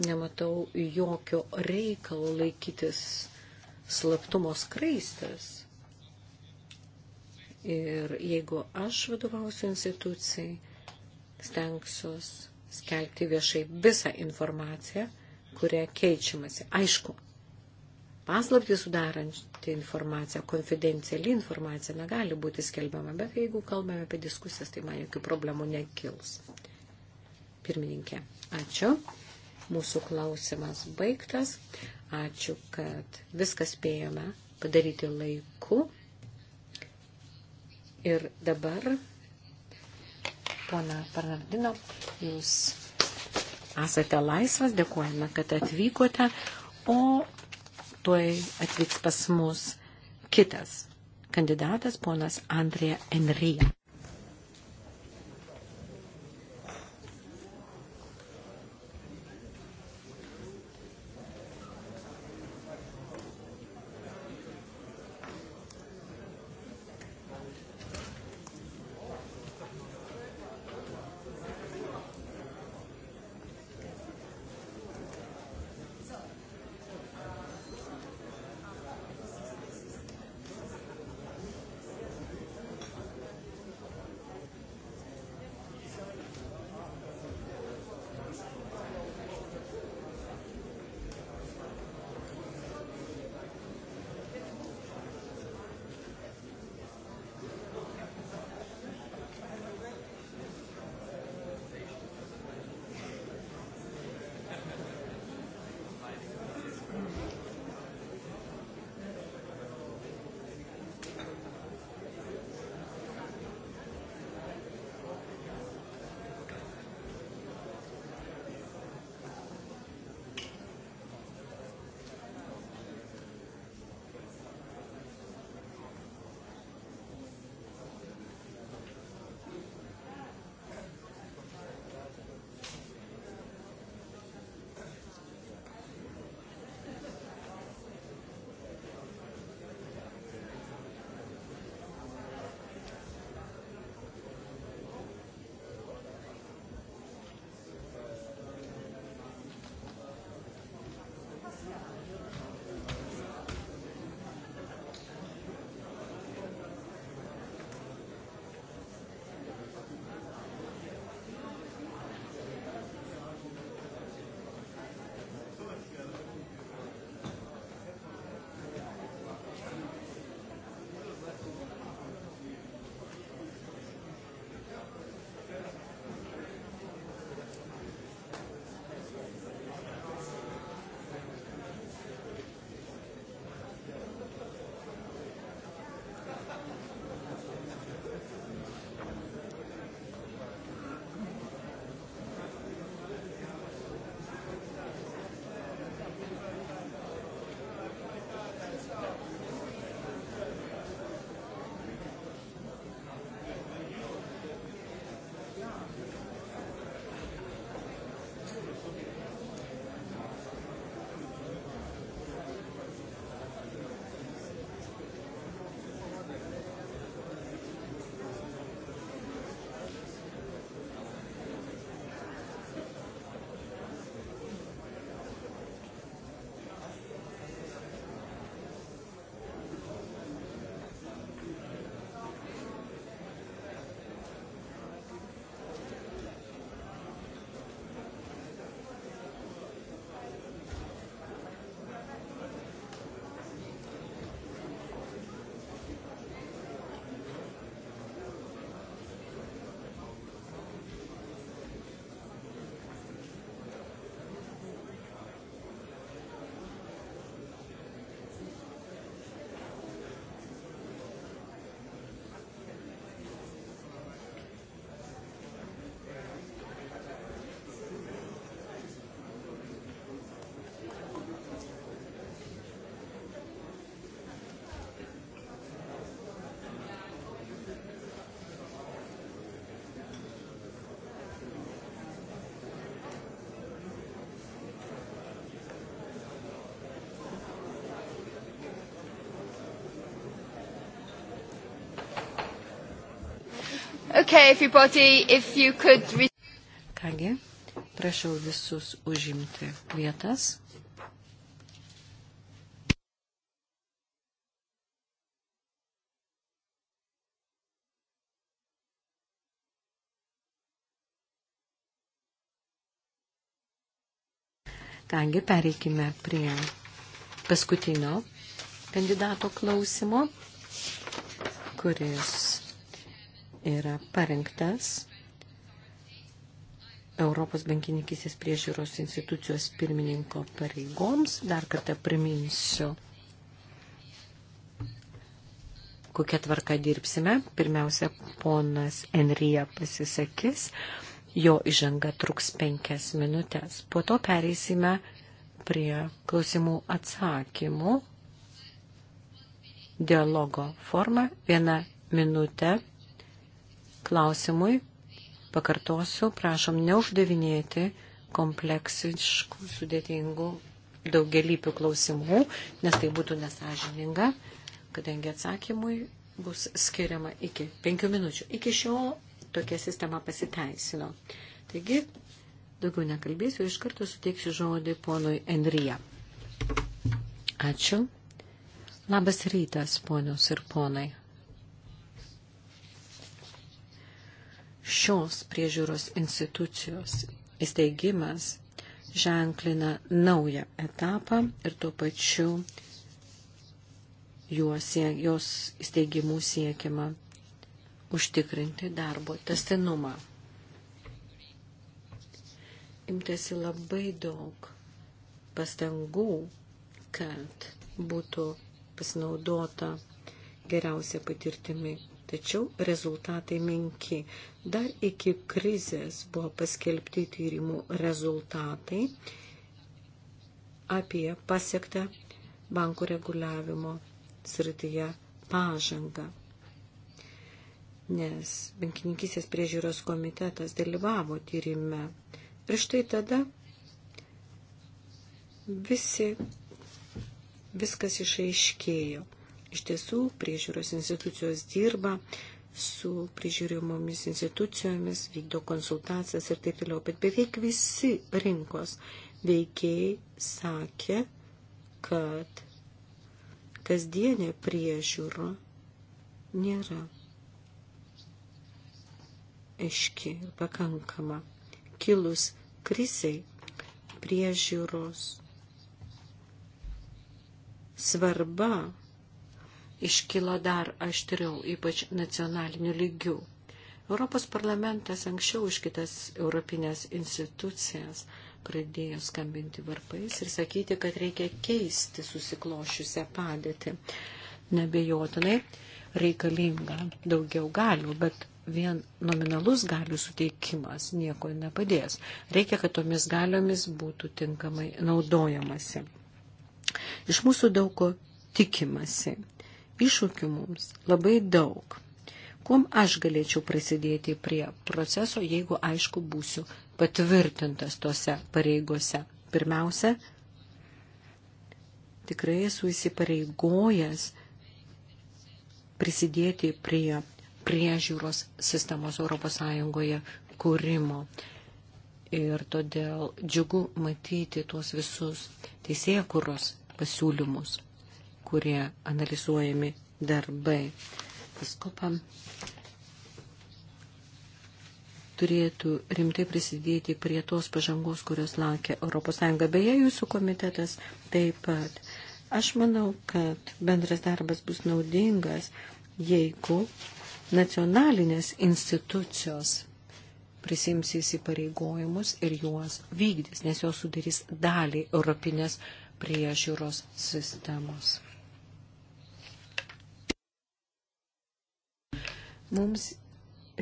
nematau jokio reikalo laikytis slaptumo skraistas Ir jeigu aš vadovausiu institucijai, stengsiuos skelbti viešai visą informaciją, kurią keičiamasi. Aišku, paslapti sudaranti informacija, konfidenciali informacija negali būti skelbiama, bet jeigu kalbame apie diskusijas, tai man jokių problemų nekils. Pirmininkė, ačiū. Mūsų klausimas baigtas. Ačiū, kad viską spėjome padaryti laiku. Ir dabar, pona Parnardino, jūs esate laisvas, dėkojame, kad atvykote, o tuoj atvyks pas mus kitas kandidatas, ponas Andrija Enrija. Okay, everybody, if you could... Kągi, prašau visus užimti vietas. Kągi, pereikime prie paskutinio kandidato klausimo, kuris yra parengtas Europos bankininkysės priežiūros institucijos pirmininko pareigoms. Dar kartą priminsiu, kokią tvarką dirbsime. Pirmiausia, ponas Enrija pasisakys, jo įžanga truks penkias minutės. Po to pereisime prie klausimų atsakymų dialogo forma. Viena minutė klausimui, pakartosiu, prašom neuždavinėti kompleksiškų, sudėtingų, daugelypių klausimų, nes tai būtų nesažininga, kadangi atsakymui bus skiriama iki penkių minučių. Iki šiol tokia sistema pasiteisino. Taigi, daugiau nekalbėsiu, iš karto suteiksiu žodį ponui Enrija. Ačiū. Labas rytas, ponios ir ponai. Šios priežiūros institucijos įsteigimas ženklina naują etapą ir tuo pačiu jos įsteigimų siekiama užtikrinti darbo testinumą. Imtasi labai daug pastangų, kad būtų pasinaudota geriausia patirtimi, tačiau rezultatai menki. Dar iki krizės buvo paskelbti tyrimų rezultatai apie pasiektą bankų reguliavimo srityje pažangą. Nes bankininkysės priežiūros komitetas dalyvavo tyrime. Ir štai tada visi, viskas išaiškėjo. Iš tiesų, priežiūros institucijos dirba, su prižiūrimomis institucijomis, vykdo konsultacijas ir taip toliau. Bet beveik visi rinkos veikiai sakė, kad kasdienė priežiūra nėra aiški ir pakankama. Kilus krisai priežiūros svarba iškyla dar aštriau, ypač nacionaliniu lygiu. Europos parlamentas anksčiau už kitas europinės institucijas pradėjo skambinti varpais ir sakyti, kad reikia keisti susiklošiusią padėtį. Nebejotinai reikalinga daugiau galių, bet vien nominalus galių suteikimas nieko nepadės. Reikia, kad tomis galiomis būtų tinkamai naudojamasi. Iš mūsų daug ko tikimasi iššūkių mums labai daug. Kuom aš galėčiau prasidėti prie proceso, jeigu aišku būsiu patvirtintas tose pareigose? Pirmiausia, tikrai esu įsipareigojęs prisidėti prie priežiūros sistemos ES kūrimo. Ir todėl džiugu matyti tuos visus teisėkuros pasiūlymus kurie analizuojami darbai viskupam turėtų rimtai prisidėti prie tos pažangos, kurios laukia ES. Beje, jūsų komitetas taip pat. Aš manau, kad bendras darbas bus naudingas, jeigu nacionalinės institucijos prisims įsipareigojimus ir juos vykdys, nes jos sudarys dalį europinės priežiūros sistemos. Mums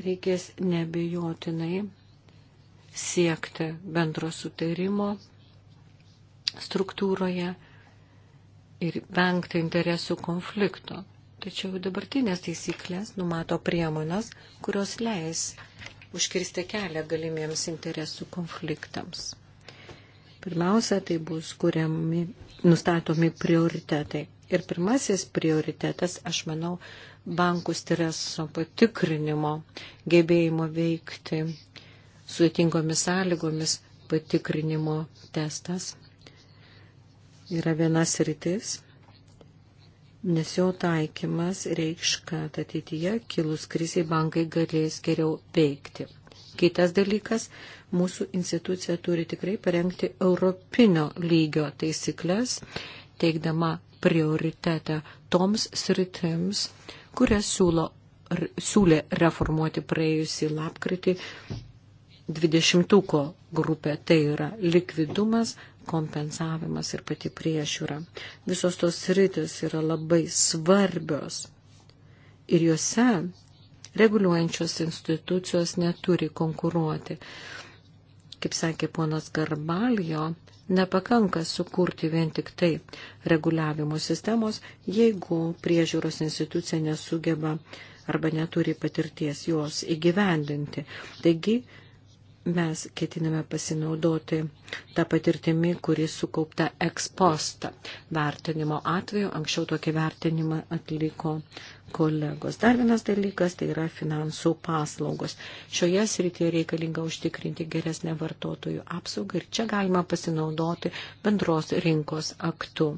reikės nebejotinai siekti bendro sutarimo struktūroje ir vengti interesų konflikto. Tačiau dabartinės taisyklės numato priemonės, kurios leis užkirsti kelią galimiems interesų konfliktams. Pirmiausia, tai bus kuriami, nustatomi prioritetai. Ir pirmasis prioritetas, aš manau, bankų streso patikrinimo, gebėjimo veikti sudėtingomis sąlygomis patikrinimo testas yra vienas rytis, nes jo taikymas reikš, kad ateityje kilus kriziai bankai galės geriau veikti. Kitas dalykas, mūsų institucija turi tikrai parengti europinio lygio taisyklės, teikdama prioritetą toms sritims, kurias siūlo, siūlė reformuoti praėjusį lapkritį 20-ko grupė. Tai yra likvidumas, kompensavimas ir pati priešiūra. Visos tos rytis yra labai svarbios. Ir juose reguliuojančios institucijos neturi konkuruoti. Kaip sakė ponas Garbalio, nepakanka sukurti vien tik tai reguliavimo sistemos, jeigu priežiūros institucija nesugeba arba neturi patirties juos įgyvendinti. Taigi mes ketiname pasinaudoti tą patirtimį, kuri sukaupta ekspostą vertinimo atveju. Anksčiau tokį vertinimą atliko kolegos. Dar vienas dalykas tai yra finansų paslaugos. Šioje srityje reikalinga užtikrinti geresnę vartotojų apsaugą ir čia galima pasinaudoti bendros rinkos aktu.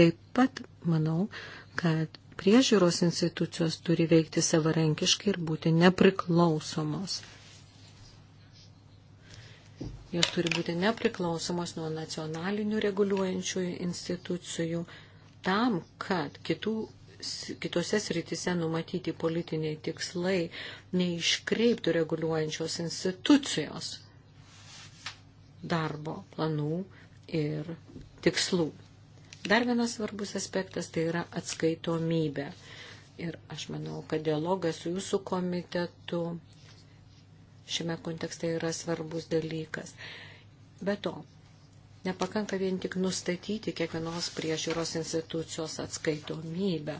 Taip pat manau, kad priežiūros institucijos turi veikti savarankiškai ir būti nepriklausomos. Jos turi būti nepriklausomos nuo nacionalinių reguliuojančių institucijų tam, kad kitų, kitose sritise numatyti politiniai tikslai neiškreiptų reguliuojančios institucijos darbo planų ir tikslų. Dar vienas svarbus aspektas tai yra atskaitomybė. Ir aš manau, kad dialogas su jūsų komitetu šiame kontekste yra svarbus dalykas. Be to, nepakanka vien tik nustatyti kiekvienos priežiūros institucijos atskaitomybę,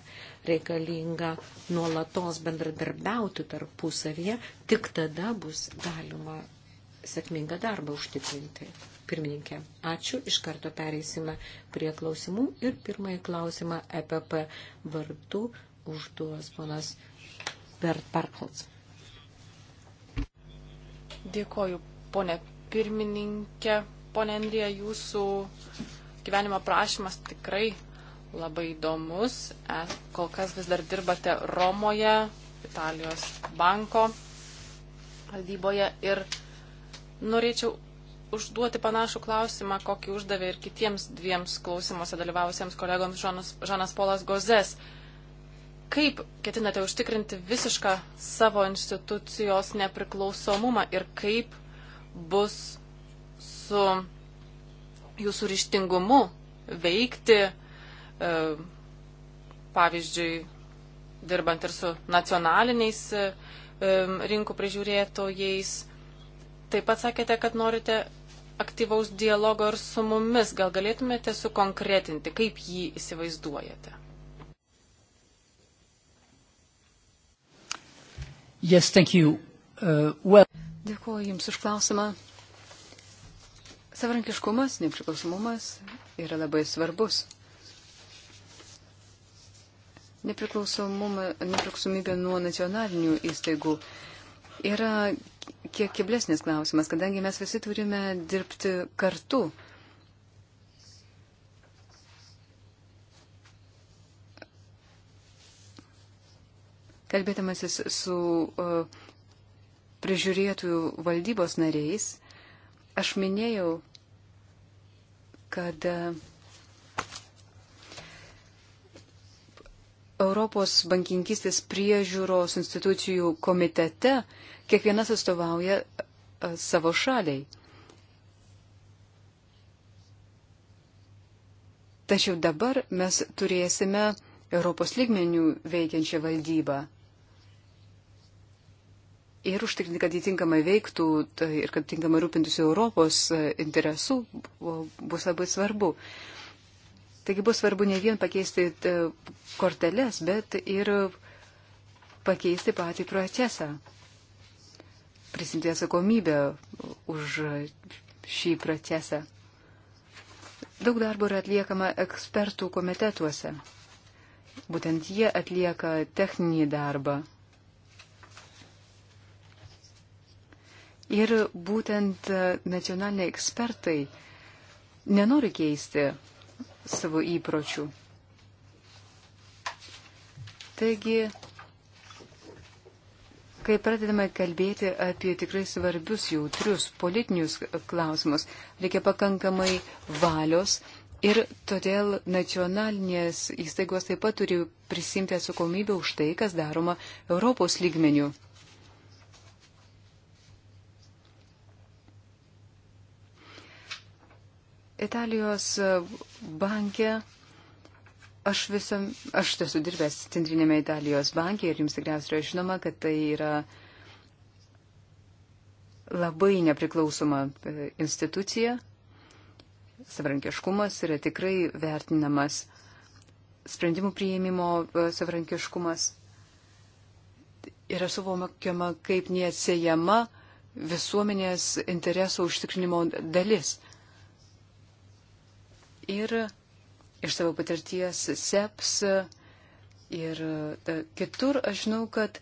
reikalinga nuolatos bendradarbiauti tarpusavėje, tik tada bus galima sėkmingą darbą užtikrinti. Pirmininkė, ačiū, iš karto pereisime prie klausimų ir pirmąjį klausimą EPP vardu užduos ponas Bert Parkholz. Dėkoju, ponė pirmininkė. Pone Andrija, jūsų gyvenimo prašymas tikrai labai įdomus. Es, kol kas vis dar dirbate Romoje, Italijos banko valdyboje ir norėčiau užduoti panašų klausimą, kokį uždavė ir kitiems dviems klausimuose dalyvavusiems kolegoms Žanas, Žanas Polas Gozes. Uh, Kaip ketinate užtikrinti visišką savo institucijos nepriklausomumą ir kaip bus su jūsų ryštingumu veikti, e, pavyzdžiui, dirbant ir su nacionaliniais e, rinkų prižiūrėtojais. Taip pat sakėte, kad norite aktyvaus dialogo ir su mumis. Gal galėtumėte sukonkretinti, kaip jį įsivaizduojate? Yes, thank you. Uh, well... Dėkuoju Jums už klausimą. Savarankiškumas, nepriklausomumas yra labai svarbus. Nepriklausomybė nuo nacionalinių įstaigų yra kiek keblesnis klausimas, kadangi mes visi turime dirbti kartu kalbėtamasis su e, prižiūrėtųjų valdybos nariais, aš minėjau, kad e, Europos bankinkistės priežiūros institucijų komitete kiekvienas atstovauja e, savo šaliai. Tačiau dabar mes turėsime Europos lygmenių veikiančią valdybą ir užtikrinti, kad jį tinkamai veiktų tai, ir kad tinkamai rūpintųsi Europos e, interesų bus labai svarbu. Taigi bus svarbu ne vien pakeisti korteles, bet ir pakeisti patį procesą, prisimti atsakomybę už šį procesą. Daug darbo yra atliekama ekspertų komitetuose. Būtent jie atlieka techninį darbą. Ir būtent nacionaliniai ekspertai nenori keisti savo įpročių. Taigi, kai pradedame kalbėti apie tikrai svarbius, jautrius politinius klausimus, reikia pakankamai valios ir todėl nacionalinės įstaigos taip pat turi prisimti atsakomybę už tai, kas daroma Europos lygmenių. Italijos bankė Aš visam, aš esu dirbęs Centrinėme Italijos bankė ir jums tikriausiai yra žinoma, kad tai yra labai nepriklausoma e, institucija. Savrankiškumas yra tikrai vertinamas, sprendimų prieimimo e, savrankiškumas yra suvokiama kaip neatsiejama visuomenės interesų užtikrinimo dalis ir iš savo patirties SEPS e ir e, kitur aš žinau, kad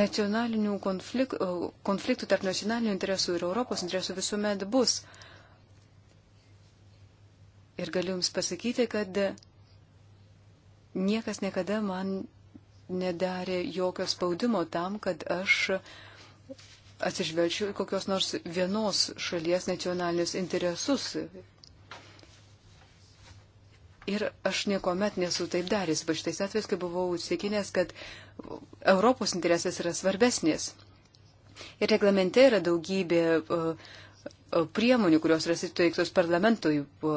nacionalinių konflik, e, konfliktų tarp nacionalinių interesų ir Europos interesų visuomet bus. Ir galiu Jums pasakyti, kad niekas niekada man nedarė jokio spaudimo tam, kad aš uh, atsižvelgčiau į kokios nors vienos šalies nacionalinius interesus. Ir aš niekuomet nesu taip daręs, bet šitais atvejais, kai buvau įsitikinęs, kad Europos interesas yra svarbesnis. Ir reglamente yra daugybė e, e, priemonių, kurios yra suteiktos parlamentui. E,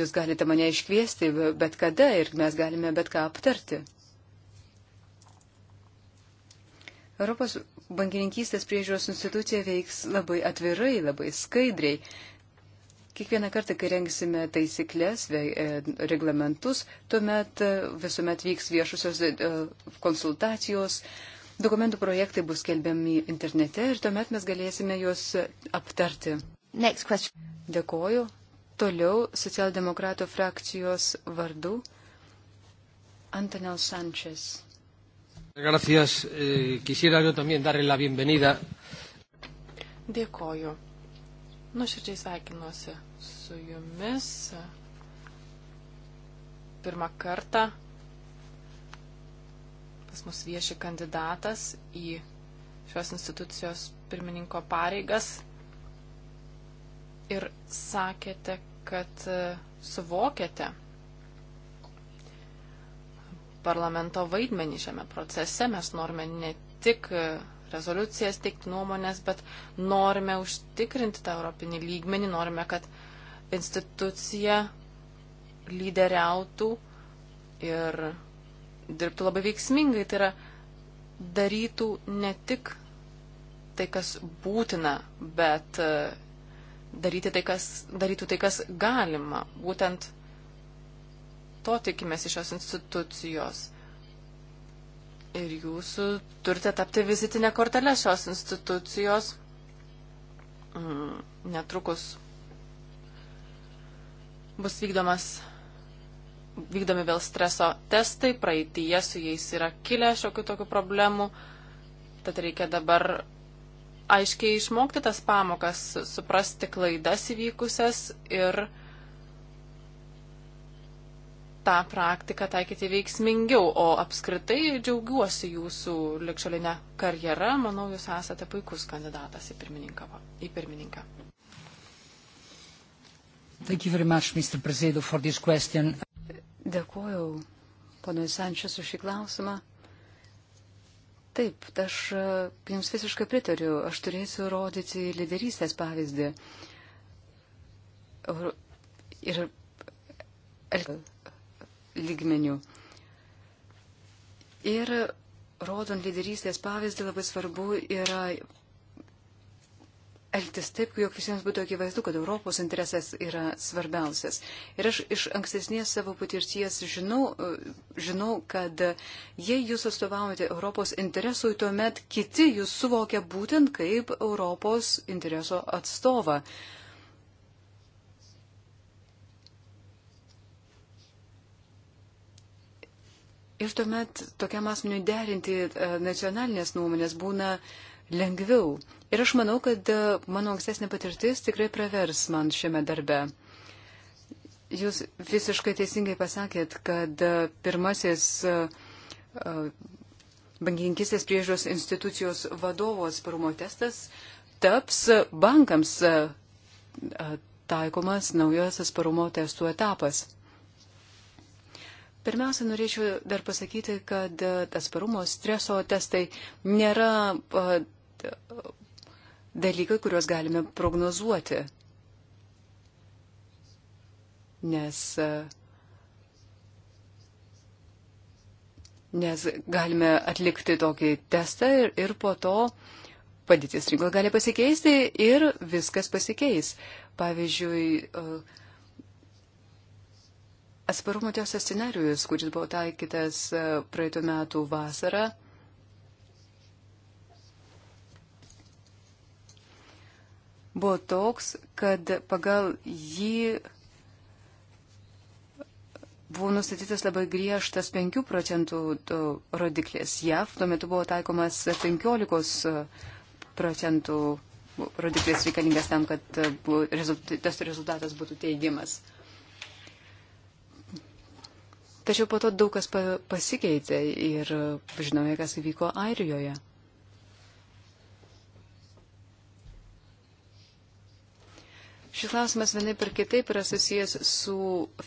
jūs galite mane iškviesti bet kada ir mes galime bet ką aptarti. Europos bankininkystės priežiūros institucija veiks labai atvirai, labai skaidriai. Kiekvieną kartą, kai rengsime taisyklės, e, reglamentus, tuomet e, visuomet vyks viešusios e, konsultacijos, Dokumentų projektai bus skelbiami internete ir tuomet mes galėsime juos aptarti. Dėkoju. Toliau socialdemokratų frakcijos vardu Antonel Sančes. Gracias. Eh, quisiera yo también darle la bienvenida. Dėkoju. Nuširdžiai sveikinuosi su jumis. Pirmą kartą pas mus vieši kandidatas į šios institucijos pirmininko pareigas. Ir sakėte, kad e, suvokėte parlamento vaidmenį šiame procese. Mes norime ne tik e, rezoliucijas teikti nuomonės, bet norime užtikrinti tą europinį lygmenį, norime, kad institucija lyderiautų ir dirbtų labai veiksmingai. Tai yra darytų ne tik tai, kas būtina, bet e, daryti tai, kas, darytų tai, kas galima. Būtent To tikimės iš šios institucijos. Ir jūs turite tapti vizitinę kortelę šios institucijos mm, netrukus bus vykdomas, vykdomi vėl streso testai, praeitįje su jais yra kilę šiokių tokių problemų, tad reikia dabar aiškiai išmokti tas pamokas, suprasti klaidas įvykusias ir tą praktiką taikyti veiksmingiau, o apskritai džiaugiuosi jūsų likšalinę karjerą. Manau, jūs esate puikus kandidatas į pirmininką. Į pirmininką. Much, Mr. Prezido, Dėkuoju ponui Sančias už šį klausimą. Taip, aš e, jums visiškai pritariu. Aš turėsiu rodyti lyderystės pavyzdį. Ir, ir lygmenių. Ir rodant lyderystės pavyzdį labai svarbu yra elgtis taip, jog visiems būtų akivaizdu, kad Europos interesas yra svarbiausias. Ir aš iš ankstesnės savo patirties žinau, žinau kad jei jūs atstovaujate Europos interesui, tuomet kiti jūs suvokia būtent kaip Europos intereso atstovą. Uh, Ir tuomet tokiam asmeniu derinti e, nacionalinės nuomonės būna lengviau. Ir aš manau, kad e, mano ankstesnė patirtis tikrai pravers man šiame darbe. Jūs visiškai teisingai pasakėt, kad e, pirmasis bankininkistės priežiūros institucijos vadovo atsparumo testas taps bankams taikomas naujas atsparumo testų etapas. Pirmiausia, norėčiau dar pasakyti, kad e, atsparumo streso testai nėra e, dalykai, kuriuos galime prognozuoti. Nes, e, nes galime atlikti tokį testą ir, ir po to padėtis rinkoje gali pasikeisti ir viskas pasikeis. Pavyzdžiui, uh, Atsparumo testas scenarius, kuris buvo taikytas e, praeitų metų vasarą, buvo toks, kad pagal jį buvo nustatytas labai griežtas 5 procentų rodiklis. JAV tuo metu buvo taikomas 15 e, procentų rodiklis reikalingas tam, kad e, testo rezultatas būtų teigiamas. Tačiau po to daug kas pasikeitė ir žinome, kas įvyko Airijoje. Šis klausimas vienai per kitaip yra susijęs su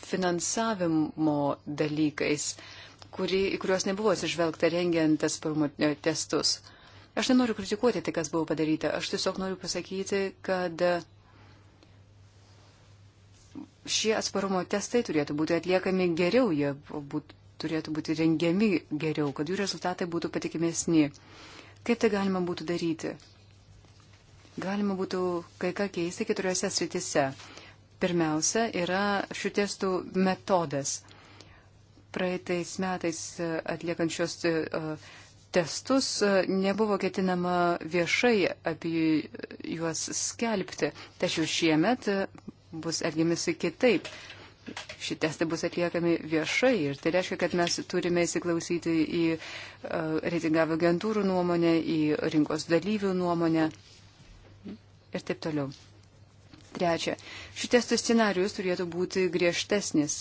finansavimo dalykais, kuri, į kuriuos nebuvo atsižvelgta rengiant atsparumo e, testus. Aš nenoriu kritikuoti tai, kas buvo padaryta. Aš tiesiog noriu pasakyti, kad šie atsparumo testai turėtų būti atliekami geriau, jie būt, turėtų būti rengiami geriau, kad jų rezultatai būtų patikimesni. Kaip tai galima būtų daryti? Galima būtų kai ką keisti keturiose sritise. Pirmiausia yra šių testų metodas. Praeitais metais e, atliekant šios e, e, testus nebuvo ketinama viešai apie juos skelbti, tačiau šiemet bus elgiamasi kitaip. Šie testai bus atliekami viešai ir tai reiškia, kad mes turime įsiklausyti į uh, reitingavimo agentūrų nuomonę, į rinkos dalyvių nuomonę ir taip toliau. Trečia, šių testų scenarius turėtų būti griežtesnis.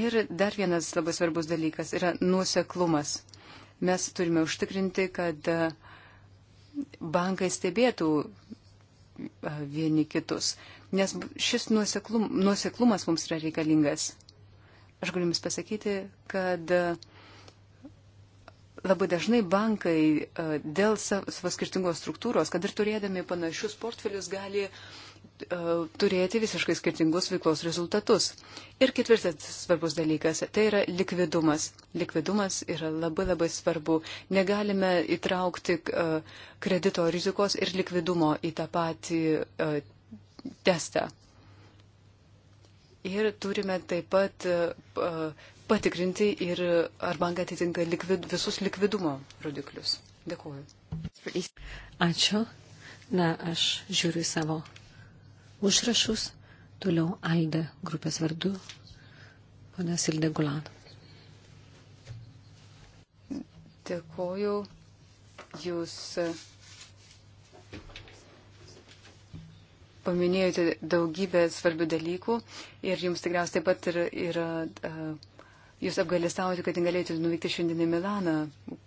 Ir dar vienas labai svarbus dalykas yra nuoseklumas. Mes turime užtikrinti, kad bankai stebėtų vieni kitus, nes šis nuoseklum, nuoseklumas mums yra reikalingas. Aš galiu Jums pasakyti, kad labai dažnai bankai dėl savo skirtingos struktūros, kad ir turėdami panašius portfelius, gali uh, E, turėti visiškai skirtingus veiklos rezultatus. Ir ketvirtas svarbus dalykas - tai yra likvidumas. Likvidumas yra labai labai svarbu. Negalime įtraukti e, kredito rizikos ir likvidumo į tą patį e, testą. Ir turime taip pat patikrinti ir ar banka atitinka likvid, visus likvidumo rodiklius. Dėkuoju. Ačiū. Na, aš žiūriu į savo užrašus. Toliau Alde grupės vardu, ponas Ilde Gulan. Dėkoju. Jūs e, paminėjote daugybę svarbių dalykų ir jums tikriausiai taip pat ir, ir e, jūs apgalėstavote, kad negalėjote nuvykti šiandien į Milaną,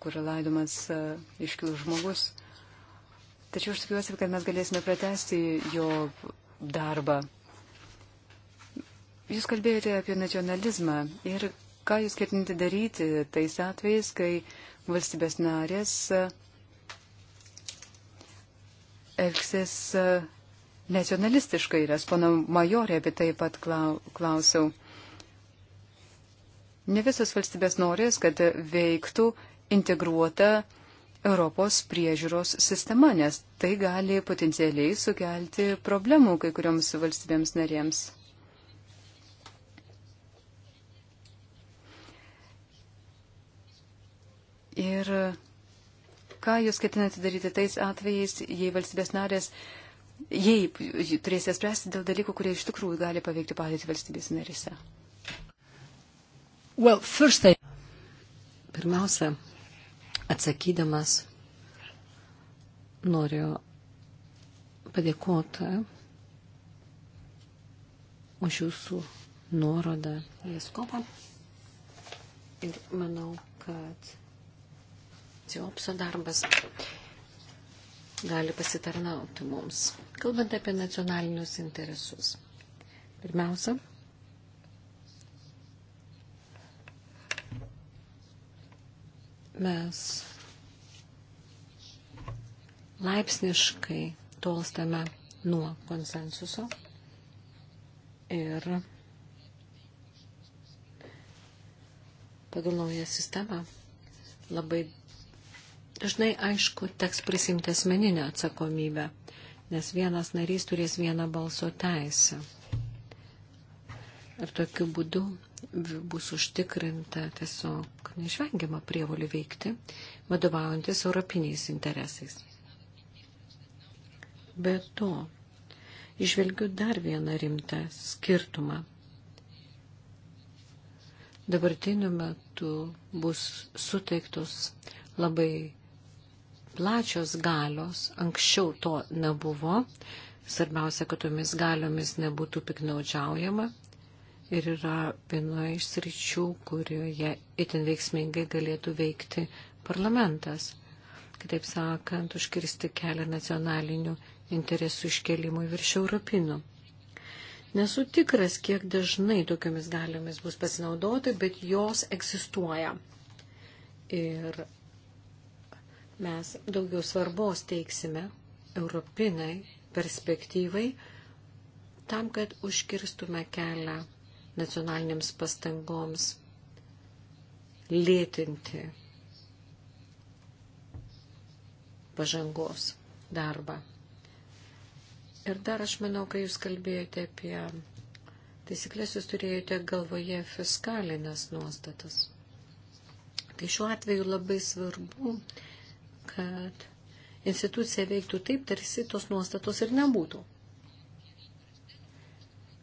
kur laidomas e, iškilus žmogus. Tačiau aš tikiuosi, kad mes galėsime pratesti jo darbą. Jūs kalbėjote apie nacionalizmą ir ką jūs ketinate daryti tais atvejais, kai valstybės narės eh, elgsis eh, nacionalistiškai, nes pono majorė apie tai pat klausiau. Ne visas valstybės norės, kad veiktų integruota Europos priežiūros sistema, nes tai gali potencialiai sukelti problemų kai kurioms valstybėms narėms. Ir ką jūs ketinate daryti tais atvejais, jei valstybės narės, jei turėsite spręsti dėl dalykų, kurie iš tikrųjų gali paveikti padėtį valstybės narėse? Well, first I... Pirmiausia, atsakydamas noriu padėkoti už jūsų nuorodą į skopą. Ir manau, kad Ciopso darbas gali pasitarnauti mums, kalbant apie nacionalinius interesus. Pirmiausia, mes laipsniškai tolstame nuo konsensuso ir pagal naują sistemą labai dažnai aišku teks prisimti asmeninę atsakomybę, nes vienas narys turės vieną balso teisę. Ir tokiu būdu bus užtikrinta tiesiog neišvengiama prievolė veikti, vadovaujantis europiniais interesais. Be to, išvelgiu dar vieną rimtą skirtumą. Dabartiniu metu bus suteiktos labai plačios galios, anksčiau to nebuvo. Svarbiausia, kad tomis galiomis nebūtų piknaudžiaujama ir yra vienoje iš sričių, kurioje itin veiksmingai galėtų veikti parlamentas. Kitaip sakant, užkirsti kelią nacionalinių interesų iškelimui virš europinų. Nesu tikras, kiek dažnai tokiamis galiomis bus pasinaudoti, bet jos egzistuoja. Ir mes daugiau svarbos teiksime europinai perspektyvai tam, kad užkirstume kelią nacionaliniams pastangoms lėtinti pažangos darbą. Ir dar aš manau, kai jūs kalbėjote apie taisyklės, jūs turėjote galvoje fiskalinės nuostatas. Tai šiuo atveju labai svarbu, kad institucija veiktų taip, tarsi tos nuostatos ir nebūtų.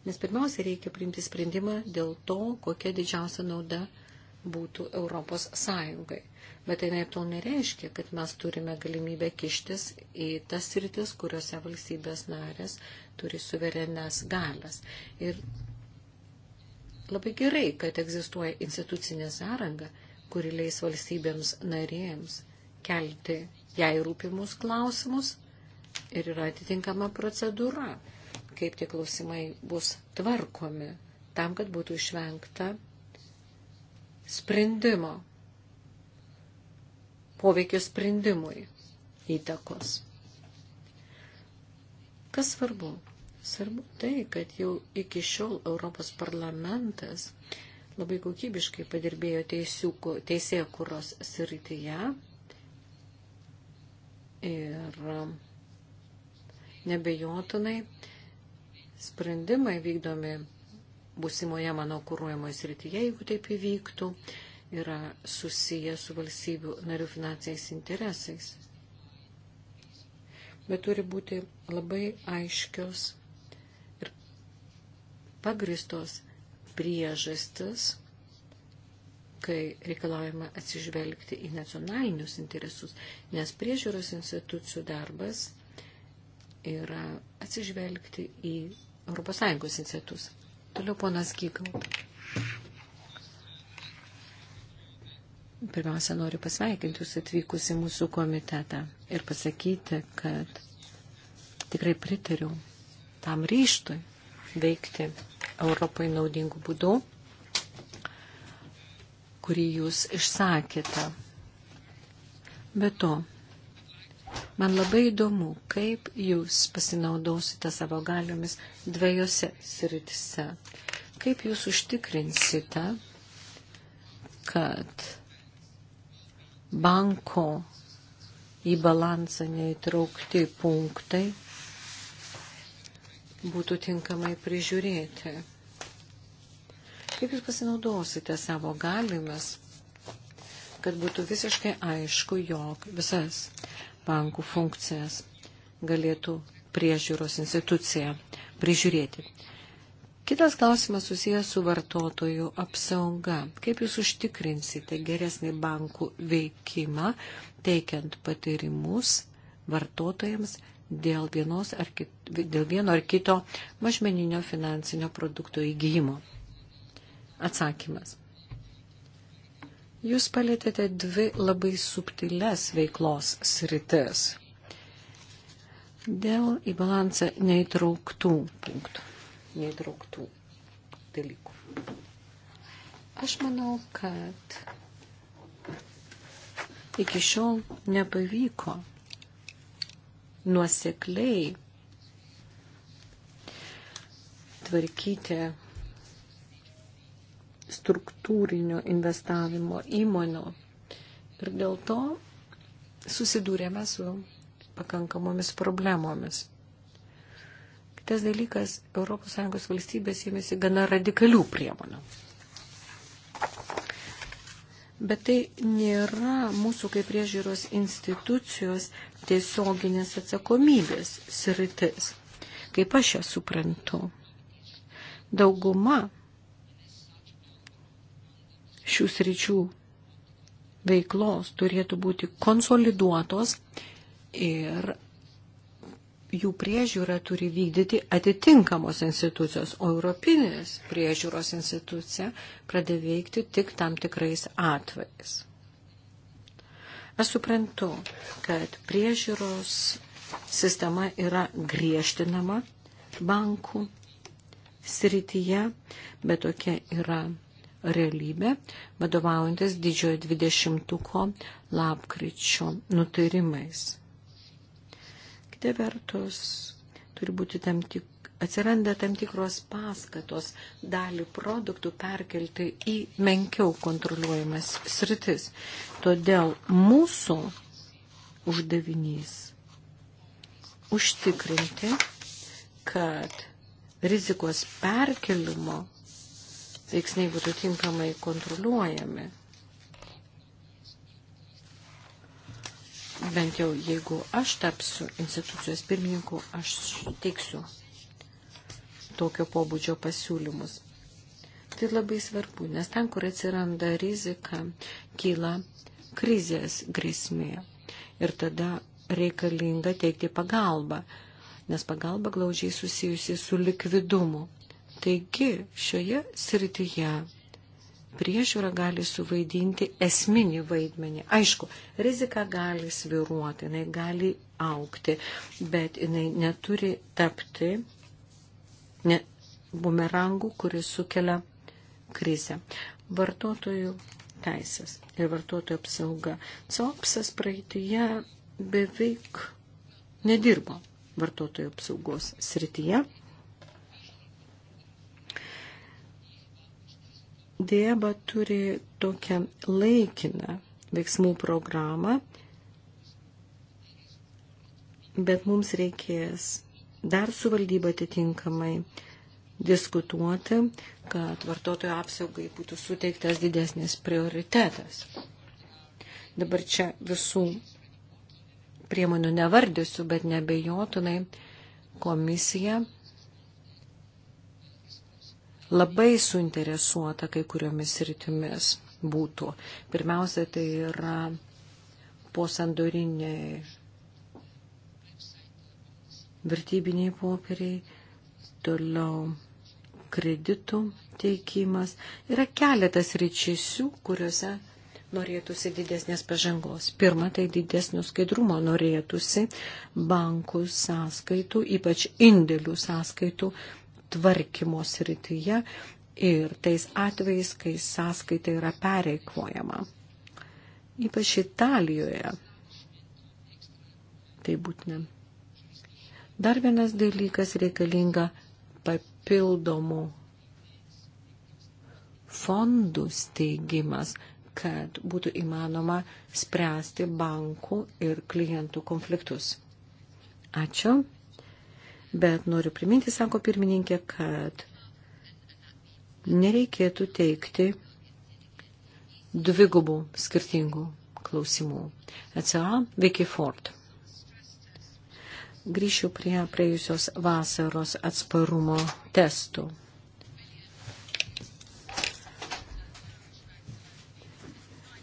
Nes pirmiausia, reikia priimti sprendimą dėl to, kokia didžiausia nauda būtų Europos Sąjungai. Bet tai naip tol nereiškia, kad mes turime galimybę kištis į tas rytis, kuriuose valstybės narės turi suverenes galės. Ir labai gerai, kad egzistuoja institucinė sąranga, kuri leis valstybėms narėms kelti jai rūpimus klausimus ir yra atitinkama procedūra kaip tie klausimai bus tvarkomi, tam, kad būtų išvengta sprendimo, poveikio sprendimui įtakos. Kas svarbu? Svarbu tai, kad jau iki šiol Europos parlamentas labai kokybiškai padirbėjo teisėjo kuros srityje ir nebejotinai sprendimai vykdomi būsimoje mano kūruojamoje srityje, jeigu taip įvyktų, yra susiję su valstybių narių finansiniais interesais. Bet turi būti labai aiškios ir pagristos priežastis, kai reikalaujama atsižvelgti į nacionalinius interesus, nes priežiūros institucijų darbas yra atsižvelgti į Europos Sąjungos institutus. Toliau ponas Gygaut. Pirmiausia, noriu pasveikinti jūs atvykus į mūsų komitetą ir pasakyti, kad tikrai pritariu tam ryštui veikti Europai naudingų būdų, kurį jūs išsakėte. Be to, Man labai įdomu, kaip jūs pasinaudosite savo galiomis dviejose sritise. Kaip jūs užtikrinsite, kad banko į balansą neįtraukti punktai būtų tinkamai prižiūrėti. Kaip jūs pasinaudosite savo galimas, kad būtų visiškai aišku, jog visas bankų funkcijas galėtų priežiūros institucija prižiūrėti. Kitas klausimas susijęs su vartotojų apsauga. Kaip jūs užtikrinsite geresnį bankų veikimą, teikiant patyrimus vartotojams dėl, ar kit, dėl vieno ar kito mažmeninio finansinio produkto įgyjimo? Atsakymas. Jūs palėtėte dvi labai subtiles veiklos sritis dėl į balansą neįtrauktų punktų, neįtrauktų dalykų. Aš manau, kad iki šiol nepavyko nuosekliai tvarkyti struktūrinio investavimo įmonių. Ir dėl to susidūrėme su pakankamomis problemomis. Kitas dalykas, ES valstybės ėmėsi gana radikalių priemonių. Bet tai nėra mūsų kaip priežiūros institucijos tiesioginės atsakomybės sritis, kaip aš ją suprantu. Dauguma šių sričių veiklos turėtų būti konsoliduotos ir jų priežiūrą turi vykdyti atitinkamos institucijos, o Europinės priežiūros institucija pradė veikti tik tam tikrais atvejais. Aš suprantu, kad priežiūros sistema yra griežtinama bankų srityje, bet tokia yra realybę, vadovaujantis didžiojo dvidešimtuko lapkričio nutarimais. Kita vertus, turi būti tam tik, atsiranda tam tikros paskatos dalį produktų perkelti į menkiau kontroliuojamas sritis. Todėl mūsų uždavinys užtikrinti, kad rizikos perkelimo veiksniai būtų tinkamai kontroliuojami. Bent jau jeigu aš tapsiu institucijos pirmininku, aš teiksiu tokio pobūdžio pasiūlymus. Tai labai svarbu, nes ten, kur atsiranda rizika, kyla krizės grėsmė. Ir tada reikalinga teikti pagalbą, nes pagalba glaudžiai susijusi su likvidumu. Taigi šioje srityje priežiūra gali suvaidinti esminį vaidmenį. Aišku, rizika gali sviruoti, jinai gali aukti, bet jinai neturi tapti ne, bumerangų, kuris sukelia krizę. Vartotojų teisės ir vartotojų apsauga. COPSAS praeitįje beveik nedirbo vartotojų apsaugos srityje dėba turi tokią laikiną veiksmų programą, bet mums reikės dar su valdyba atitinkamai diskutuoti, kad vartotojo apsaugai būtų suteiktas didesnis prioritetas. Dabar čia visų priemonių nevardysiu, bet nebejotinai komisija labai suinteresuota kai kuriomis rytimis būtų. Pirmiausia, tai yra posandoriniai vertybiniai popieriai, toliau kreditų teikimas. Yra keletas ryčysių, kuriuose norėtųsi didesnės pažangos. Pirma, tai didesnio skaidrumo norėtųsi bankų sąskaitų, ypač indėlių sąskaitų tvarkymo srityje ir tais atvejais, kai sąskaita yra pereikvojama. Ypač Italijoje. Tai būtina. Dar vienas dalykas reikalinga papildomų fondų steigimas, kad būtų įmanoma spręsti bankų ir klientų konfliktus. Ačiū. Bet noriu priminti, sako pirmininkė, kad nereikėtų teikti dvigubų skirtingų klausimų. ECA Vicky Ford. Grįšiu prie praėjusios vasaros atsparumo testų.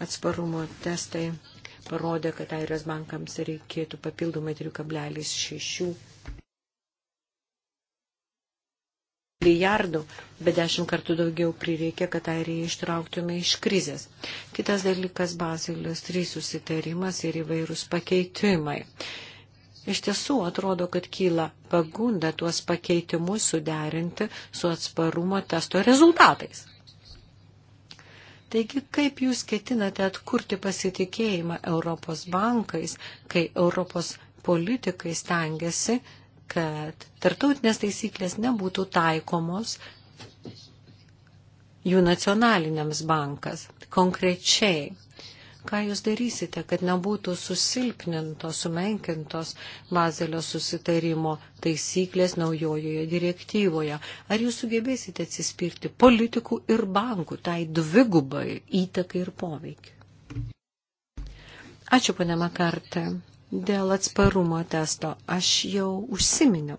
Atsparumo testai parodė, kad airijos bankams reikėtų papildomai 3,6 milijardų, bet dešimt kartų daugiau prireikė, kad airiją ištrauktume iš krizės. Kitas dalykas - Bazilios 3 susitarimas ir įvairūs pakeitimai. Iš tiesų atrodo, kad kyla pagunda tuos pakeitimus suderinti su atsparumo testo rezultatais. Taigi, kaip jūs ketinate atkurti pasitikėjimą Europos bankais, kai Europos politikai stengiasi kad tartautinės taisyklės nebūtų taikomos jų nacionaliniams bankas. Konkrečiai, ką jūs darysite, kad nebūtų susilpnintos, sumenkintos Bazelio susitarimo taisyklės naujojoje direktyvoje? Ar jūs sugebėsite atsispirti politikų ir bankų tai dvigubai įtakai ir poveikiai? Ačiū, ponė Makartė. Dėl atsparumo testo aš jau užsiminiau,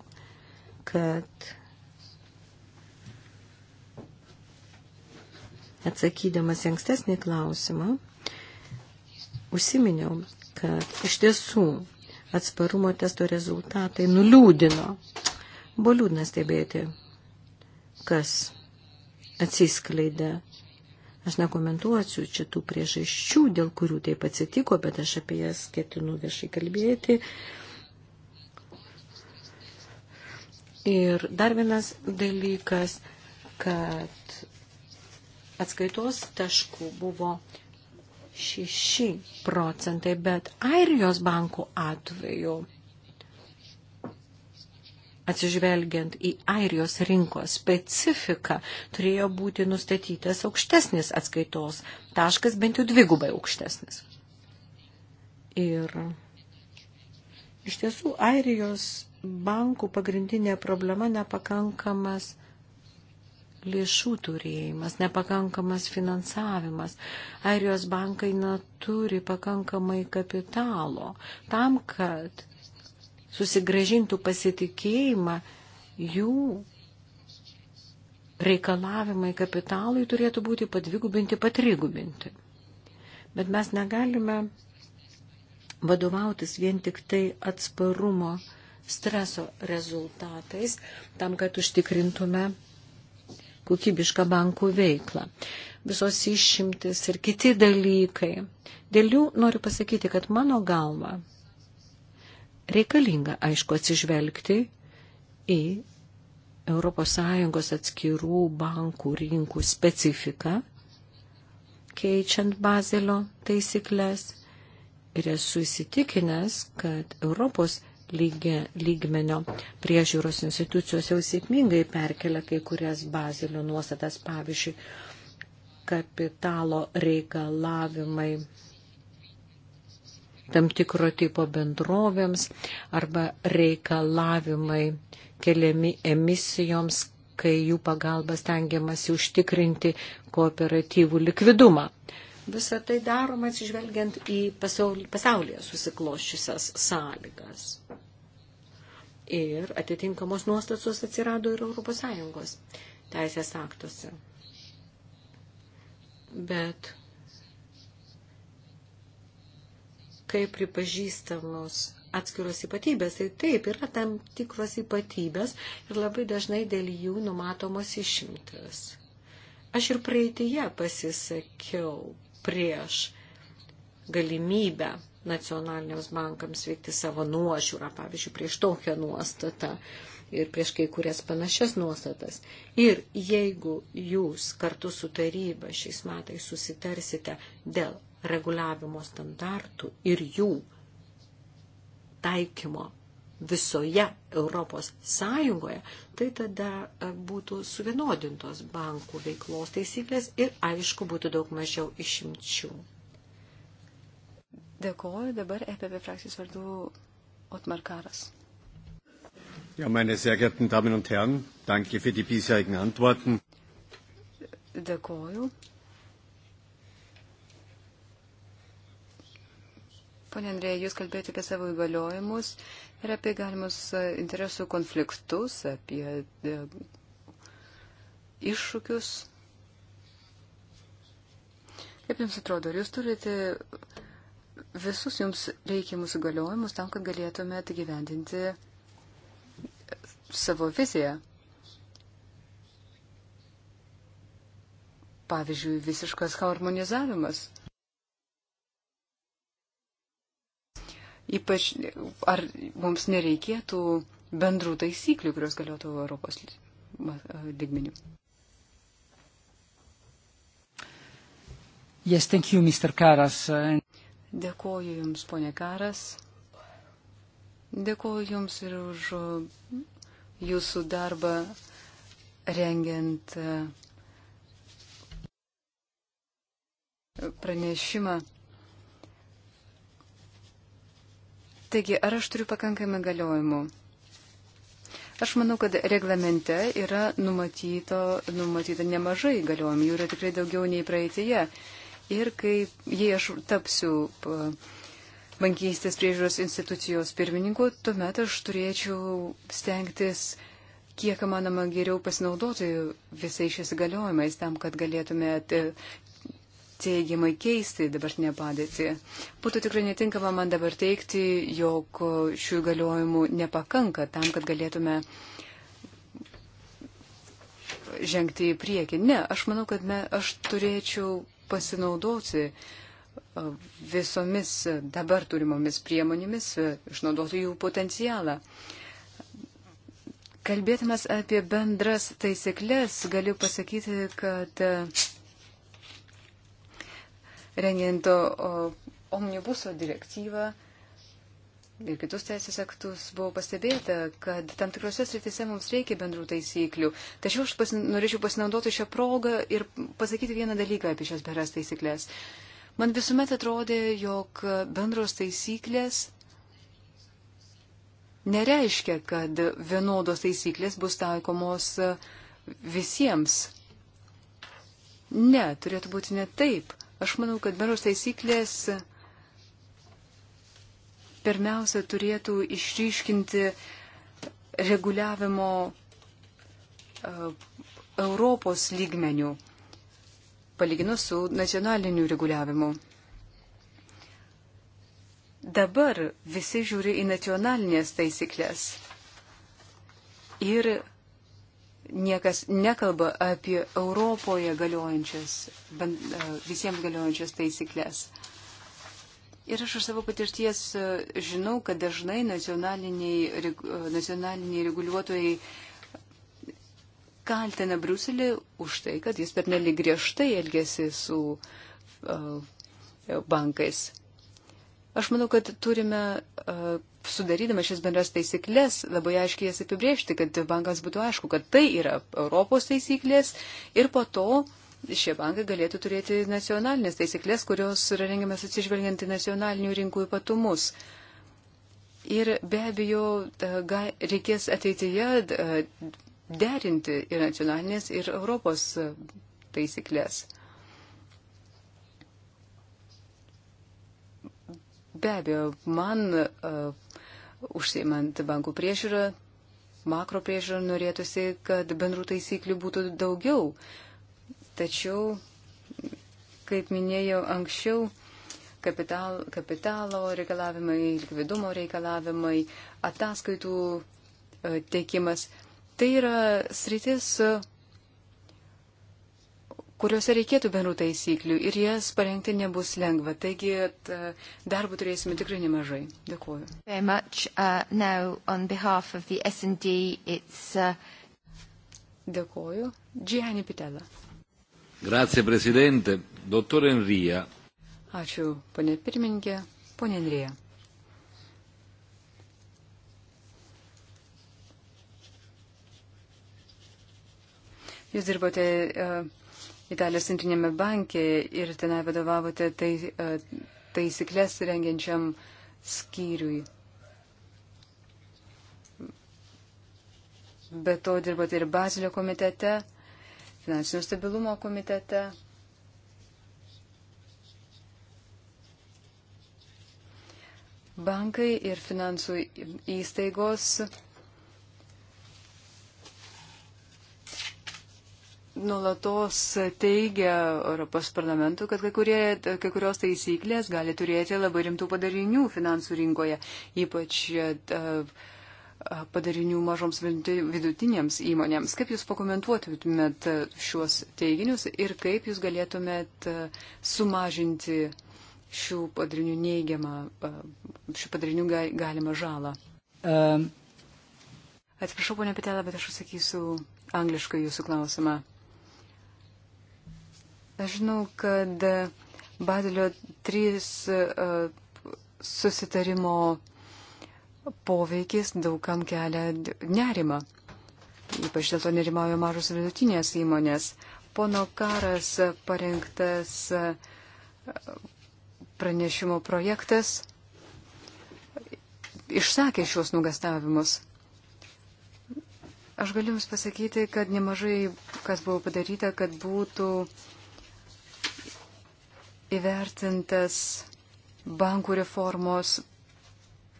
kad atsakydamas ankstesnį klausimą, užsiminiau, kad iš tiesų atsparumo testo rezultatai nuliūdino. Buvo liūdna stebėti, kas atsiskleidė Aš nekomentuosiu čia tų priežasčių, dėl kurių taip atsitiko, bet aš apie jas ketinu viešai kalbėti. Ir dar vienas dalykas, kad atskaitos taškų buvo 6 procentai, bet Airijos bankų atveju atsižvelgiant į Airijos rinkos specifiką, turėjo būti nustatytas aukštesnis atskaitos taškas, bent jau dvigubai aukštesnis. Ir iš tiesų Airijos bankų pagrindinė problema nepakankamas lėšų turėjimas, nepakankamas finansavimas. Airijos bankai neturi pakankamai kapitalo tam, kad susigražintų pasitikėjimą, jų reikalavimai kapitalui turėtų būti padvigubinti, patrigubinti. Bet mes negalime vadovautis vien tik tai atsparumo streso rezultatais, tam, kad užtikrintume kokybišką bankų veiklą. Visos išimtis ir kiti dalykai. Dėl jų noriu pasakyti, kad mano galva reikalinga, aišku, atsižvelgti į ES atskirų bankų rinkų specifiką, keičiant Bazelio taisyklės. Ir esu įsitikinęs, kad Europos lygia, lygmenio priežiūros institucijos jau sėkmingai perkelia kai kurias Bazelio nuostatas, pavyzdžiui, kapitalo reikalavimai tam tikro tipo bendrovėms arba reikalavimai keliami emisijoms, kai jų pagalbas tengiamasi užtikrinti kooperatyvų likvidumą. Visą tai daroma atsižvelgiant į pasaulyje susikloščiusias sąlygas. Ir atitinkamos nuostatos atsirado ir ES teisės aktuose. Bet kai pripažįstamos atskiros ypatybės. Tai taip, yra tam tikros ypatybės ir labai dažnai dėl jų numatomos išimtis. Aš ir praeitėje pasisakiau prieš galimybę nacionaliniams bankams veikti savo nuožiūrą, pavyzdžiui, prieš tokią nuostatą ir prieš kai kurias panašias nuostatas. Ir jeigu jūs kartu su taryba šiais metais susitarsite dėl reguliavimo standartų ir jų taikymo visoje Europos Sąjungoje, tai tada e, būtų suvienodintos bankų veiklos taisyklės ir aišku būtų daug mažiau išimčių. Dėkuoju dabar EPP frakcijos vardu Otmar Karas. Ja, meine sehr geehrten Damen und Herren, danke für die bisherigen Antworten. Dėkuoju Pone Andrėja, jūs kalbėjote apie savo įgaliojimus ir apie galimus e, interesų konfliktus, apie e, iššūkius. Kaip jums atrodo, ar jūs turite visus jums reikiamus įgaliojimus tam, kad galėtumėte gyvendinti savo viziją? Pavyzdžiui, visiškas harmonizavimas Ypač ar mums nereikėtų bendrų taisyklių, kurios galėtų Europos lygmenių. Yes, thank you, Mr. Karas. Dėkuoju Jums, ponė Karas. Dėkuoju Jums ir už Jūsų darbą rengiant pranešimą Taigi, ar aš turiu pakankamai galiojimų? Aš manau, kad reglamente yra numatyto, numatyta nemažai galiojimų, jų yra tikrai daugiau nei praeitėje. Ir kai, jei aš tapsiu bankystės priežiūros institucijos pirmininku, tuomet aš turėčiau stengtis kiek manoma geriau pasinaudoti visais šis įgaliojimais tam, kad galėtume teigiamai keisti dabartinę padėtį. Būtų tikrai netinkama man dabar teikti, jog šių įgaliojimų nepakanka tam, kad galėtume žengti į priekį. Ne, aš manau, kad me, aš turėčiau pasinaudoti visomis dabar turimomis priemonėmis, išnaudoti jų potencialą. Kalbėtumas apie bendras taisyklės, galiu pasakyti, kad uh, rengiant omnibuso direktyvą ir kitus teisės aktus, buvo pastebėta, kad tam tikrose srityse mums reikia bendrų taisyklių. Tačiau aš pasin norėčiau pasinaudoti šią progą ir pasakyti vieną dalyką apie šias beras taisyklės. Man visuomet atrodė, jog bendros taisyklės nereiškia, kad vienodos taisyklės bus taikomos visiems. Ne, turėtų būti ne taip. Aš manau, kad bendros taisyklės pirmiausia turėtų išryškinti reguliavimo e, Europos lygmenių, palyginus su nacionaliniu reguliavimu. Dabar visi žiūri į nacionalinės taisyklės ir niekas nekalba apie Europoje galiojančias, e, visiems galiojančias taisyklės. Ir aš iš savo patirties e, žinau, kad dažnai nacionaliniai, e, nacionaliniai reguliuotojai kaltina Bruselį už tai, kad jis per nelį griežtai elgesi su uh, bankais. Aš manau, kad turime uh, sudarydama šias bendras taisyklės, labai aiškiai jas apibriežti, kad bankams būtų aišku, kad tai yra Europos taisyklės ir po to šie bankai galėtų turėti nacionalinės taisyklės, kurios yra rengiamas atsižvelgiant į nacionalinių rinkų ypatumus. Ir be abejo, reikės ateityje derinti ir nacionalinės, ir Europos e, taisyklės. Be abejo, man uh, užsiemant bankų priežiūrą, makro priežiūrą, norėtųsi, kad bendrų taisyklių būtų daugiau. Tačiau, kaip minėjau anksčiau, kapital, kapitalo reikalavimai, likvidumo reikalavimai, ataskaitų e, teikimas, tai yra sritis, kuriuose reikėtų bendrų taisyklių ir jas parengti nebus lengva. Taigi darbų turėsime tikrai nemažai. Dėkuoju. Uh, uh, Dėkuoju. Gianni Pitela. Grazie, prezidente. Dottor Enrija. Ačiū, ponė pirmininkė. Ponė Enrija. Jūs dirbote uh, Italijos centrinėme banke ir tenai vadovavote tai, e, taisyklės rengiančiam skyriui. Be to dirbote ir Bazilio komitete, finansinio stabilumo komitete. Bankai ir finansų įstaigos nulatos teigia Europos parlamentų, kad kai, kurie, kai kurios taisyklės gali turėti labai rimtų padarinių finansų rinkoje, ypač e, e, padarinių mažoms vidutinėms įmonėms. Kaip Jūs pakomentuotumėt e, šiuos teiginius ir kaip Jūs galėtumėt sumažinti šių padarinių neigiamą, šių padarinių galimą žalą? Um. Atsiprašau, ponia Pitelė, bet aš atsakysiu angliškai jūsų klausimą. Aš žinau, kad Badelio 3 e, susitarimo poveikis daugam kelia nerimą. Ypač dėl to nerimauja mažos vidutinės įmonės. Pono Karas parengtas e, pranešimo projektas išsakė šios nugastavimus. Aš galiu Jums pasakyti, kad nemažai kas buvo padaryta, kad būtų uh, įvertintas bankų reformos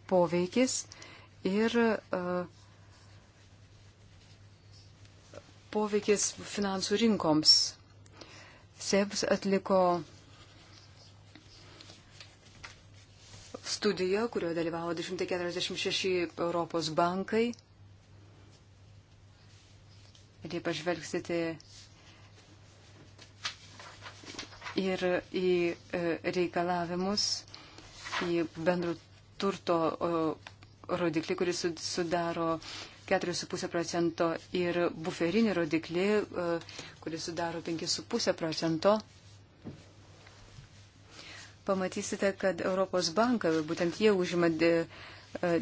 poveikis ir e, poveikis finansų rinkoms. SEBS atliko studiją, kurioje dalyvavo 246 Europos bankai. Ir jei pažvelgsite ir į e, reikalavimus, į bendrų turto rodiklį, kuris sudaro 4,5 procento ir buferinį rodiklį, e, kuris sudaro 5,5 procento. Pamatysite, kad Europos banka, būtent jie užima e,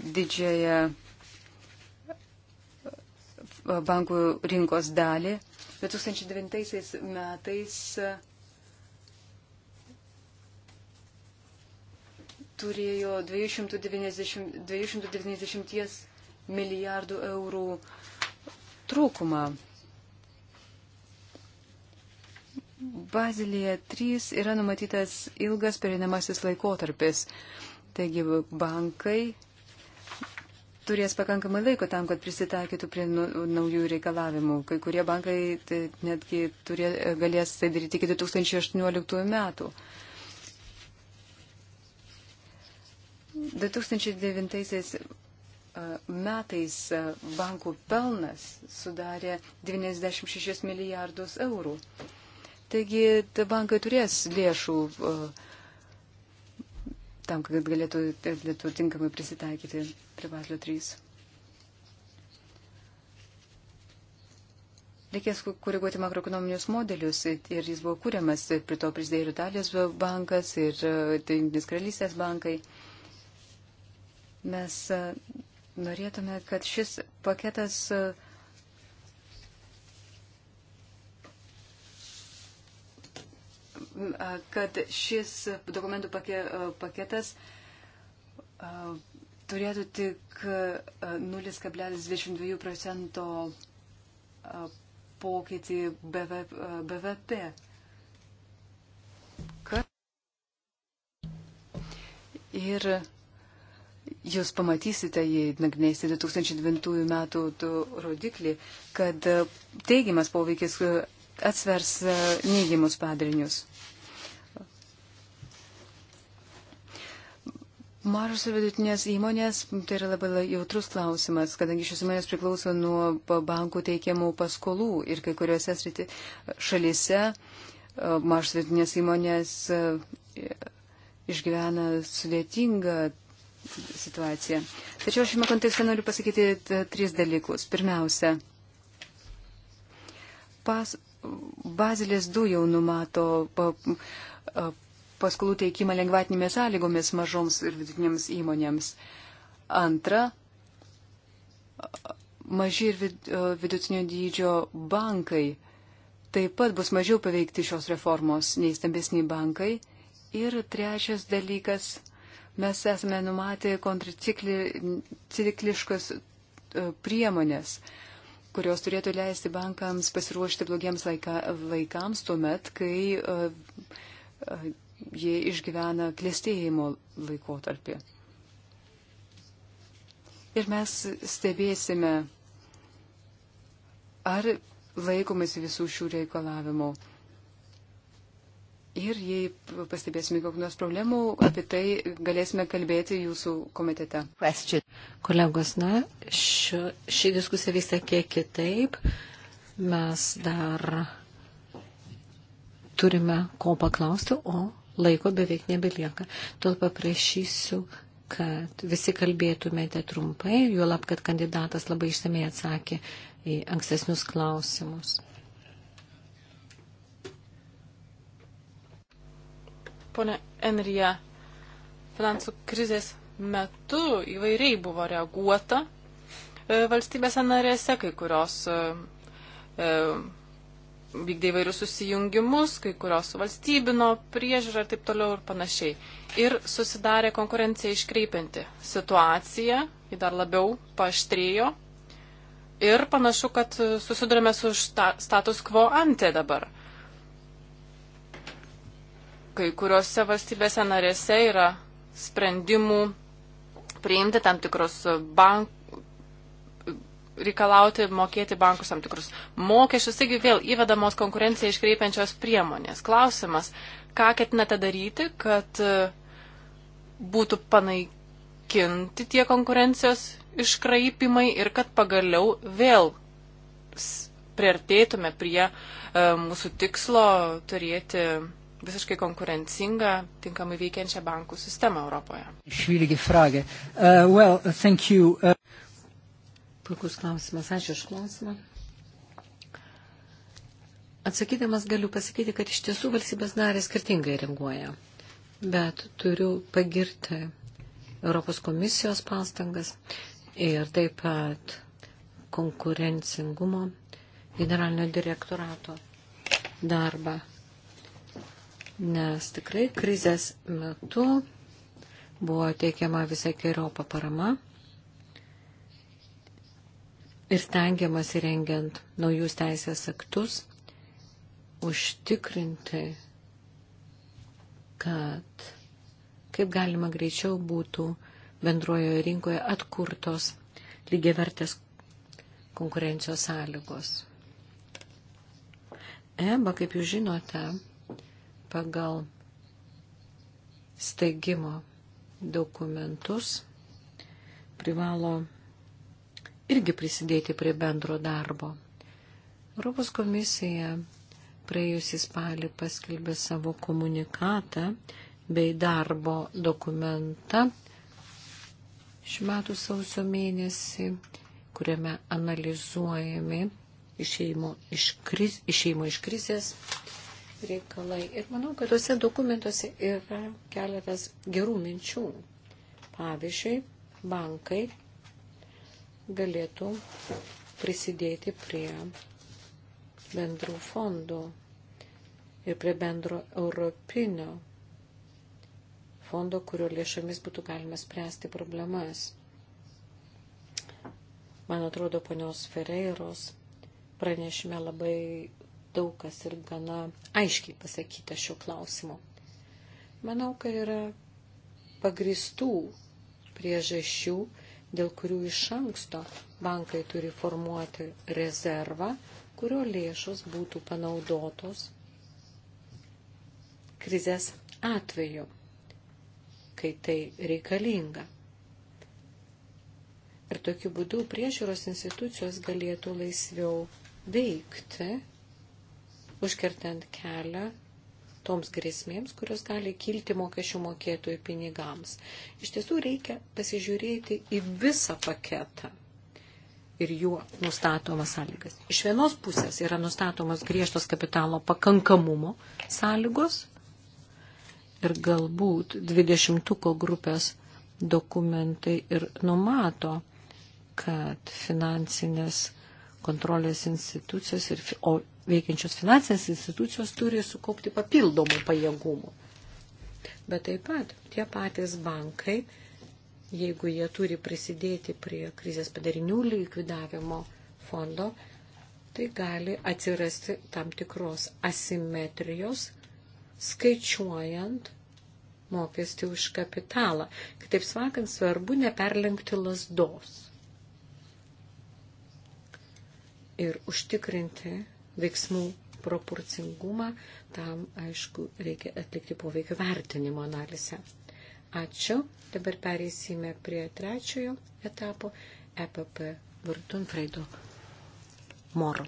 didžiąją bankų rinkos dalį. 2009 metais turėjo 290, 290 milijardų eurų trūkumą. Bazilėje 3 yra numatytas ilgas perinamasis laikotarpis. Taigi bankai turės pakankamai laiko tam, kad prisitaikytų prie nu, naujų reikalavimų. Kai kurie bankai tai netgi turė, galės tai daryti iki 2018 metų. 2009 metais bankų pelnas sudarė 96 milijardus eurų. Taigi bankai turės lėšų tam, kad galėtų, galėtų tinkamai prisitaikyti prie Baslio 3. Reikės koreguoti makroekonominius modelius ir jis buvo kūriamas, prie to prisidėjo ir Italijos bankas, ir tai Junktinės karalystės bankai. Tai Mes e, norėtume, kad šis paketas e, kad šis dokumentų e, paketas turėtų tik 0,22 procento pokytį BVP. Kad... Ir Jūs pamatysite, jei nagrinėsite 2009 metų rodiklį, kad e, teigiamas poveikis e, atsvers e, neigiamus padarinius. Mažos ir vidutinės įmonės, tai yra labai jautrus klausimas, kadangi šios įmonės priklauso nuo bankų teikiamų paskolų ir kai kuriuose sriti, šalise mažos vidutinės įmonės išgyvena sudėtingą situaciją. Tačiau šiame kontekste noriu pasakyti tris dalykus. Pirmiausia, pas, Bazilės 2 jau numato pa, paskolų teikimą lengvatinėmis sąlygomis mažoms ir vidutinėms įmonėms. Antra, maži ir vidutinio dydžio bankai taip pat bus mažiau paveikti šios reformos nei stambesni bankai. Ir trečias dalykas Mes esame numatę kontracikliškas e, priemonės, kurios turėtų leisti bankams pasiruošti blogiems laika, laikams tuomet, kai uh, jie išgyvena klėstėjimo laikotarpį. Ir mes stebėsime, ar laikomasi visų šių reikalavimų. Ir jei pastebėsime kokių nors problemų, apie tai galėsime kalbėti jūsų komitete. Question. Kolegos, na, šio, ši diskusija vyksta kiek kitaip. Mes dar turime ko paklausti, o laiko beveik nebelieka. Tol paprašysiu kad visi kalbėtumėte trumpai, juolab, kad kandidatas labai išsamei atsakė į ankstesnius klausimus. Pone Enrija, finansų krizės metu įvairiai buvo reaguota e, valstybėse narėse, kai kurios e, e, vykdė įvairius susijungimus, kai kurios valstybino priežiūrą ir taip toliau ir panašiai. Ir susidarė konkurencija iškreipianti situacija, ji dar labiau paštrėjo ir panašu, kad susidurime su šta, status quo ante dabar kai kuriuose valstybėse narėse yra sprendimų priimti tam tikrus bank reikalauti mokėti bankus tam tikrus mokesčius, taigi vėl įvedamos konkurenciją iškreipiančios priemonės. Klausimas, ką ketinate daryti, kad e, būtų panaikinti tie konkurencijos iškraipimai ir kad pagaliau vėl priartėtume prie e, mūsų tikslo turėti visiškai konkurencingą, tinkamai veikiančią bankų sistemą Europoje? Švilgi fragė. Uh, well, thank you. Uh... Puikus klausimas. Ačiū už klausimą. Atsakydamas galiu pasakyti, kad iš tiesų valstybės narės skirtingai reaguoja, bet turiu pagirti Europos komisijos pastangas ir taip pat konkurencingumo generalinio direktorato darbą nes tikrai krizės metu buvo teikiama visai keriopa parama ir stengiamas įrengiant naujus teisės aktus užtikrinti, kad kaip galima greičiau būtų bendrojoje rinkoje atkurtos lygiavertės konkurencijos sąlygos. EBA, kaip jūs žinote, pagal steigimo dokumentus privalo irgi prisidėti prie bendro darbo. Europos komisija praėjusį spalį paskelbė savo komunikatą bei darbo dokumentą šių metų sausio mėnesį, kuriame analizuojami išeimo iš, kriz, išeimo iš krizės reikalai. Ir manau, kad tuose dokumentuose yra keletas gerų minčių. Pavyzdžiui, bankai galėtų prisidėti prie bendrų fondų ir prie bendro europinio fondo, kurio lėšomis būtų galima spręsti problemas. Man atrodo, ponios Ferreiros pranešime labai daug kas ir gana aiškiai pasakyta šiuo klausimu. Manau, kad yra pagristų priežasčių, dėl kurių iš anksto bankai turi formuoti rezervą, kurio lėšos būtų panaudotos krizės atveju, kai tai reikalinga. Ir tokiu būdu priežiūros institucijos galėtų laisviau veikti užkertant kelią toms grėsmėms, kurios gali kilti mokesčių mokėtojų pinigams. Iš tiesų reikia pasižiūrėti į visą paketą ir jų nustatomas sąlygas. Iš vienos pusės yra nustatomos griežtos kapitalo pakankamumo sąlygos ir galbūt 20-ko grupės dokumentai ir numato, kad finansinės kontrolės institucijos ir, o veikiančios finansinės institucijos turi sukaupti papildomų pajėgumų. Bet taip pat tie patys bankai, jeigu jie turi prisidėti prie krizės padarinių likvidavimo fondo, tai gali atsirasti tam tikros asimetrijos, skaičiuojant mokestį už kapitalą. Kitaip sakant, svarbu neperlenkti lasdos ir užtikrinti veiksmų proporcingumą, tam, aišku, reikia atlikti poveikio vertinimo analizę. Ačiū. Dabar pereisime prie trečiojo etapo EPP vartun Freido Moro.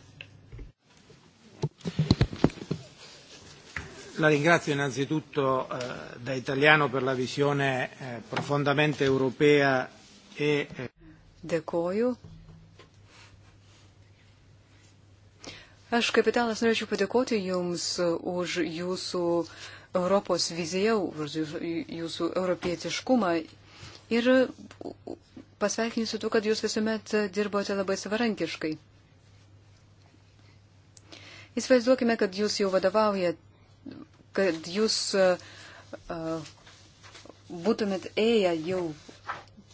La ringrazio innanzitutto eh, da italiano per la visione eh, profondamente europea e. Eh... Dėkoju Aš, kapitalas, norėčiau padėkoti Jums už Jūsų Europos viziją, už Jūsų europietiškumą ir pasveikinsiu tu, kad Jūs visuomet dirbote labai savarankiškai. Įsivaizduokime, kad Jūs jau vadovaujate, kad Jūs uh, būtumėt ėję jau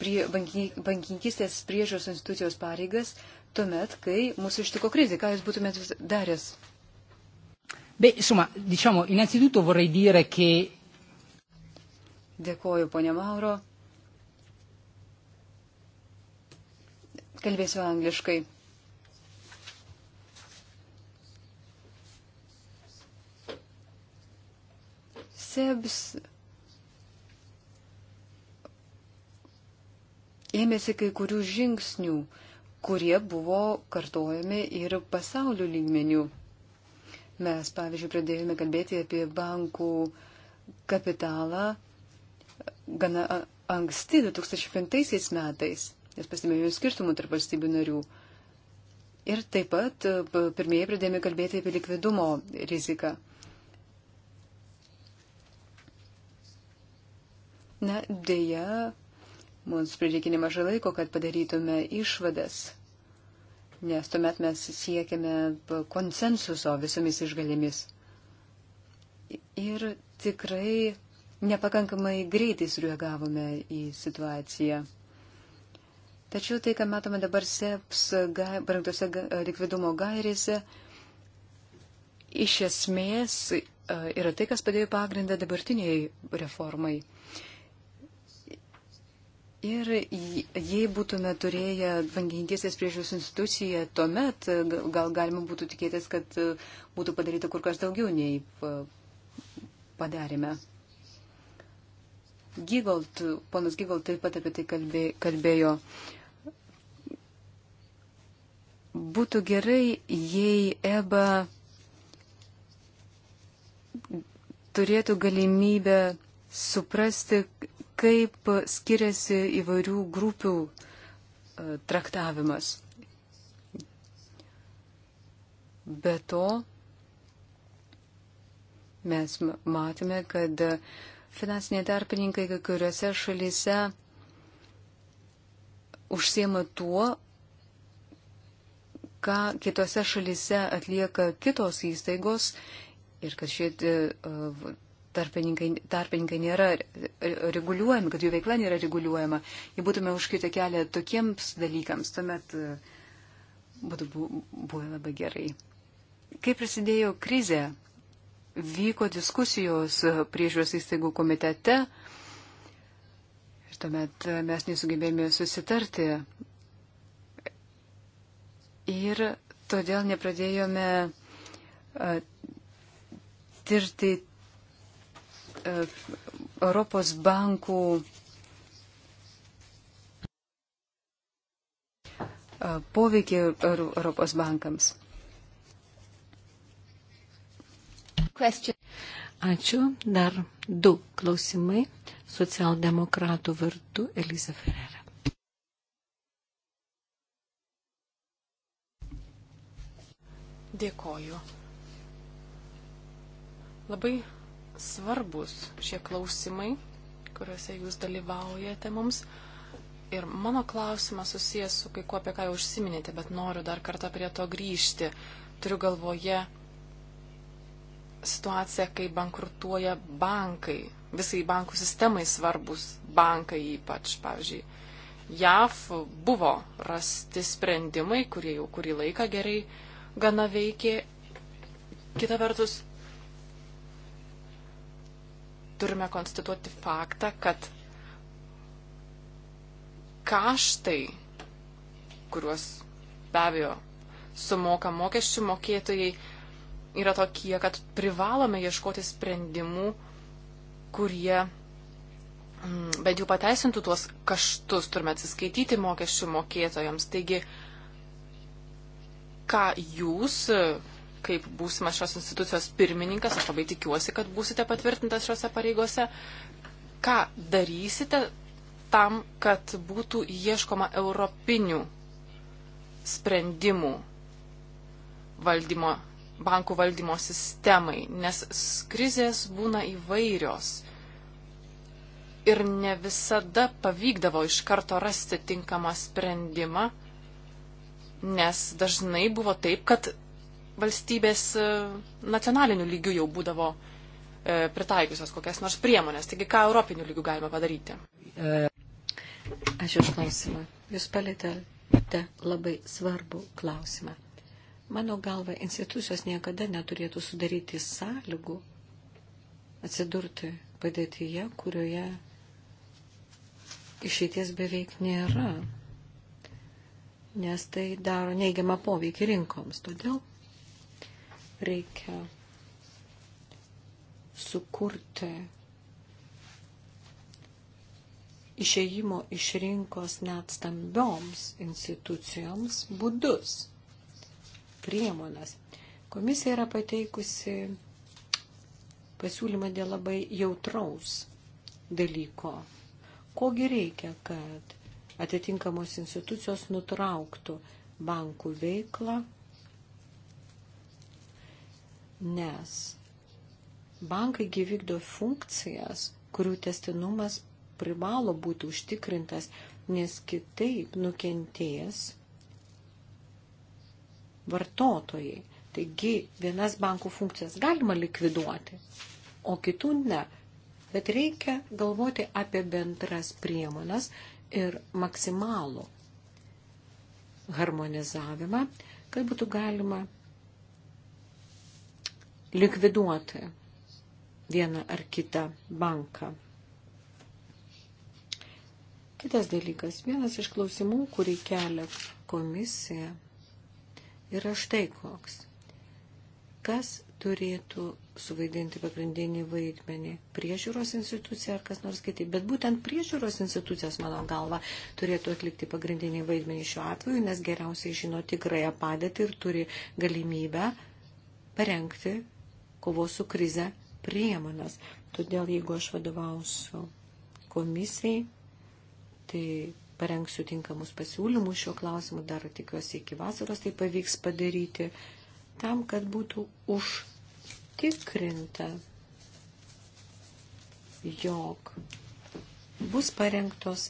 prie bankininkistės priežiūros institucijos pareigas, uh, tuomet, kai mūsų ištiko krizė, ką jūs būtumėt daręs? Beh, insomma, diciamo, innanzitutto vorrei dire che. Dėkoju, ponia Mauro. Kalbėsiu angliškai. Sebs ėmėsi kai kurių žingsnių kurie buvo kartojami ir pasaulio lygmenių. Mes, pavyzdžiui, pradėjome kalbėti apie bankų kapitalą gana anksti 2005 metais, nes pastebėjome skirtumų tarp valstybių narių. Ir taip pat pirmieji pradėjome kalbėti apie likvidumo riziką. Na, dėja, Mums prireikė nemažai laiko, kad padarytume išvadas, nes tuomet mes siekiame konsensuso visomis išgalimis. Ir tikrai nepakankamai greitai sureagavome į situaciją. Tačiau tai, ką matome dabar SEPS brangtose e likvidumo gairėse, iš esmės e, yra tai, kas padėjo pagrindą dabartiniai reformai. Ir jei būtume turėję vanginintiesės priežiūros instituciją, tuomet e, gal galima būtų tikėtis, kad e, būtų padaryta kur kas daugiau nei e, padarėme. Gygolt, ponas Gygolt taip pat apie tai kalbė, kalbėjo. Būtų gerai, jei EBA turėtų galimybę suprasti, kaip skiriasi įvairių grupių e, traktavimas. Be to, mes matome, kad finansiniai tarpininkai kai kuriuose šalyse užsiema tuo, ką kitose šalyse atlieka kitos įstaigos ir kad šie e, tarpininkai, tarpininkai nėra reguliuojami, kad jų veikla nėra reguliuojama, jei būtume užkirtę kelią tokiems dalykams, tuomet e, būtų buvę labai gerai. Kai prasidėjo krizė, vyko diskusijos priežiūros įstaigų komitete ir tuomet mes nesugebėjome susitarti ir todėl nepradėjome e, tirti E, Europos bankų e, poveikį Europos bankams. Question. Ačiū. Dar du klausimai. Socialdemokratų vardu Elisa Ferrera. Dėkoju. Labai svarbus šie klausimai, kuriuose jūs dalyvaujate mums. Ir mano klausimas susijęs su kai kuo, apie ką jau užsiminėte, bet noriu dar kartą prie to grįžti. Turiu galvoje situaciją, kai bankrutuoja bankai, visai bankų sistemai svarbus bankai ypač, pavyzdžiui. JAV buvo rasti sprendimai, kurie jau kurį laiką gerai gana veikė. Kita vertus, turime konstituoti faktą, kad kaštai, kuriuos be abejo sumoka mokesčių mokėtojai, yra tokie, kad privalome ieškoti sprendimų, kurie mm, bent jau pateisintų tuos kaštus, turime atsiskaityti mokesčių mokėtojams. Taigi, ką jūs kaip būsimas šios institucijos pirmininkas, aš labai tikiuosi, kad būsite patvirtintas šiuose pareigose. Ką darysite tam, kad būtų ieškoma europinių sprendimų valdymo, bankų valdymo sistemai, nes krizės būna įvairios ir ne visada pavykdavo iš karto rasti tinkamą sprendimą, nes dažnai buvo taip, kad valstybės e, nacionaliniu lygiu jau būdavo e, pritaikiusios kokias nors priemonės. Taigi, ką europiniu lygiu galima padaryti? E, Ačiū už klausimą. Jūs palėtėte labai svarbų klausimą. Mano galva, institucijos niekada neturėtų sudaryti sąlygų atsidurti padėtyje, kurioje išeities beveik nėra, nes tai daro neigiamą poveikį rinkoms. Todėl reikia sukurti išėjimo iš rinkos net stambioms institucijoms būdus, priemonės. Komisija yra pateikusi pasiūlymą dėl labai jautraus dalyko. Kogi reikia, kad atitinkamos institucijos nutrauktų bankų veiklą nes bankai gyvykdo funkcijas, kurių testinumas privalo būti užtikrintas, nes kitaip nukentės vartotojai. Taigi vienas bankų funkcijas galima likviduoti, o kitų ne. Bet reikia galvoti apie bendras priemonas ir maksimalų harmonizavimą, kad būtų galima likviduoti vieną ar kitą banką. Kitas dalykas, vienas iš klausimų, kurį kelia komisija, yra štai koks. Kas turėtų suvaidinti pagrindinį vaidmenį - priežiūros institucija ar kas nors kitaip. Bet būtent priežiūros institucijos, mano galva, turėtų atlikti pagrindinį vaidmenį šiuo atveju, nes geriausiai žino tikrąją padėtį ir turi galimybę parengti kovos su krize priemonės. Todėl, jeigu aš vadovausiu komisijai, tai parengsiu tinkamus pasiūlymus šiuo klausimu, dar tikiuosi iki vasaros tai pavyks padaryti, tam, kad būtų užtikrinta, jog bus parengtos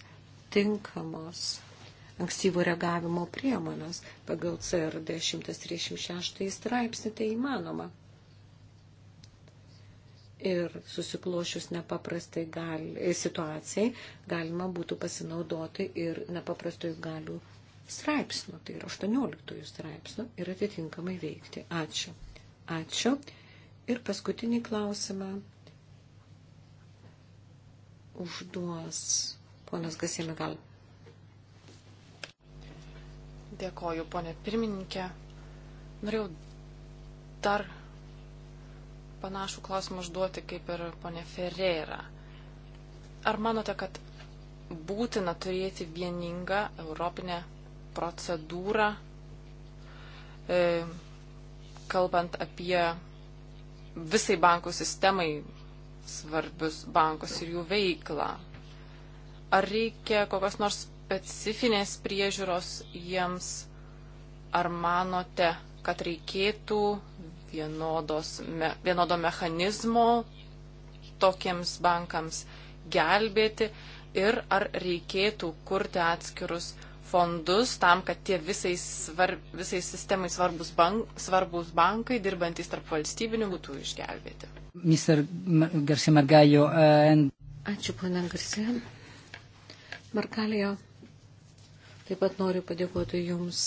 tinkamos ankstyvo reagavimo priemonės pagal CRD 136 straipsnį, tai įmanoma ir susiklošius nepaprastai gali, e, situacijai galima būtų pasinaudoti ir nepaprastųjų galių straipsnių, tai yra 18 straipsnių ir atitinkamai veikti. Ačiū. Ačiū. Ir paskutinį klausimą užduos ponas Gasėmė gal. Dėkoju, ponė pirmininkė. Norėjau dar panašų klausimą užduoti kaip ir ponė Ferreira. Ar manote, kad būtina turėti vieningą europinę procedūrą, e, kalbant apie visai bankų sistemai svarbius bankus ir jų veiklą? Ar reikia kokios nors specifinės priežiūros jiems? Ar manote, kad reikėtų vienodos, me, vienodo mechanizmo tokiems bankams gelbėti ir ar reikėtų kurti atskirus fondus tam, kad tie visai, svar, visai sistemai svarbus, bank, svarbus bankai, dirbantys tarp valstybinių, būtų išgelbėti. Mr. Garcia Margalio. Uh, and... Ačiū, pana Garcia. Margalio. Taip pat noriu padėkoti Jums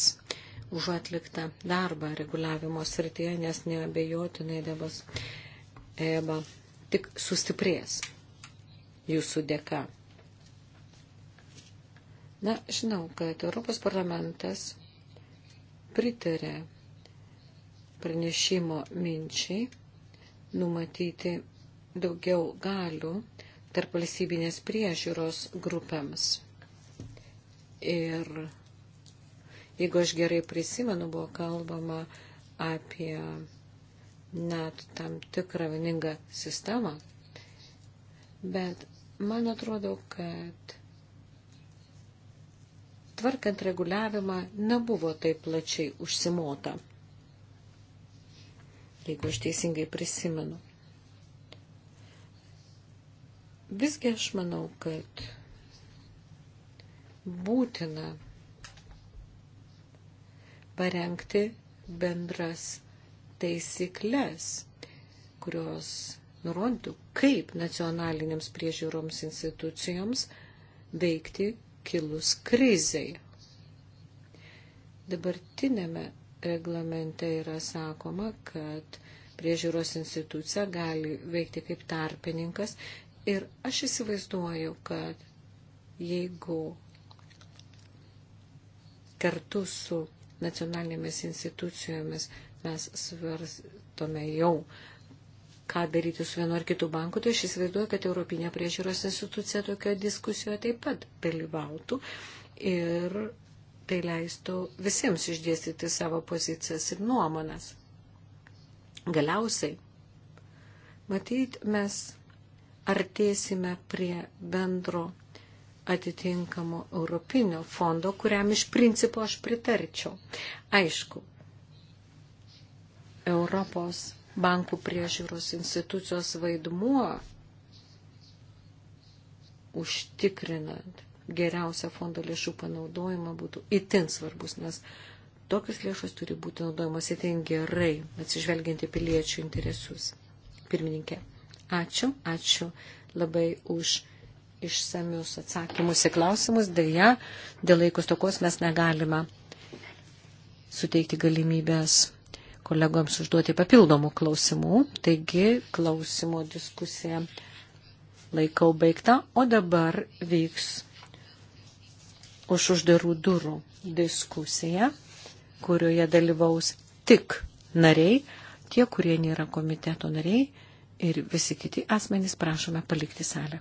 už atliktą darbą reguliavimo srityje, nes neabejotinai debas EBA tik sustiprės jūsų dėka. Na, žinau, kad Europos parlamentas pritarė pranešimo minčiai numatyti daugiau galių tarp valstybinės priežiūros grupėms. Ir Jeigu aš gerai prisimenu, buvo kalbama apie net tam tikrą vieningą sistemą. Bet man atrodo, kad tvarkant reguliavimą nebuvo taip plačiai užsimota, jeigu aš teisingai prisimenu. Visgi aš manau, kad būtina parengti bendras taisyklės, kurios nurodytų, kaip nacionalinėms priežiūroms institucijoms veikti kilus krizai. Dabartinėme reglamente yra sakoma, kad priežiūros institucija gali veikti kaip tarpininkas ir aš įsivaizduoju, kad jeigu kartu su nacionalinėmis institucijomis mes svarstome jau, ką daryti su vienu ar kitu banku, tai aš įsivaizduoju, kad Europinė priežiūros institucija tokio diskusijoje taip pat dalyvautų ir tai leistų visiems išdėstyti savo pozicijas ir nuomonas. Galiausiai, matyt, mes artėsime prie bendro atitinkamo europinio fondo, kuriam iš principo aš pritarčiau. Aišku, Europos bankų priežiūros institucijos vaidmuo užtikrinant geriausią fondo lėšų panaudojimą būtų itin svarbus, nes tokios lėšos turi būti naudojamos itin gerai, atsižvelgianti piliečių interesus. Pirmininkė, ačiū, ačiū labai už išsamius atsakymus į klausimus. Deja, dėl laikos tokos mes negalime suteikti galimybės kolegoms užduoti papildomų klausimų. Taigi, klausimo diskusija laikau baigta, o dabar vyks už uždarų durų diskusija, kurioje dalyvaus tik nariai, tie, kurie nėra komiteto nariai ir visi kiti asmenys prašome palikti salę.